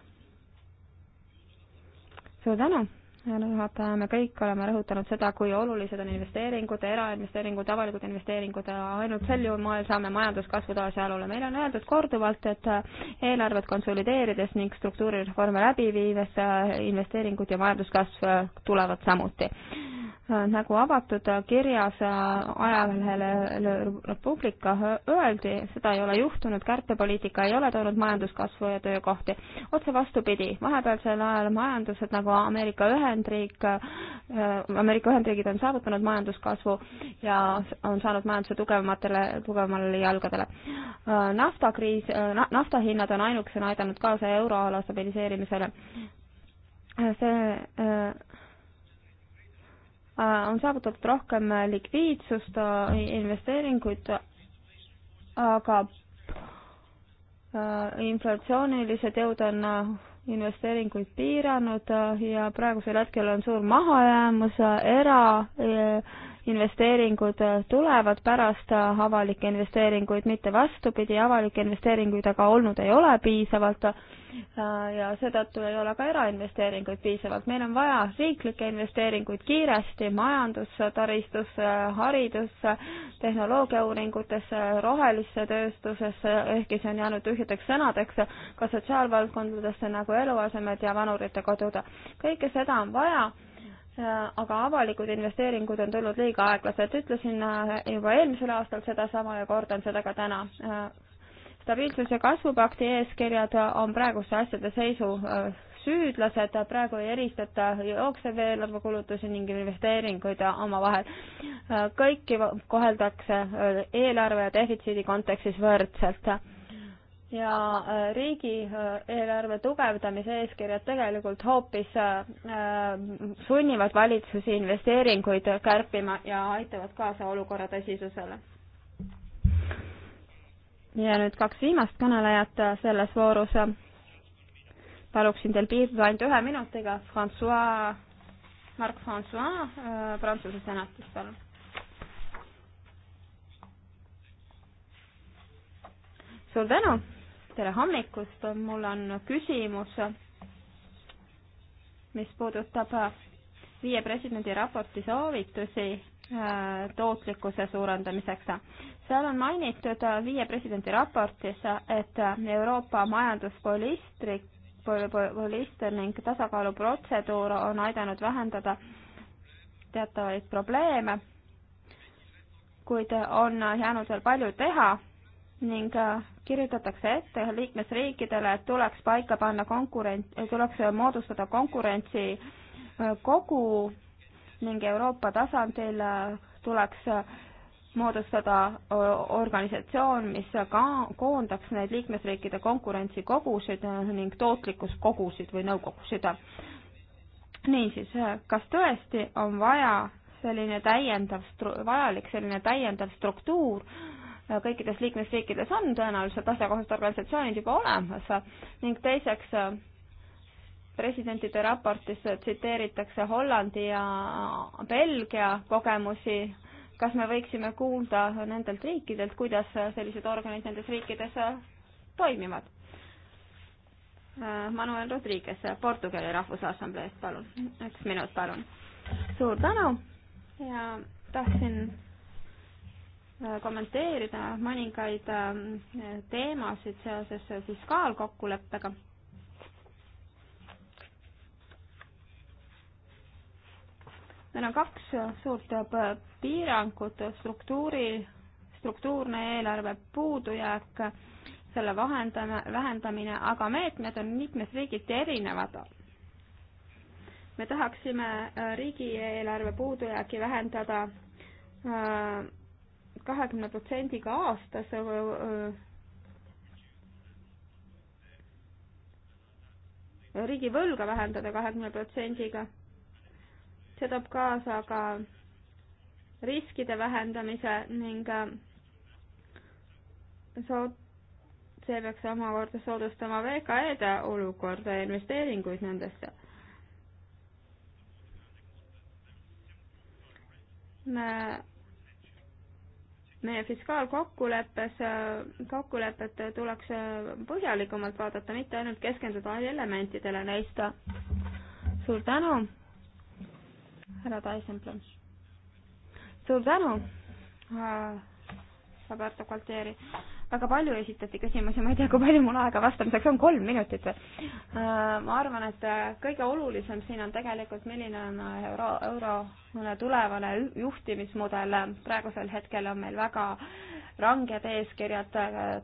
suur tänu härra juhataja, me kõik oleme rõhutanud seda, kui olulised on investeeringud, erainvesteeringud, avalikud investeeringud, ainult sel juhul moel saame majanduskasvu taas jalule. meile on öeldud korduvalt, et eelarvet konsolideerides ning struktuurireforme läbi viies investeeringud ja majanduskasv tulevad samuti Äh, nagu avatud kirjas äh, ajalehele Republika öeldi, seda ei ole juhtunud, kärpepoliitika ei ole toonud majanduskasvu ja töökohti. otse vastupidi, vahepealsel ajal majandused nagu Ameerika Ühendriik, äh, Ameerika Ühendriigid on saavutanud majanduskasvu ja on saanud majanduse tugevamatele, tugevamale jalgadele. naftakriis, naftahinnad on ainukesena aidanud kaasa euroala stabiliseerimisele. see Äh, on saavutatud rohkem äh, likviidsust, äh, investeeringuid, aga inflatsioonilised jõud on investeeringuid piiranud ja praegusel hetkel on suur mahajäämus, erainvesteeringud tulevad pärast avalikke investeeringuid, mitte vastupidi, avalikke investeeringuid aga olnud ei ole piisavalt Äh, ja seetõttu ei ole ka erainvesteeringuid piisavalt. meil on vaja riiklikke investeeringuid kiiresti majandusse, taristusse, haridusse, tehnoloogiauuringutesse, rohelisse tööstusesse, ehkki see on jäänud tühjadeks sõnadeks, ka sotsiaalvaldkondadesse nagu eluasemed ja vanurite kodud. kõike seda on vaja äh, aga avalikud investeeringud on tulnud liiga aeglaselt, ütlesin äh, juba eelmisel aastal sedasama ja kordan seda ka täna stabiilsus- ja kasvupakti eeskirjad on praeguse asjade seisu äh, süüdlased, praegu ei eristata jooksev eelarve kulutusi ning investeeringuid omavahel. Äh, kõiki koheldakse äh, eelarve ja defitsiidi kontekstis võrdselt. ja riigieelarve tugevdamise eeskirjad tegelikult hoopis sunnivad valitsusi investeeringuid kärpima ja aitavad kaasa olukorra tõsisusele ja nüüd kaks viimast kõnelejat äh, selles voorus. Äh, paluksin teil piirduda ainult ühe minutiga. Francois, Marc Francois äh, Prantsuse senatist, palun. suur tänu, tere hommikust, mul on küsimus, mis puudutab viie presidendi raporti soovitusi tootlikkuse suurendamiseks seal on mainitud äh, viie presidendi raportis, et äh, Euroopa majanduspoliistrik, poliister ning tasakaaluprotseduur on aidanud vähendada teatavaid probleeme, kuid on jäänud veel palju teha ning äh, kirjutatakse ette liikmesriikidele, et tuleks paika panna konkurent, tuleks moodustada konkurentsikogu ning Euroopa tasandil tuleks moodustada organisatsioon, mis ka koondaks neid liikmesriikide konkurentsikogusid äh, ning tootlikkuskogusid või nõukogusid. niisiis, äh, kas tõesti on vaja selline täiendav, vajalik selline täiendav struktuur, äh, kõikides liikmesriikides on tõenäoliselt asjakohased organisatsioonid juba olemas ning teiseks, presidentide raportis tsiteeritakse Hollandi ja Belgia kogemusi kas me võiksime kuulda nendelt riikidelt, kuidas sellised organid nendes riikides äh, toimivad? Äh, Manuel Rodriguez äh, Portugali Rahvusassambleest, palun, üks minut, palun. suur tänu ja tahtsin kommenteerida mõningaid ähm, teemasid seoses fiskaalkokkuleppega meil on kaks suurt piirangut, struktuuri, struktuurne eelarve puudujääk, selle vahendame, vähendamine, aga meetmed on liikmesriigiti erinevad. me tahaksime äh, riigieelarve puudujääki vähendada äh, kahekümne protsendiga aastas äh, riigivõlga vähendada kahekümne protsendiga see toob kaasa ka riskide vähendamise ning äh, soot-, see peaks omakorda soodustama VKE-de olukorda ja investeeringuid nendesse. me, meie fiskaalkokkuleppes, äh, kokkulepet tuleks äh, põhjalikumalt vaadata, mitte ainult keskenduda elementidele neist. suur tänu! härra Taisenblom. suur tänu äh,, Roberto Gualtieri. väga palju esitati küsimusi, ma ei tea, kui palju mul aega vastamiseks on, kolm minutit või äh,? ma arvan, et äh, kõige olulisem siin on tegelikult, milline on äh, euro, eurole tulevane juhtimismudel. praegusel hetkel on meil väga ranged eeskirjad äh,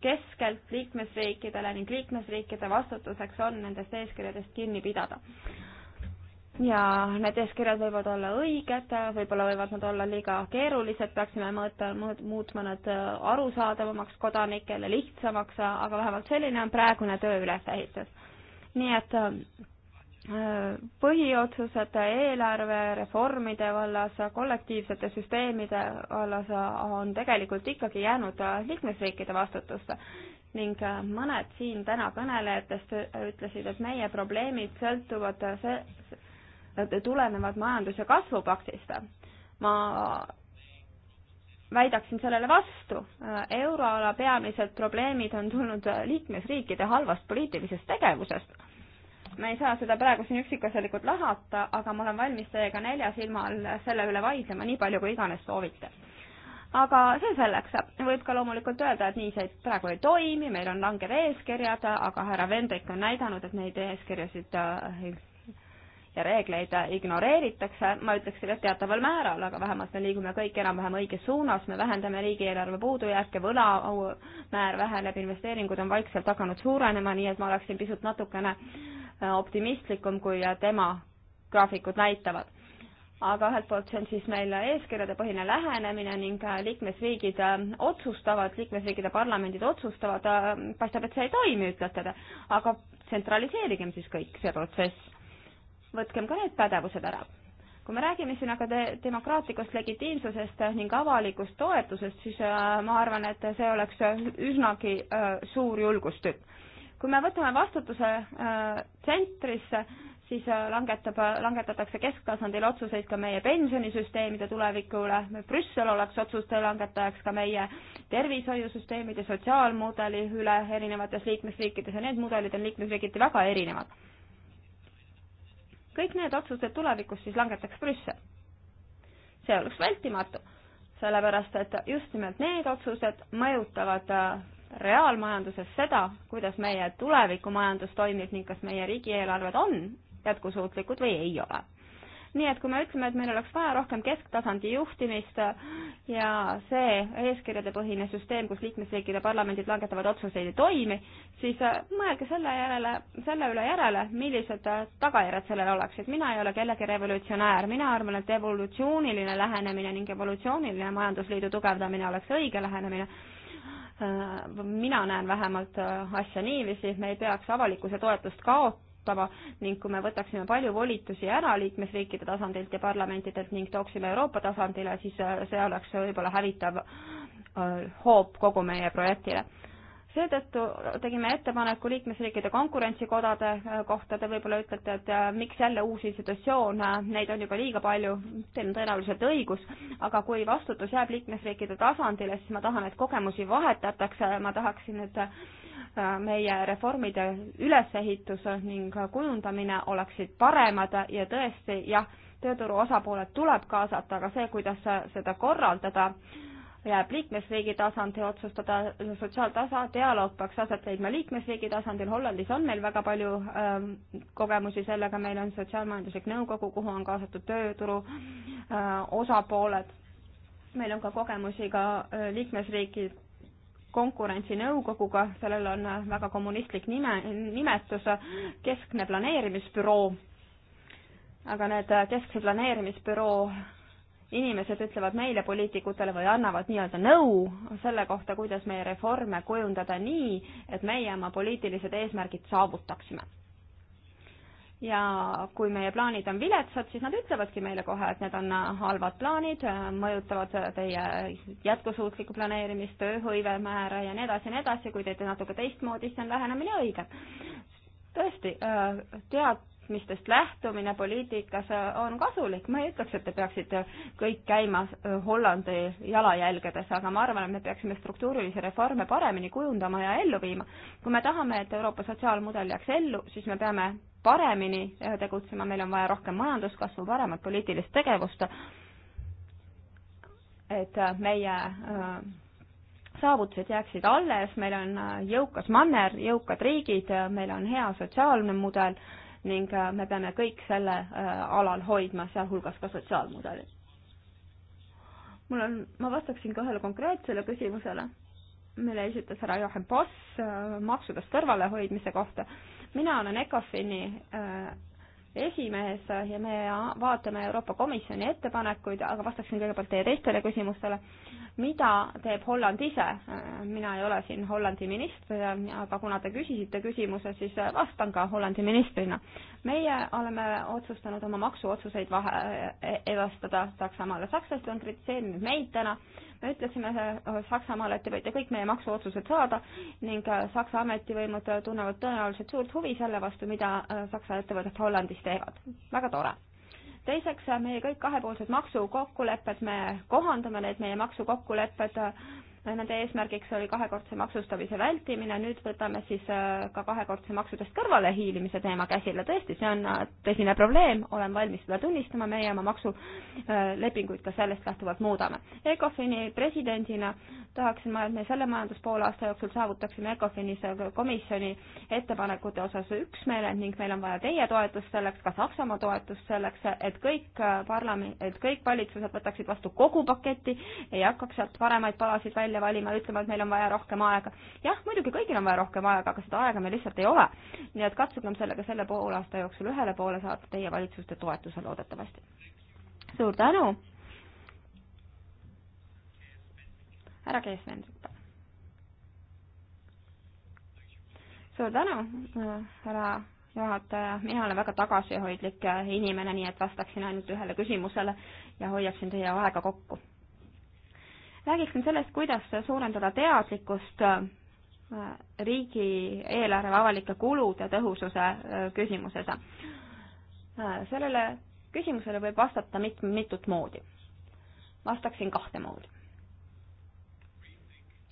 keskelt liikmesriikidele ning liikmesriikide vastutuseks on nendest eeskirjadest kinni pidada ja need eeskirjad võivad olla õiged, võib-olla võivad nad olla liiga keerulised, peaksime mõõta, muutma nad äh, arusaadavamaks kodanikele, lihtsamaks, aga vähemalt selline on praegune töö ülesehitus. nii et äh, põhiotsused eelarvereformide vallas, kollektiivsete süsteemide vallas on tegelikult ikkagi jäänud liikmesriikide vastutusse ning äh, mõned siin täna kõnelejatest ütlesid, et meie probleemid sõltuvad see, tulenevad majanduse kasvupaktist. ma väidaksin sellele vastu. euroala peamised probleemid on tulnud liikmesriikide halvast poliitilisest tegevusest. me ei saa seda praegu siin üksikasjalikult lahata, aga ma olen valmis teiega nelja silma all selle üle vaidlema nii palju, kui iganes soovite. aga see selleks, võib ka loomulikult öelda, et nii see praegu ei toimi, meil on langed eeskirjad, aga härra Vendrik on näidanud, et neid eeskirjasid äh, ja reegleid ignoreeritakse, ma ütleksin, et teataval määral, aga vähemalt me liigume kõik enam-vähem õiges suunas, me vähendame riigieelarve puudujääke, võlamäär väheneb, investeeringud on vaikselt hakanud suurenema, nii et ma oleksin pisut natukene äh, optimistlikum, kui äh, tema graafikud näitavad aga ühelt poolt see on siis meil eeskirjade põhine lähenemine ning äh, liikmesriigid otsustavad, liikmesriigide parlamendid otsustavad, paistab, et see ei toimi, ütlete te. aga tsentraliseerigem siis kõik see protsess võtkem ka need pädevused ära. kui me räägime siin aga de demokraatlikust legitiimsusest ning avalikust toetusest, siis äh, ma arvan, et see oleks üsnagi äh, suur julgustükk. kui me võtame vastutuse äh, tsentrisse, siis langetab, langetatakse kesktasandil otsuseid ka meie pensionisüsteemide tuleviku üle, Brüssel oleks otsuste langetajaks ka meie tervishoiusüsteemide sotsiaalmudeli üle erinevates liikmesriikides ja need mudelid on liikmesriigiti väga erinevad kõik need otsused tulevikus siis langetaks Brüssel. see oleks vältimatu, sellepärast et just nimelt need otsused mõjutavad äh, reaalmajanduses seda, kuidas meie tulevikumajandus toimib ning kas meie riigieelarved on jätkusuutlikud või ei ole nii et kui me ütleme, et meil oleks vaja rohkem kesktasandi juhtimist ja see eeskirjade põhine süsteem, kus liikmesriikide parlamendid langetavad otsuseid, ei toimi, siis äh, mõelge selle järele, selle üle järele, millised äh, tagajärjed sellel oleksid. mina ei ole kellegi revolutsionäär, mina arvan, et evolutsiooniline lähenemine ning evolutsiooniline majandusliidu tugevdamine oleks õige lähenemine äh, mina näen vähemalt asja niiviisi, me ei peaks avalikkuse toetust kaot-, kasutama ning kui me võtaksime palju volitusi ära liikmesriikide tasandilt ja parlamentidelt ning tooksime Euroopa tasandile, siis äh, see oleks võib-olla hävitav äh, hoop kogu meie projektile seetõttu tegime ettepaneku liikmesriikide konkurentsikodade äh, kohta, te võib-olla ütlete, et miks jälle uus institutsioon, neid on juba liiga palju, teil on tõenäoliselt õigus, aga kui vastutus jääb liikmesriikide tasandile, siis ma tahan, et kogemusi vahetatakse, ma tahaksin, et meie reformide ülesehitus ning kujundamine oleksid paremad ja tõesti, jah, tööturu osapooled tuleb kaasata, aga see, kuidas seda korraldada, jääb liikmesriigi tasandil otsustada, sotsiaaltasa, dialoog peaks aset leidma liikmesriigi tasandil, Hollandis on meil väga palju ähm, kogemusi sellega, meil on sotsiaalmajanduslik nõukogu, kuhu on kaasatud tööturu äh, osapooled, meil on ka kogemusi ka äh, liikmesriikide konkurentsinõukoguga, sellel on väga kommunistlik nime, nimetus, keskne planeerimisbüroo. aga need keskse planeerimisbüroo inimesed ütlevad meile, poliitikutele, või annavad nii-öelda nõu selle kohta, kuidas meie reforme kujundada nii, et meie oma poliitilised eesmärgid saavutaksime ja kui meie plaanid on viletsad, siis nad ütlevadki meile kohe, et need on halvad plaanid, mõjutavad teie jätkusuutlikku planeerimist, tööhõive määra ja nii edasi ja nii edasi, kui teete natuke teistmoodi, siis on lähenemine õige. tõesti, äh, tead, teadmistest lähtumine poliitikas on kasulik, ma ei ütleks, et te peaksite kõik käima äh, Hollandi jalajälgedes, aga ma arvan, et me peaksime struktuurilisi reforme paremini kujundama ja ellu viima. kui me tahame, et Euroopa sotsiaalmudel jääks ellu, siis me peame paremini äh, tegutsema, meil on vaja rohkem majanduskasvu, paremat poliitilist tegevust, et äh, meie äh, saavutused jääksid alles, meil on jõukas manner, jõukad riigid, meil on hea sotsiaalne mudel ning äh, me peame kõik selle äh, alal hoidma, sealhulgas ka sotsiaalmudeli. mul on, ma vastaksin ka ühele konkreetsele küsimusele, mille esitas härra Johan Boss äh, maksudest kõrvalehoidmise kohta. mina olen ECOFIN-i esimees ja me vaatame Euroopa Komisjoni ettepanekuid, aga vastaksin kõigepealt teie teistele küsimustele. mida teeb Holland ise? mina ei ole siin Hollandi minister, aga kuna te küsisite küsimuse, siis vastan ka Hollandi ministrina. meie oleme otsustanud oma maksuotsuseid vahe, e-, edastada Saksamaale. sakslased on kritiseerinud meid täna me ütlesime äh, Saksamaale, et te võite kõik meie maksuotsused saada ning äh, Saksa ametivõimud äh, tunnevad tõenäoliselt suurt huvi selle vastu, mida Saksa ettevõtted Hollandis teevad. väga tore teiseks, meie kõik kahepoolsed maksukokkulepped, me kohandame need, meie maksukokkulepped äh, nende eesmärgiks oli kahekordse maksustamise vältimine, nüüd võtame siis äh, ka kahekordse maksudest kõrvalehiilimise teema käsile, tõesti, see on äh, tõsine probleem, olen valmis seda tunnistama, meie oma maksulepinguid äh, ka sellest lähtuvalt muudame. ECOFIN-i presidendina tahaksin ma, et me selle majanduspoole aasta jooksul saavutaksime ECOFIN-is komisjoni ettepanekute osas üksmeele ning meil on vaja teie toetust selleks, ka Saksamaa toetust selleks, et kõik parlamend, et kõik valitsused võtaksid vastu kogu paketi, ei hakkaks sealt paremaid palasid välja välja valima ja ütlema, et meil on vaja rohkem aega. jah, muidugi kõigil on vaja rohkem aega, aga seda aega meil lihtsalt ei ole. nii et katsugem sellega selle poolaasta jooksul ühele poole saata teie valitsuste toetusel loodetavasti. suur tänu! härra Kees-Vendrik, palun. suur tänu, härra juhataja, mina olen väga tagasihoidlik inimene, nii et vastaksin ainult ühele küsimusele ja hoiaksin teie aega kokku räägiksin sellest, kuidas suurendada teadlikkust äh, riigieelarve avalike kulude tõhususe äh, küsimuses. Äh, sellele küsimusele võib vastata mit-, mitut moodi. vastaksin kahte moodi.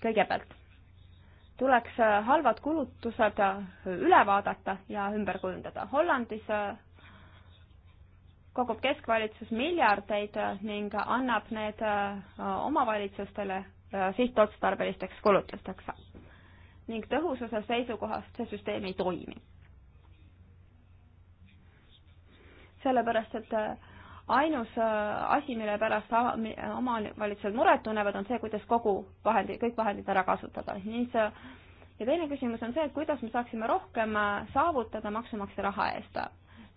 kõigepealt tuleks halvad kulutused üle vaadata ja ümber kujundada. Hollandis kogub keskvalitsus miljardeid äh, ning äh, annab need äh, omavalitsustele sihtotstarbelisteks kulutusteks. ning tõhususe seisukohast see süsteem ei toimi. sellepärast, et ainus asi, mille pärast omavalitsused muret tunnevad, on see, kuidas kogu vahendi, kõik vahendid ära kasutada. nii see ja teine küsimus on see, et kuidas me saaksime rohkem saavutada maksumaksja raha eest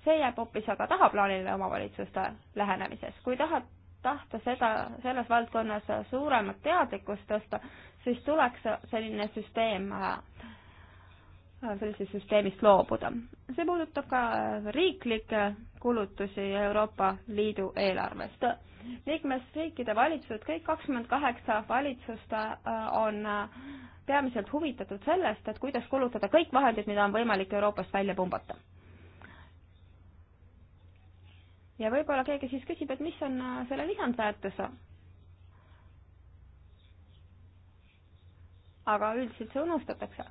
see jääb hoopis aga tahaplaanile omavalitsuste lähenemises. kui tahad tahta seda, selles valdkonnas suuremat teadlikkust tõsta, siis tuleks selline süsteem, äh, sellisest süsteemist loobuda. see puudutab ka äh, riiklikke kulutusi Euroopa Liidu eelarvest. liikmesriikide valitsused, kõik kakskümmend kaheksa valitsust äh, on peamiselt huvitatud sellest, et kuidas kulutada kõik vahendid, mida on võimalik Euroopast välja pumbata ja võib-olla keegi siis küsib, et mis on äh, selle lisandväärtus. aga üldiselt see unustatakse.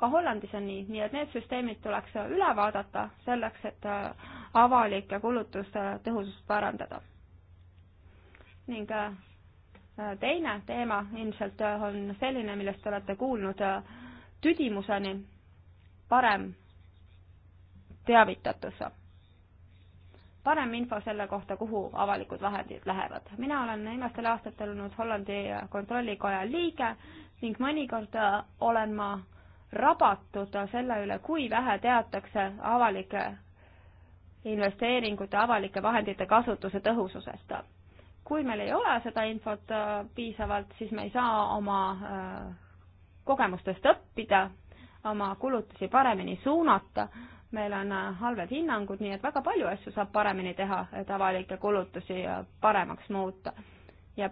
ka Hollandis on nii, nii et need süsteemid tuleks äh, üle vaadata selleks, et äh, avalike kulutuste tõhusust parandada. ning teine teema ilmselt on selline, millest te olete kuulnud tüdimuseni, parem teavitatus parem info selle kohta, kuhu avalikud vahendid lähevad. mina olen viimastel aastatel olnud Hollandi kontrollikoja liige ning mõnikord olen ma rabatud selle üle, kui vähe teatakse avalike investeeringute, avalike vahendite kasutuse tõhususest. kui meil ei ole seda infot äh, piisavalt, siis me ei saa oma äh, kogemustest õppida, oma kulutusi paremini suunata meil on äh, halved hinnangud, nii et väga palju asju saab paremini teha, et avalikke kulutusi äh, paremaks muuta. ja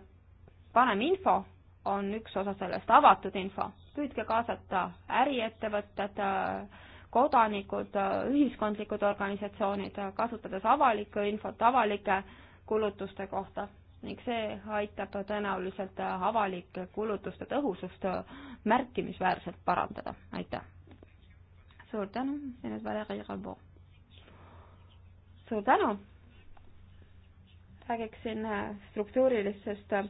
parem info on üks osa sellest, avatud info. püüdke kaasata äriettevõtted, äh, kodanikud, ühiskondlikud organisatsioonid, kasutades avalikku infot avalike kulutuste kohta ning see aitab tõenäoliselt avalike kulutuste tõhusust märkimisväärselt parandada. aitäh! suur tänu ja nüüd Valeri Rabo. suur tänu. räägiksin äh, struktuurilisest äh,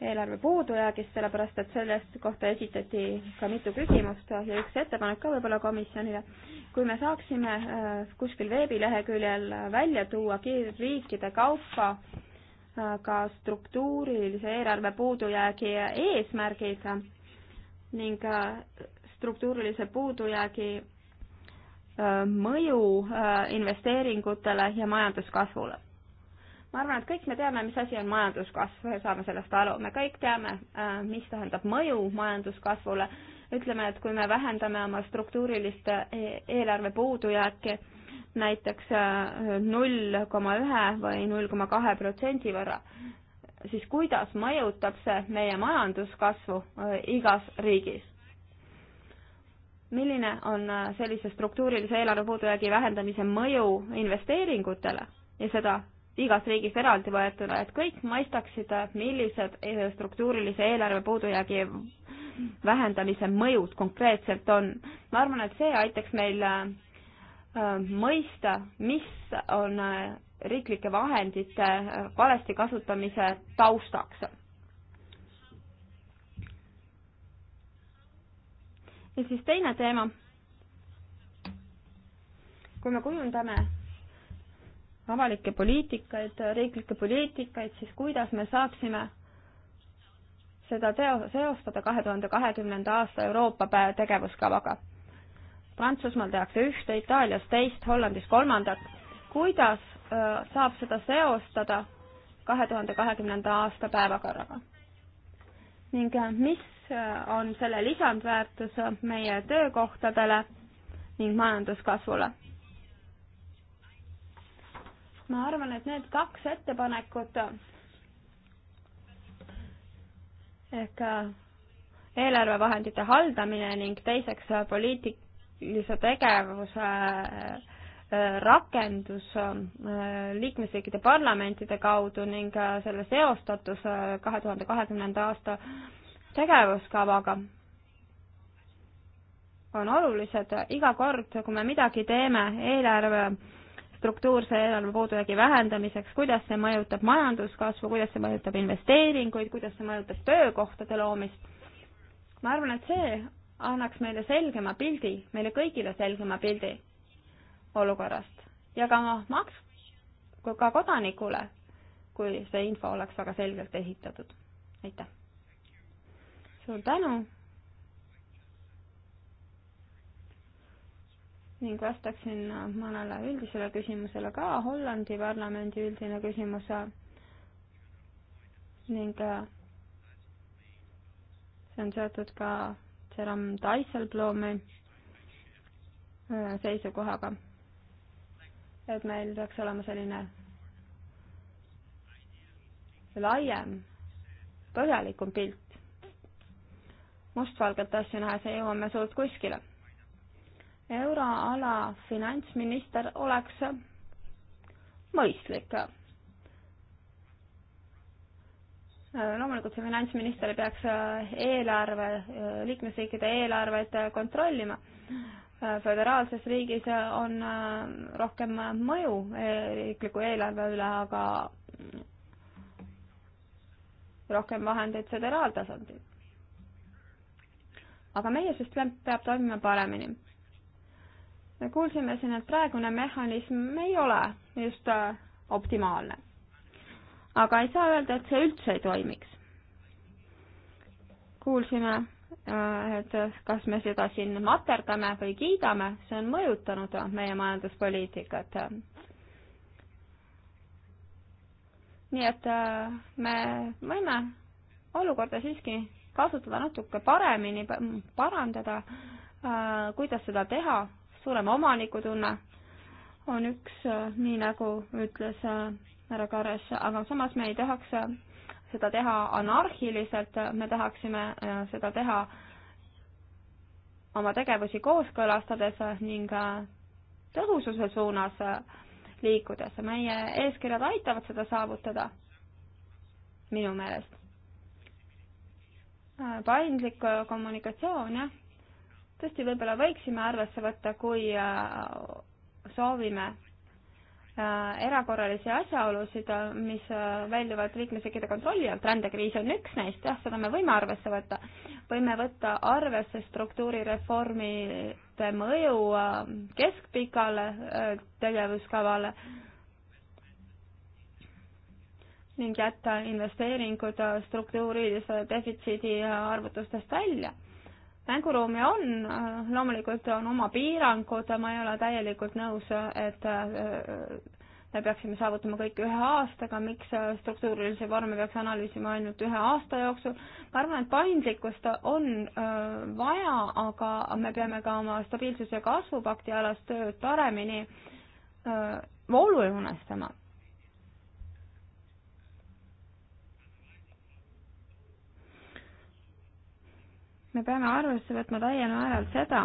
eelarve puudujäägist, sellepärast et sellest kohta esitati ka mitu küsimust ja üks ettepanek ka võib-olla komisjonile. kui me saaksime äh, kuskil veebileheküljel välja tuua riikide kaupa ka struktuurilise eelarve puudujäägi eesmärgid ning struktuurilise puudujäägi mõju investeeringutele ja majanduskasvule. ma arvan, et kõik me teame, mis asi on majanduskasv, saame sellest aru, me kõik teame, mis tähendab mõju majanduskasvule. ütleme, et kui me vähendame oma struktuurilist e, eelarve puudujääki näiteks null koma ühe või null koma kahe protsendi võrra, siis kuidas mõjutab see meie majanduskasvu igas riigis? milline on äh, sellise struktuurilise eelarve puudujäägi vähendamise mõju investeeringutele ja seda igas riigis eraldi võetuna, et kõik mõistaksid, millised äh, struktuurilise eelarve puudujäägi vähendamise mõjud konkreetselt on. ma arvan, et see aitaks meil äh, mõista, mis on riiklike vahendite valesti kasutamise taustaks ja siis teine teema. kui me kujundame avalikke poliitikaid, riiklikke poliitikaid, siis kuidas me saaksime seda teo-, seostada kahe tuhande kahekümnenda aasta Euroopa päev tegevuskavaga. Prantsusmaal tehakse ühte, Itaalias teist, Hollandis kolmandat. kuidas öö, saab seda seostada kahe tuhande kahekümnenda aasta päevakorraga? ning mis on selle lisandväärtus meie töökohtadele ning majanduskasvule. ma arvan, et need kaks ettepanekut ehk äh, eelarvevahendite haldamine ning teiseks äh, poliitilise tegevuse äh, rakendus liikmesriikide parlamentide kaudu ning selle seostatus kahe tuhande kahekümnenda aasta tegevuskavaga on olulised. iga kord, kui me midagi teeme eelarve, struktuurse eelarve puudujäägi vähendamiseks, kuidas see mõjutab majanduskasvu, kuidas see mõjutab investeeringuid, kuidas see mõjutab töökohtade loomist. ma arvan, et see annaks meile selgema pildi, meile kõigile selgema pildi olukorrast ja ka maks-, ka kodanikule, kui see info oleks väga selgelt esitatud. aitäh! suur tänu. ning vastaksin mõnele üldisele küsimusele ka, Hollandi parlamendi üldine küsimus ning äh, see on seotud ka Jerome Dijsselbloemi äh, seisukohaga, et meil peaks olema selline laiem, põhjalikum pilt mustvalget asju nähes ei jõua me suurt kuskile. euroala finantsminister oleks mõistlik. loomulikult see finantsminister peaks eelarve, liikmesriikide eelarveid kontrollima. föderaalses riigis on rohkem mõju riikliku eelarve üle, aga rohkem vahendeid föderaaltasandil aga meie süsteem peab toimima paremini. me kuulsime siin, et praegune mehhanism ei ole just äh, optimaalne. aga ei saa öelda, et see üldse ei toimiks. kuulsime, äh, et kas me seda siin materdame või kiidame, see on mõjutanud meie majanduspoliitikat. nii et äh, me võime olukorda siiski kasutada natuke paremini, parandada, äh, kuidas seda teha, suurem omanikutunne on üks, äh, nii nagu ütles äh, härra Kares, aga samas me ei tahaks seda teha anarhiliselt, me tahaksime seda teha oma tegevusi kooskõlastades ning tõhususe suunas liikudes. meie eeskirjad aitavad seda saavutada, minu meelest. Äh, paindlik äh, kommunikatsioon, jah. tõesti, võib-olla võiksime arvesse võtta, kui äh, soovime erakorralisi asjaolusid, mis väljuvad liikmesriikide kontrolli alt, rändekriis on üks neist, jah, seda me võime arvesse võtta. võime võtta arvesse struktuurireformide mõju keskpikale tegevuskavale ning jätta investeeringud struktuurilise defitsiidi arvutustest välja. mänguruumi on, loomulikult on oma piirangud, ma ei ole täielikult nõus, et äh, me peaksime saavutama kõik ühe aastaga, miks struktuurilisi vorme peaks analüüsima ainult ühe aasta jooksul. ma arvan, et paindlikkust on äh, vaja, aga me peame ka oma stabiilsuse kasvupakti alast tööd paremini äh, voolu unestama me peame arvesse võtma täiel määral seda,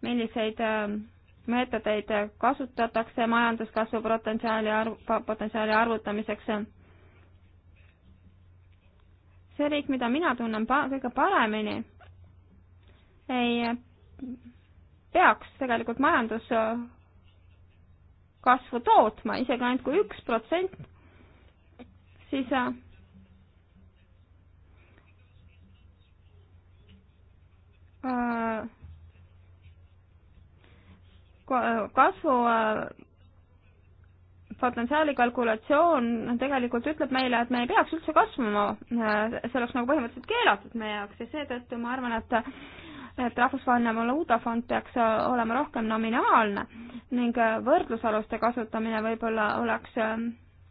milliseid ähm, meetodeid kasutatakse majanduskasvu potentsiaali arv, potentsiaali arvutamiseks. see riik, mida mina tunnen pa-, kõige paremini, ei peaks tegelikult majanduskasvu tootma, isegi ainult kui üks protsent, siis äh, Äh, äh, kasvu äh, potentsiaali kalkulatsioon tegelikult ütleb meile, et me ei peaks üldse kasvama, see oleks nagu põhimõtteliselt keelatud meie jaoks ja seetõttu ma arvan, et et rahvusvaheline valuutafond peaks olema rohkem nominaalne ning võrdlusaluste kasutamine võib-olla oleks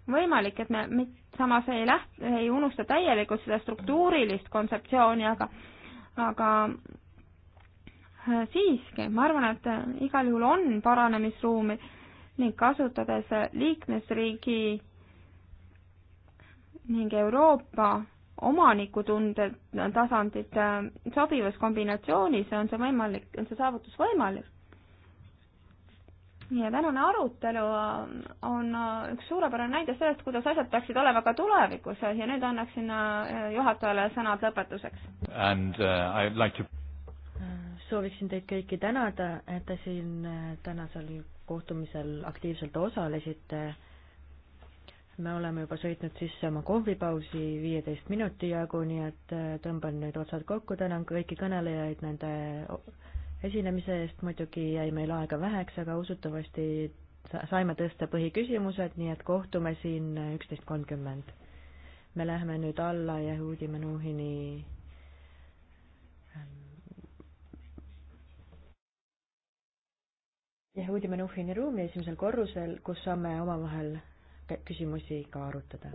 võimalik, et me mit, samas ei läht-, ei unusta täielikult seda struktuurilist kontseptsiooni, aga aga Äh, siiski, ma arvan, et äh, igal juhul on paranemisruumi ning kasutades äh, liikmesriigi ning Euroopa omanikutunde tasandit sobivas kombinatsioonis on see võimalik, on see saavutus võimalik. ja tänane arutelu on üks suurepärane näide sellest, kuidas asjad peaksid olema ka tulevikus ja nüüd annaksin juhatajale sõnad lõpetuseks. And uh, I'd like to sooviksin teid kõiki tänada, et te siin äh, tänasel kohtumisel aktiivselt osalesite. me oleme juba sõitnud sisse oma kohvipausi viieteist minuti jagu, nii et äh, tõmban nüüd otsad kokku, tänan kõiki kõnelejaid nende esinemise eest, muidugi jäi meil aega väheks, aga usutavasti saime tõsta põhiküsimused, nii et kohtume siin üksteist kolmkümmend. me läheme nüüd alla Yehudi Menuhini Yehudi Menufini ruumi esimesel korrusel, kus saame omavahel küsimusi ka arutada.